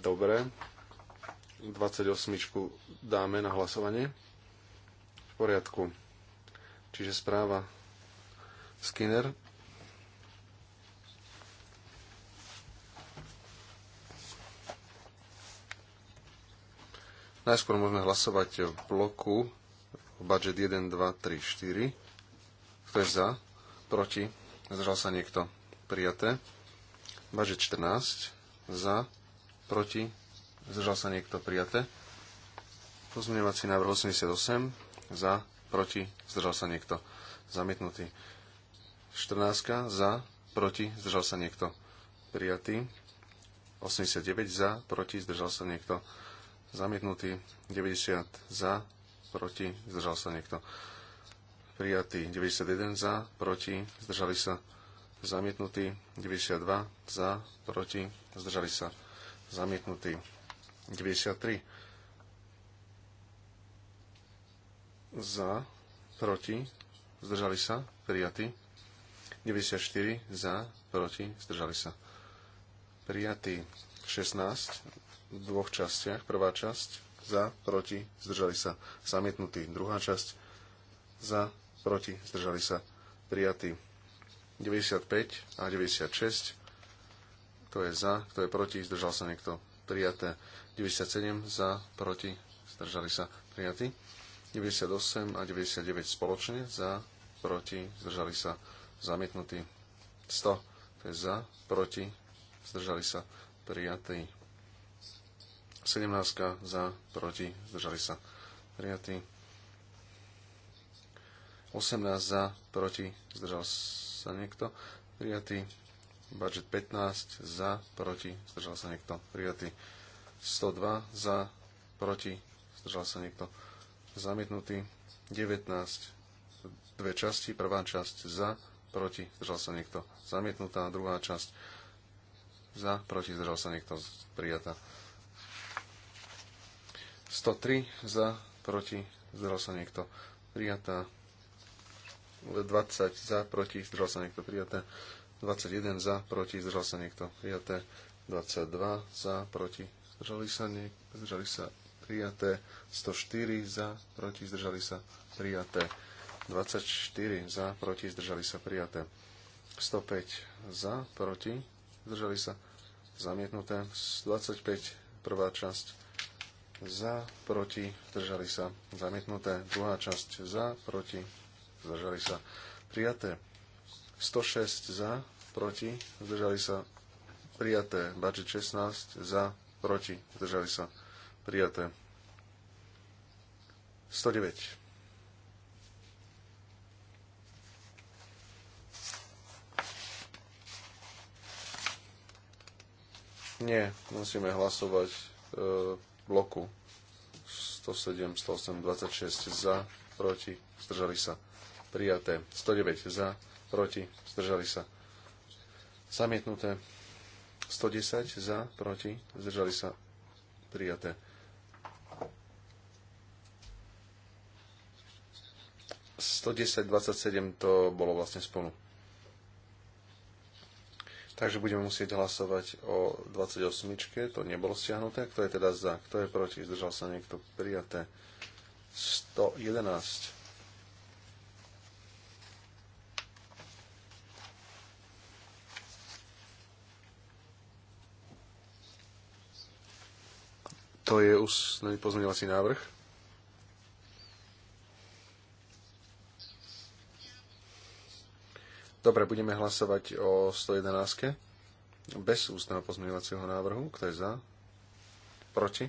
Dobre. 28 dáme na hlasovanie. V poriadku. Čiže správa Skinner. Najskôr môžeme hlasovať v bloku budget 1, 2, 3, 4. Kto je za? Proti? Zdržal sa niekto? Prijaté. Budget 14. Za? Proti? Zdržal sa niekto? Prijaté. Pozmeňovací návrh 88. Za? Proti? Zdržal sa niekto? Zamietnutý. 14. Za? Proti? Zdržal sa niekto? Prijatý. 89 za, proti, zdržal sa niekto. Zamietnutý 90 za, proti, zdržal sa niekto. Prijatý 91 za, proti, zdržali sa. Zamietnutý 92 za, proti, zdržali sa. Zamietnutý 93 za, proti, zdržali sa. Prijatý 94 za, proti, zdržali sa. Prijatý 16 v dvoch častiach. Prvá časť za, proti, zdržali sa, zamietnutí. Druhá časť, za, proti, zdržali sa, prijatí. 95 a 96, kto je za, kto je proti, zdržal sa niekto, prijaté. 97 za, proti, zdržali sa, prijatí. 98 a 99 spoločne, za, proti, zdržali sa, zamietnutí. 100, to je za, proti, zdržali sa, prijatí. 17 za, proti, zdržali sa prijatí. 18 za, proti, zdržal sa niekto, prijatý. Budget 15 za, proti, zdržal sa niekto, prijatý. 102 za, proti, zdržal sa niekto, zamietnutý. 19, dve časti, prvá časť za, proti, zdržal sa niekto, zamietnutá, druhá časť za, proti, zdržal sa niekto, prijatá. 103 za, proti, zdržal sa niekto. Prijatá 20 za, proti, zdržal sa niekto. Prijaté 21 za, proti, zdržal sa niekto. Prijaté 22 za, proti, zdržali sa, niekto zdržali sa prijaté, 104 za, proti, zdržali sa prijaté, 24 za, proti, zdržali sa prijaté, 105 za, proti, zdržali sa zamietnuté, 25 prvá časť za, proti, zdržali sa, zamietnuté. Druhá časť za, proti, zdržali sa, prijaté. 106 za, proti, zdržali sa, prijaté. Budget 16 za, proti, zdržali sa, prijaté. 109. Nie, musíme hlasovať e bloku 107, 108, 26 za, proti, zdržali sa. Prijaté 109 za, proti, zdržali sa. Zamietnuté 110 za, proti, zdržali sa. Prijaté 110, 27 to bolo vlastne spolu. Takže budeme musieť hlasovať o 28. To nebolo stiahnuté. Kto je teda za? Kto je proti? Zdržal sa niekto? Prijaté. 111. To je ústny pozmeňovací návrh. Dobre, budeme hlasovať o 111. Bez ústneho pozmeňovacieho návrhu. Kto je za? Proti?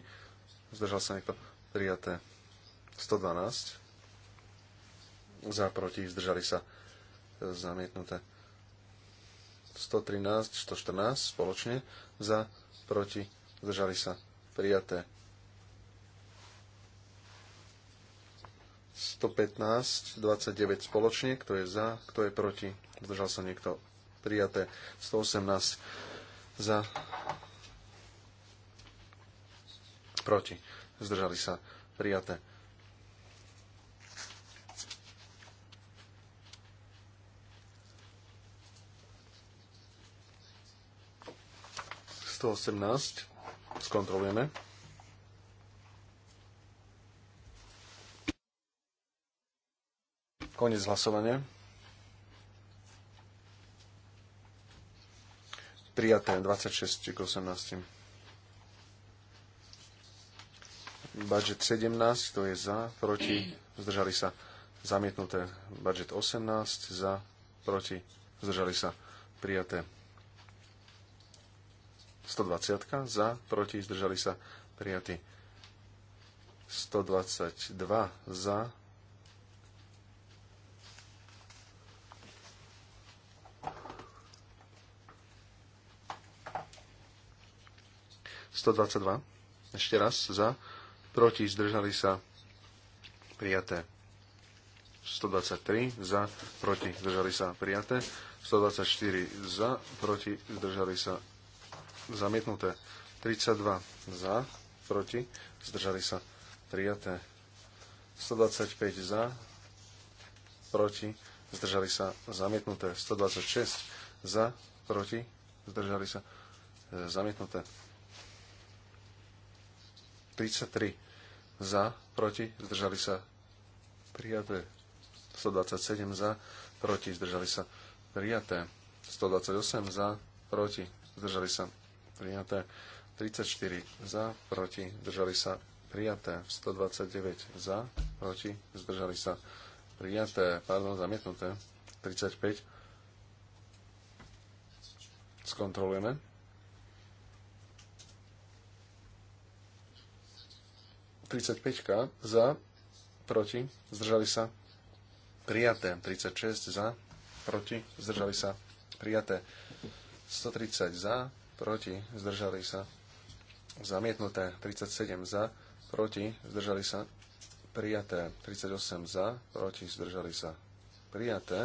Zdržal sa niekto? Prijaté. 112. Za, proti, zdržali sa. Zamietnuté. 113, 114 spoločne. Za, proti, zdržali sa. Prijaté. 115, 29 spoločne, kto je za, kto je proti, zdržal sa niekto prijaté, 118 za, proti, zdržali sa prijaté. Sto Skontrolujeme. koniec hlasovania. Prijaté 26 k 18. Budget 17, to je za, proti, zdržali sa zamietnuté. Budget 18, za, proti, zdržali sa prijaté. 120 za, proti, zdržali sa prijatí. 122 za, 122. Ešte raz za. Proti zdržali sa prijaté. 123 za, proti zdržali sa prijaté. 124 za, proti zdržali sa zamietnuté. 32 za, proti zdržali sa prijaté. 125 za, proti zdržali sa zamietnuté. 126 za, proti zdržali sa e, zamietnuté. 33 za, proti, zdržali sa prijaté. 127 za, proti, zdržali sa prijaté. 128 za, proti, zdržali sa prijaté. 34 za, proti, zdržali sa prijaté. 129 za, proti, zdržali sa prijaté. Pardon, zamietnuté. 35. Skontrolujeme. 35 za, proti, zdržali sa, prijaté. 36 za, proti, zdržali sa, prijaté. 130 za, proti, zdržali sa, zamietnuté. 37 za, proti, zdržali sa, prijaté. 38 za, proti, zdržali sa, prijaté.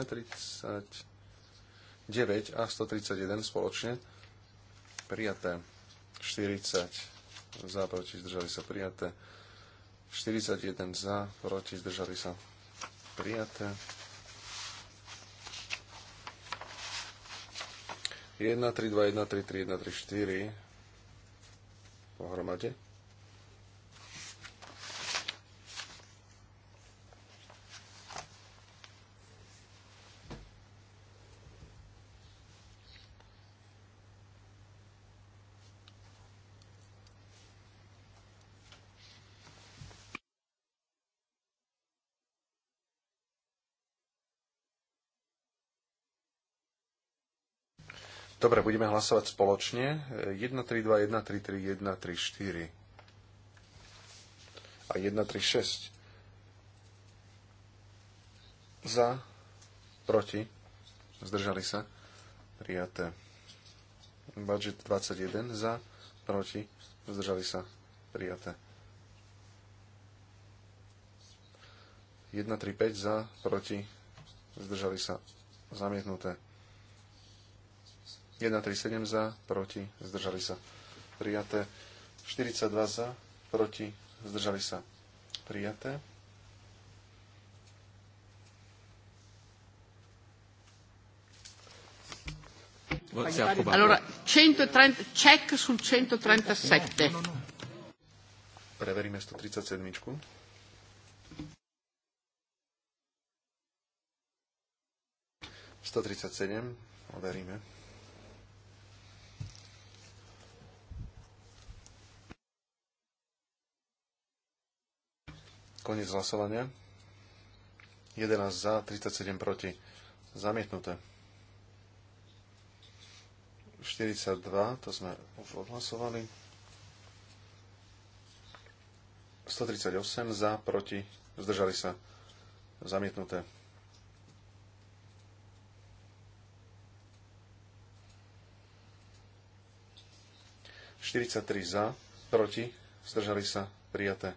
39 a 131 spoločne, prijaté. 40 za, proti, zdržali sa, prijaté. 41 za, proti, zdržali sa prijaté. 1, 3, 2, 1, 3, 3, 1, 3, 4 pohromade. Dobre, budeme hlasovať spoločne. 1, 3, 2, 1, 3, 3, 1, 3, 4. A 1, 3, 6. Za, proti, zdržali sa, prijaté. Budget 21, za, proti, zdržali sa, prijaté. 1, 3, 5, za, proti, zdržali sa, zamietnuté. 137 za, proti, zdržali sa. Prijaté. 42 za, proti, zdržali sa. Prijaté. Allora, 130, check sul 137. No, no, no, Preveríme 137. Sto tridsaťsedem, overíme. Koniec hlasovania. 11 za, 37 proti. Zamietnuté. 42, to sme už odhlasovali. 138 za, proti, zdržali sa. Zamietnuté. 43 za, proti, zdržali sa, prijaté.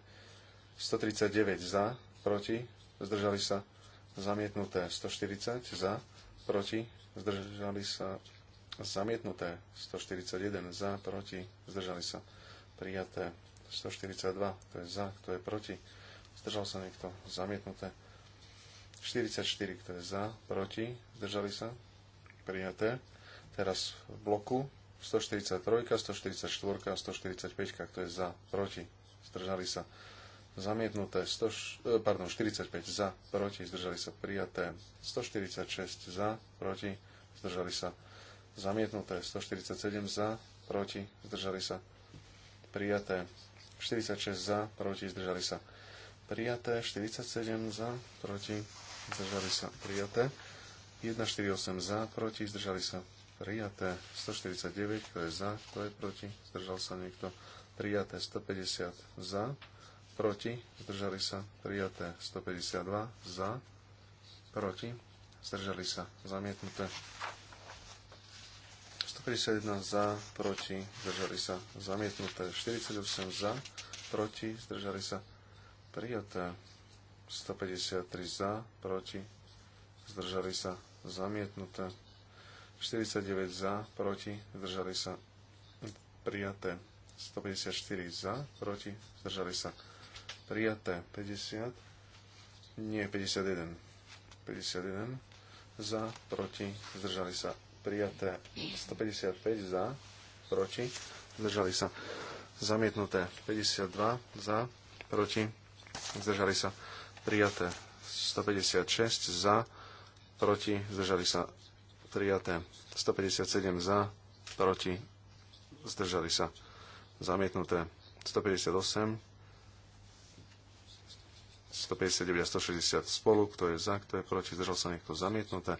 139 za, proti, zdržali sa zamietnuté 140 za, proti, zdržali sa zamietnuté 141 za, proti, zdržali sa prijaté 142, to je za, to je proti, zdržal sa niekto, zamietnuté 44, to je za, proti, zdržali sa, prijaté. Teraz v bloku 143, 144, 145, to je za, proti, zdržali sa, zamietnuté, 100, e, pardon, 45 za, proti, zdržali sa prijaté, 146 za, proti, zdržali sa zamietnuté, 147 za, proti, zdržali sa prijaté, 46 za, proti, zdržali sa prijaté, 47 za, proti, zdržali sa prijaté, 148 za, proti, zdržali sa prijaté, 149, kto je za, kto je proti, zdržal sa niekto, prijaté, 150 za, proti, zdržali sa, prijaté 152 za, proti, zdržali sa, zamietnuté 151 za, proti, zdržali sa, zamietnuté 48 za, proti, zdržali sa, prijaté 153 za, proti, zdržali sa, zamietnuté 49 za, proti, zdržali sa, prijaté 154 za, proti, zdržali sa, prijaté 50, nie 51, 51 za, proti, zdržali sa prijaté 155 za, proti, zdržali sa zamietnuté 52 za, proti, zdržali sa prijaté 156 za, proti, zdržali sa prijaté 157 za, proti, zdržali sa zamietnuté 158 159 a 160 spolu, kto je za, kto je proti, zdržal sa niekto zamietnuté,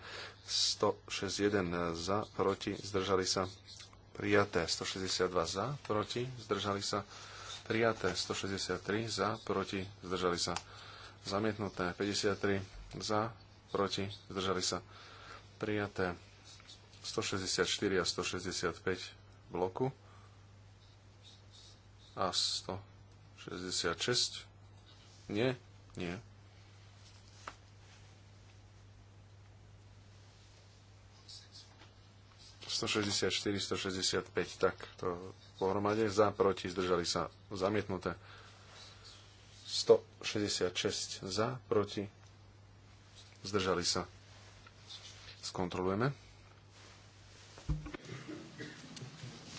161 e, za, proti, zdržali sa prijaté, 162 za, proti, zdržali sa prijaté, 163 za, proti, zdržali sa zamietnuté, 53 za, proti, zdržali sa prijaté, 164 a 165 bloku a 166 nie, nie. ...164, 165, tak to pohromade za, proti, zdržali sa zamietnuté. 166 za, proti, zdržali sa. Skontrolujeme.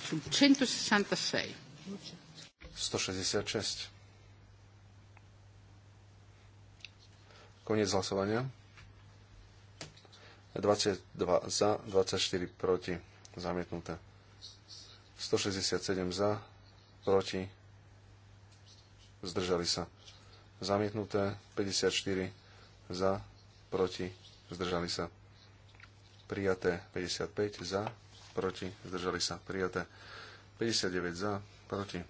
166. 166. Koniec hlasovania. 22 za, 24 proti. Zamietnuté. 167 za, proti. Zdržali sa. Zamietnuté. 54 za, proti. Zdržali sa. Prijaté. 55 za, proti. Zdržali sa. Prijaté. 59 za, proti.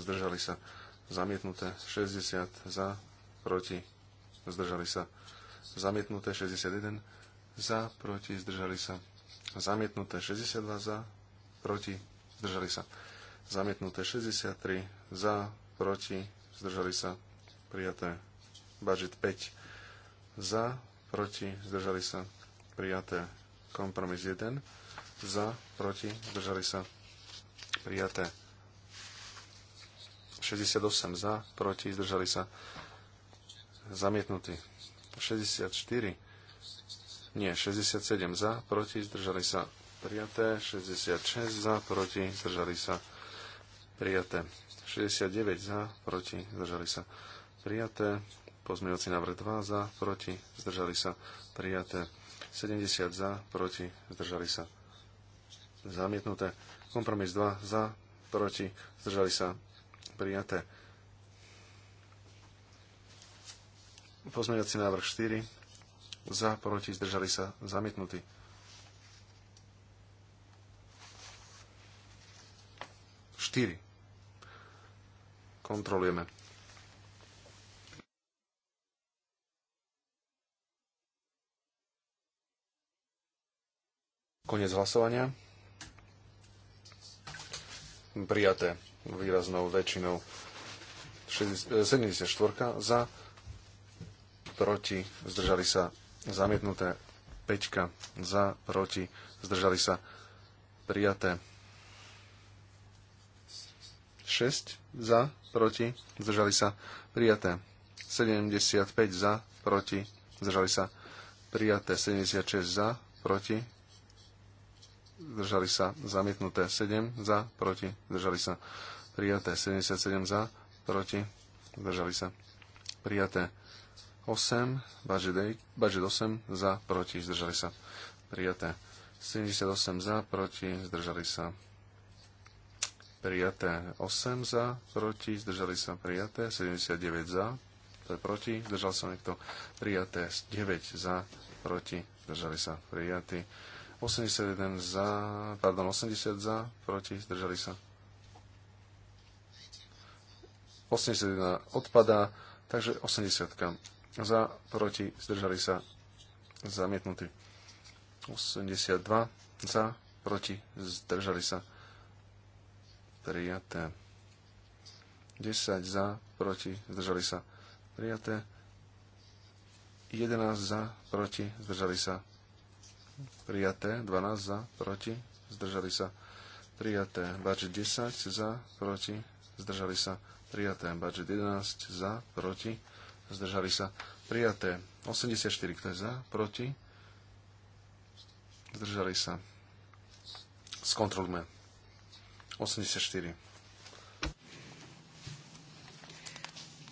Zdržali sa. Zamietnuté. 60 za, proti zdržali sa zamietnuté 61 za, proti, zdržali sa zamietnuté 62 za, proti, zdržali sa zamietnuté 63 za, proti, zdržali sa prijaté budget 5 za, proti, zdržali sa prijaté kompromis 1 za, proti, zdržali sa prijaté 68 za, proti, zdržali sa zamietnutý. 64, nie, 67 za, proti, zdržali sa prijaté, 66 za, proti, zdržali sa prijaté, 69 za, proti, zdržali sa prijaté, pozmeňovací návrh 2 za, proti, zdržali sa prijaté, 70 za, proti, zdržali sa zamietnuté, kompromis 2 za, proti, zdržali sa prijaté. Pozmeňovací návrh 4. Za, proti, zdržali sa, zamietnutí. Štyri. Kontrolujeme. Konec hlasovania. Prijaté výraznou väčšinou 74 eh, za, proti, zdržali sa zamietnuté. 5 za, proti, zdržali sa prijaté. 6 za, proti, zdržali sa prijaté. 75 za, proti, zdržali sa prijaté. 76 za, proti, zdržali sa zamietnuté. 7 za, proti, zdržali sa prijaté. 77 za, proti, zdržali sa prijaté. 8, budget, 8, za, proti, zdržali sa. Prijaté. 78 za, proti, zdržali sa. Prijaté. 8 za, proti, zdržali sa. Prijaté. 79 za, to je proti, zdržal sa niekto. Prijaté. 9 za, proti, zdržali sa. Prijatý. 81 za, pardon, 80 za, proti, zdržali sa. 81 odpadá, takže 80 za, proti, zdržali sa, zamietnutí. 82 za, proti, zdržali sa, prijaté. 10 za, proti, zdržali sa, prijaté. 11 za, proti, zdržali sa, prijaté. 12 za, proti, zdržali sa, prijaté. Bač 10 za, proti, zdržali sa, prijaté. Bač 11 za, proti, zdržali sa prijaté. 84, kto je za, proti, zdržali sa. Skontrolujme. 84.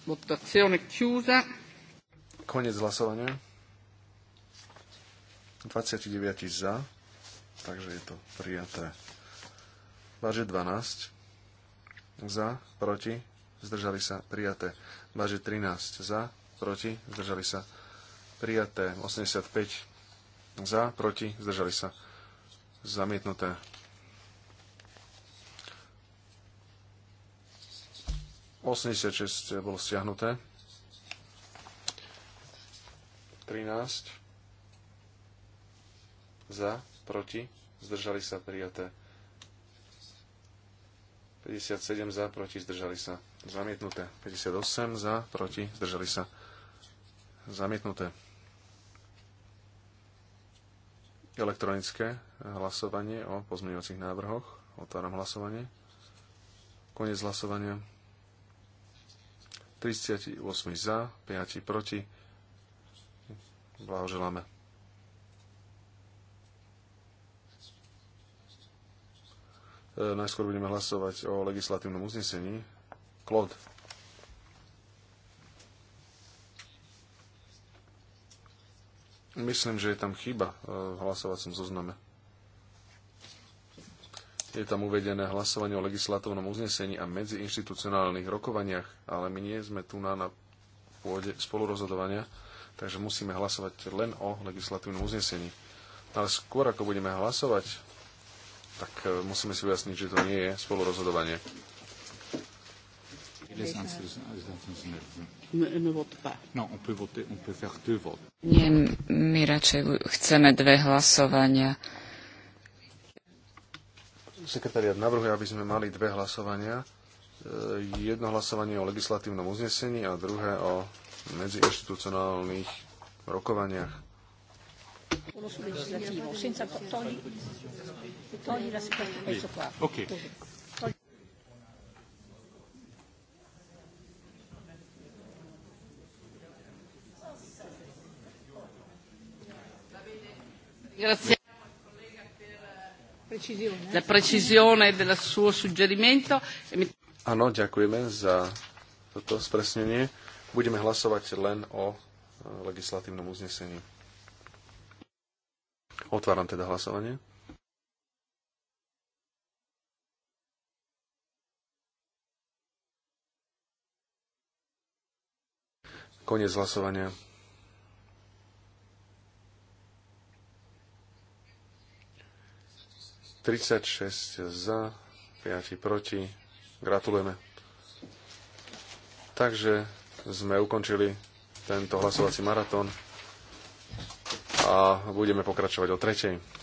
Votazione chiusa. Konec hlasovania. 29 za, takže je to prijaté. Váže 12 za, proti, zdržali sa, prijaté. Baže 13 za, proti, zdržali sa. Prijaté 85 za, proti, zdržali sa. Zamietnuté. Osemdesiatšesť bolo stiahnuté. 13 za, proti, zdržali sa prijaté. 57 za, proti, zdržali sa. Zamietnuté. 58 za, proti, zdržali sa. Zamietnuté. Elektronické hlasovanie o pozmeňovacích návrhoch. Otváram hlasovanie. Konec hlasovania. 38 za, 5 proti. Blahoželáme. E, najskôr budeme hlasovať o legislatívnom uznesení plod. Myslím, že je tam chyba eh, v hlasovacom zozname. Je tam uvedené hlasovanie o legislatívnom uznesení a medziinstitucionálnych rokovaniach, ale my nie sme tu na, na pôde spolurozhodovania, takže musíme hlasovať len o legislatívnom uznesení. Ale skôr ako budeme hlasovať, tak eh, musíme si ujasniť, že to nie je spolurozhodovanie. Nie, my radšej chceme dve hlasovania. Sekretariat navrhuje, aby sme mali dve hlasovania. E, jedno hlasovanie o legislatívnom uznesení a druhé o medziinstitucionálnych rokovaniach. Solo vlastne Ok. Grazie. Eh? precisione del suo suggerimento. Áno, ďakujeme za toto spresnenie. Budeme hlasovať len o eh, legislatívnom uznesení. Otváram teda hlasovanie. Koniec hlasovania. 36 za, 5 proti. Gratulujeme. Takže sme ukončili tento hlasovací maratón a budeme pokračovať o tretej.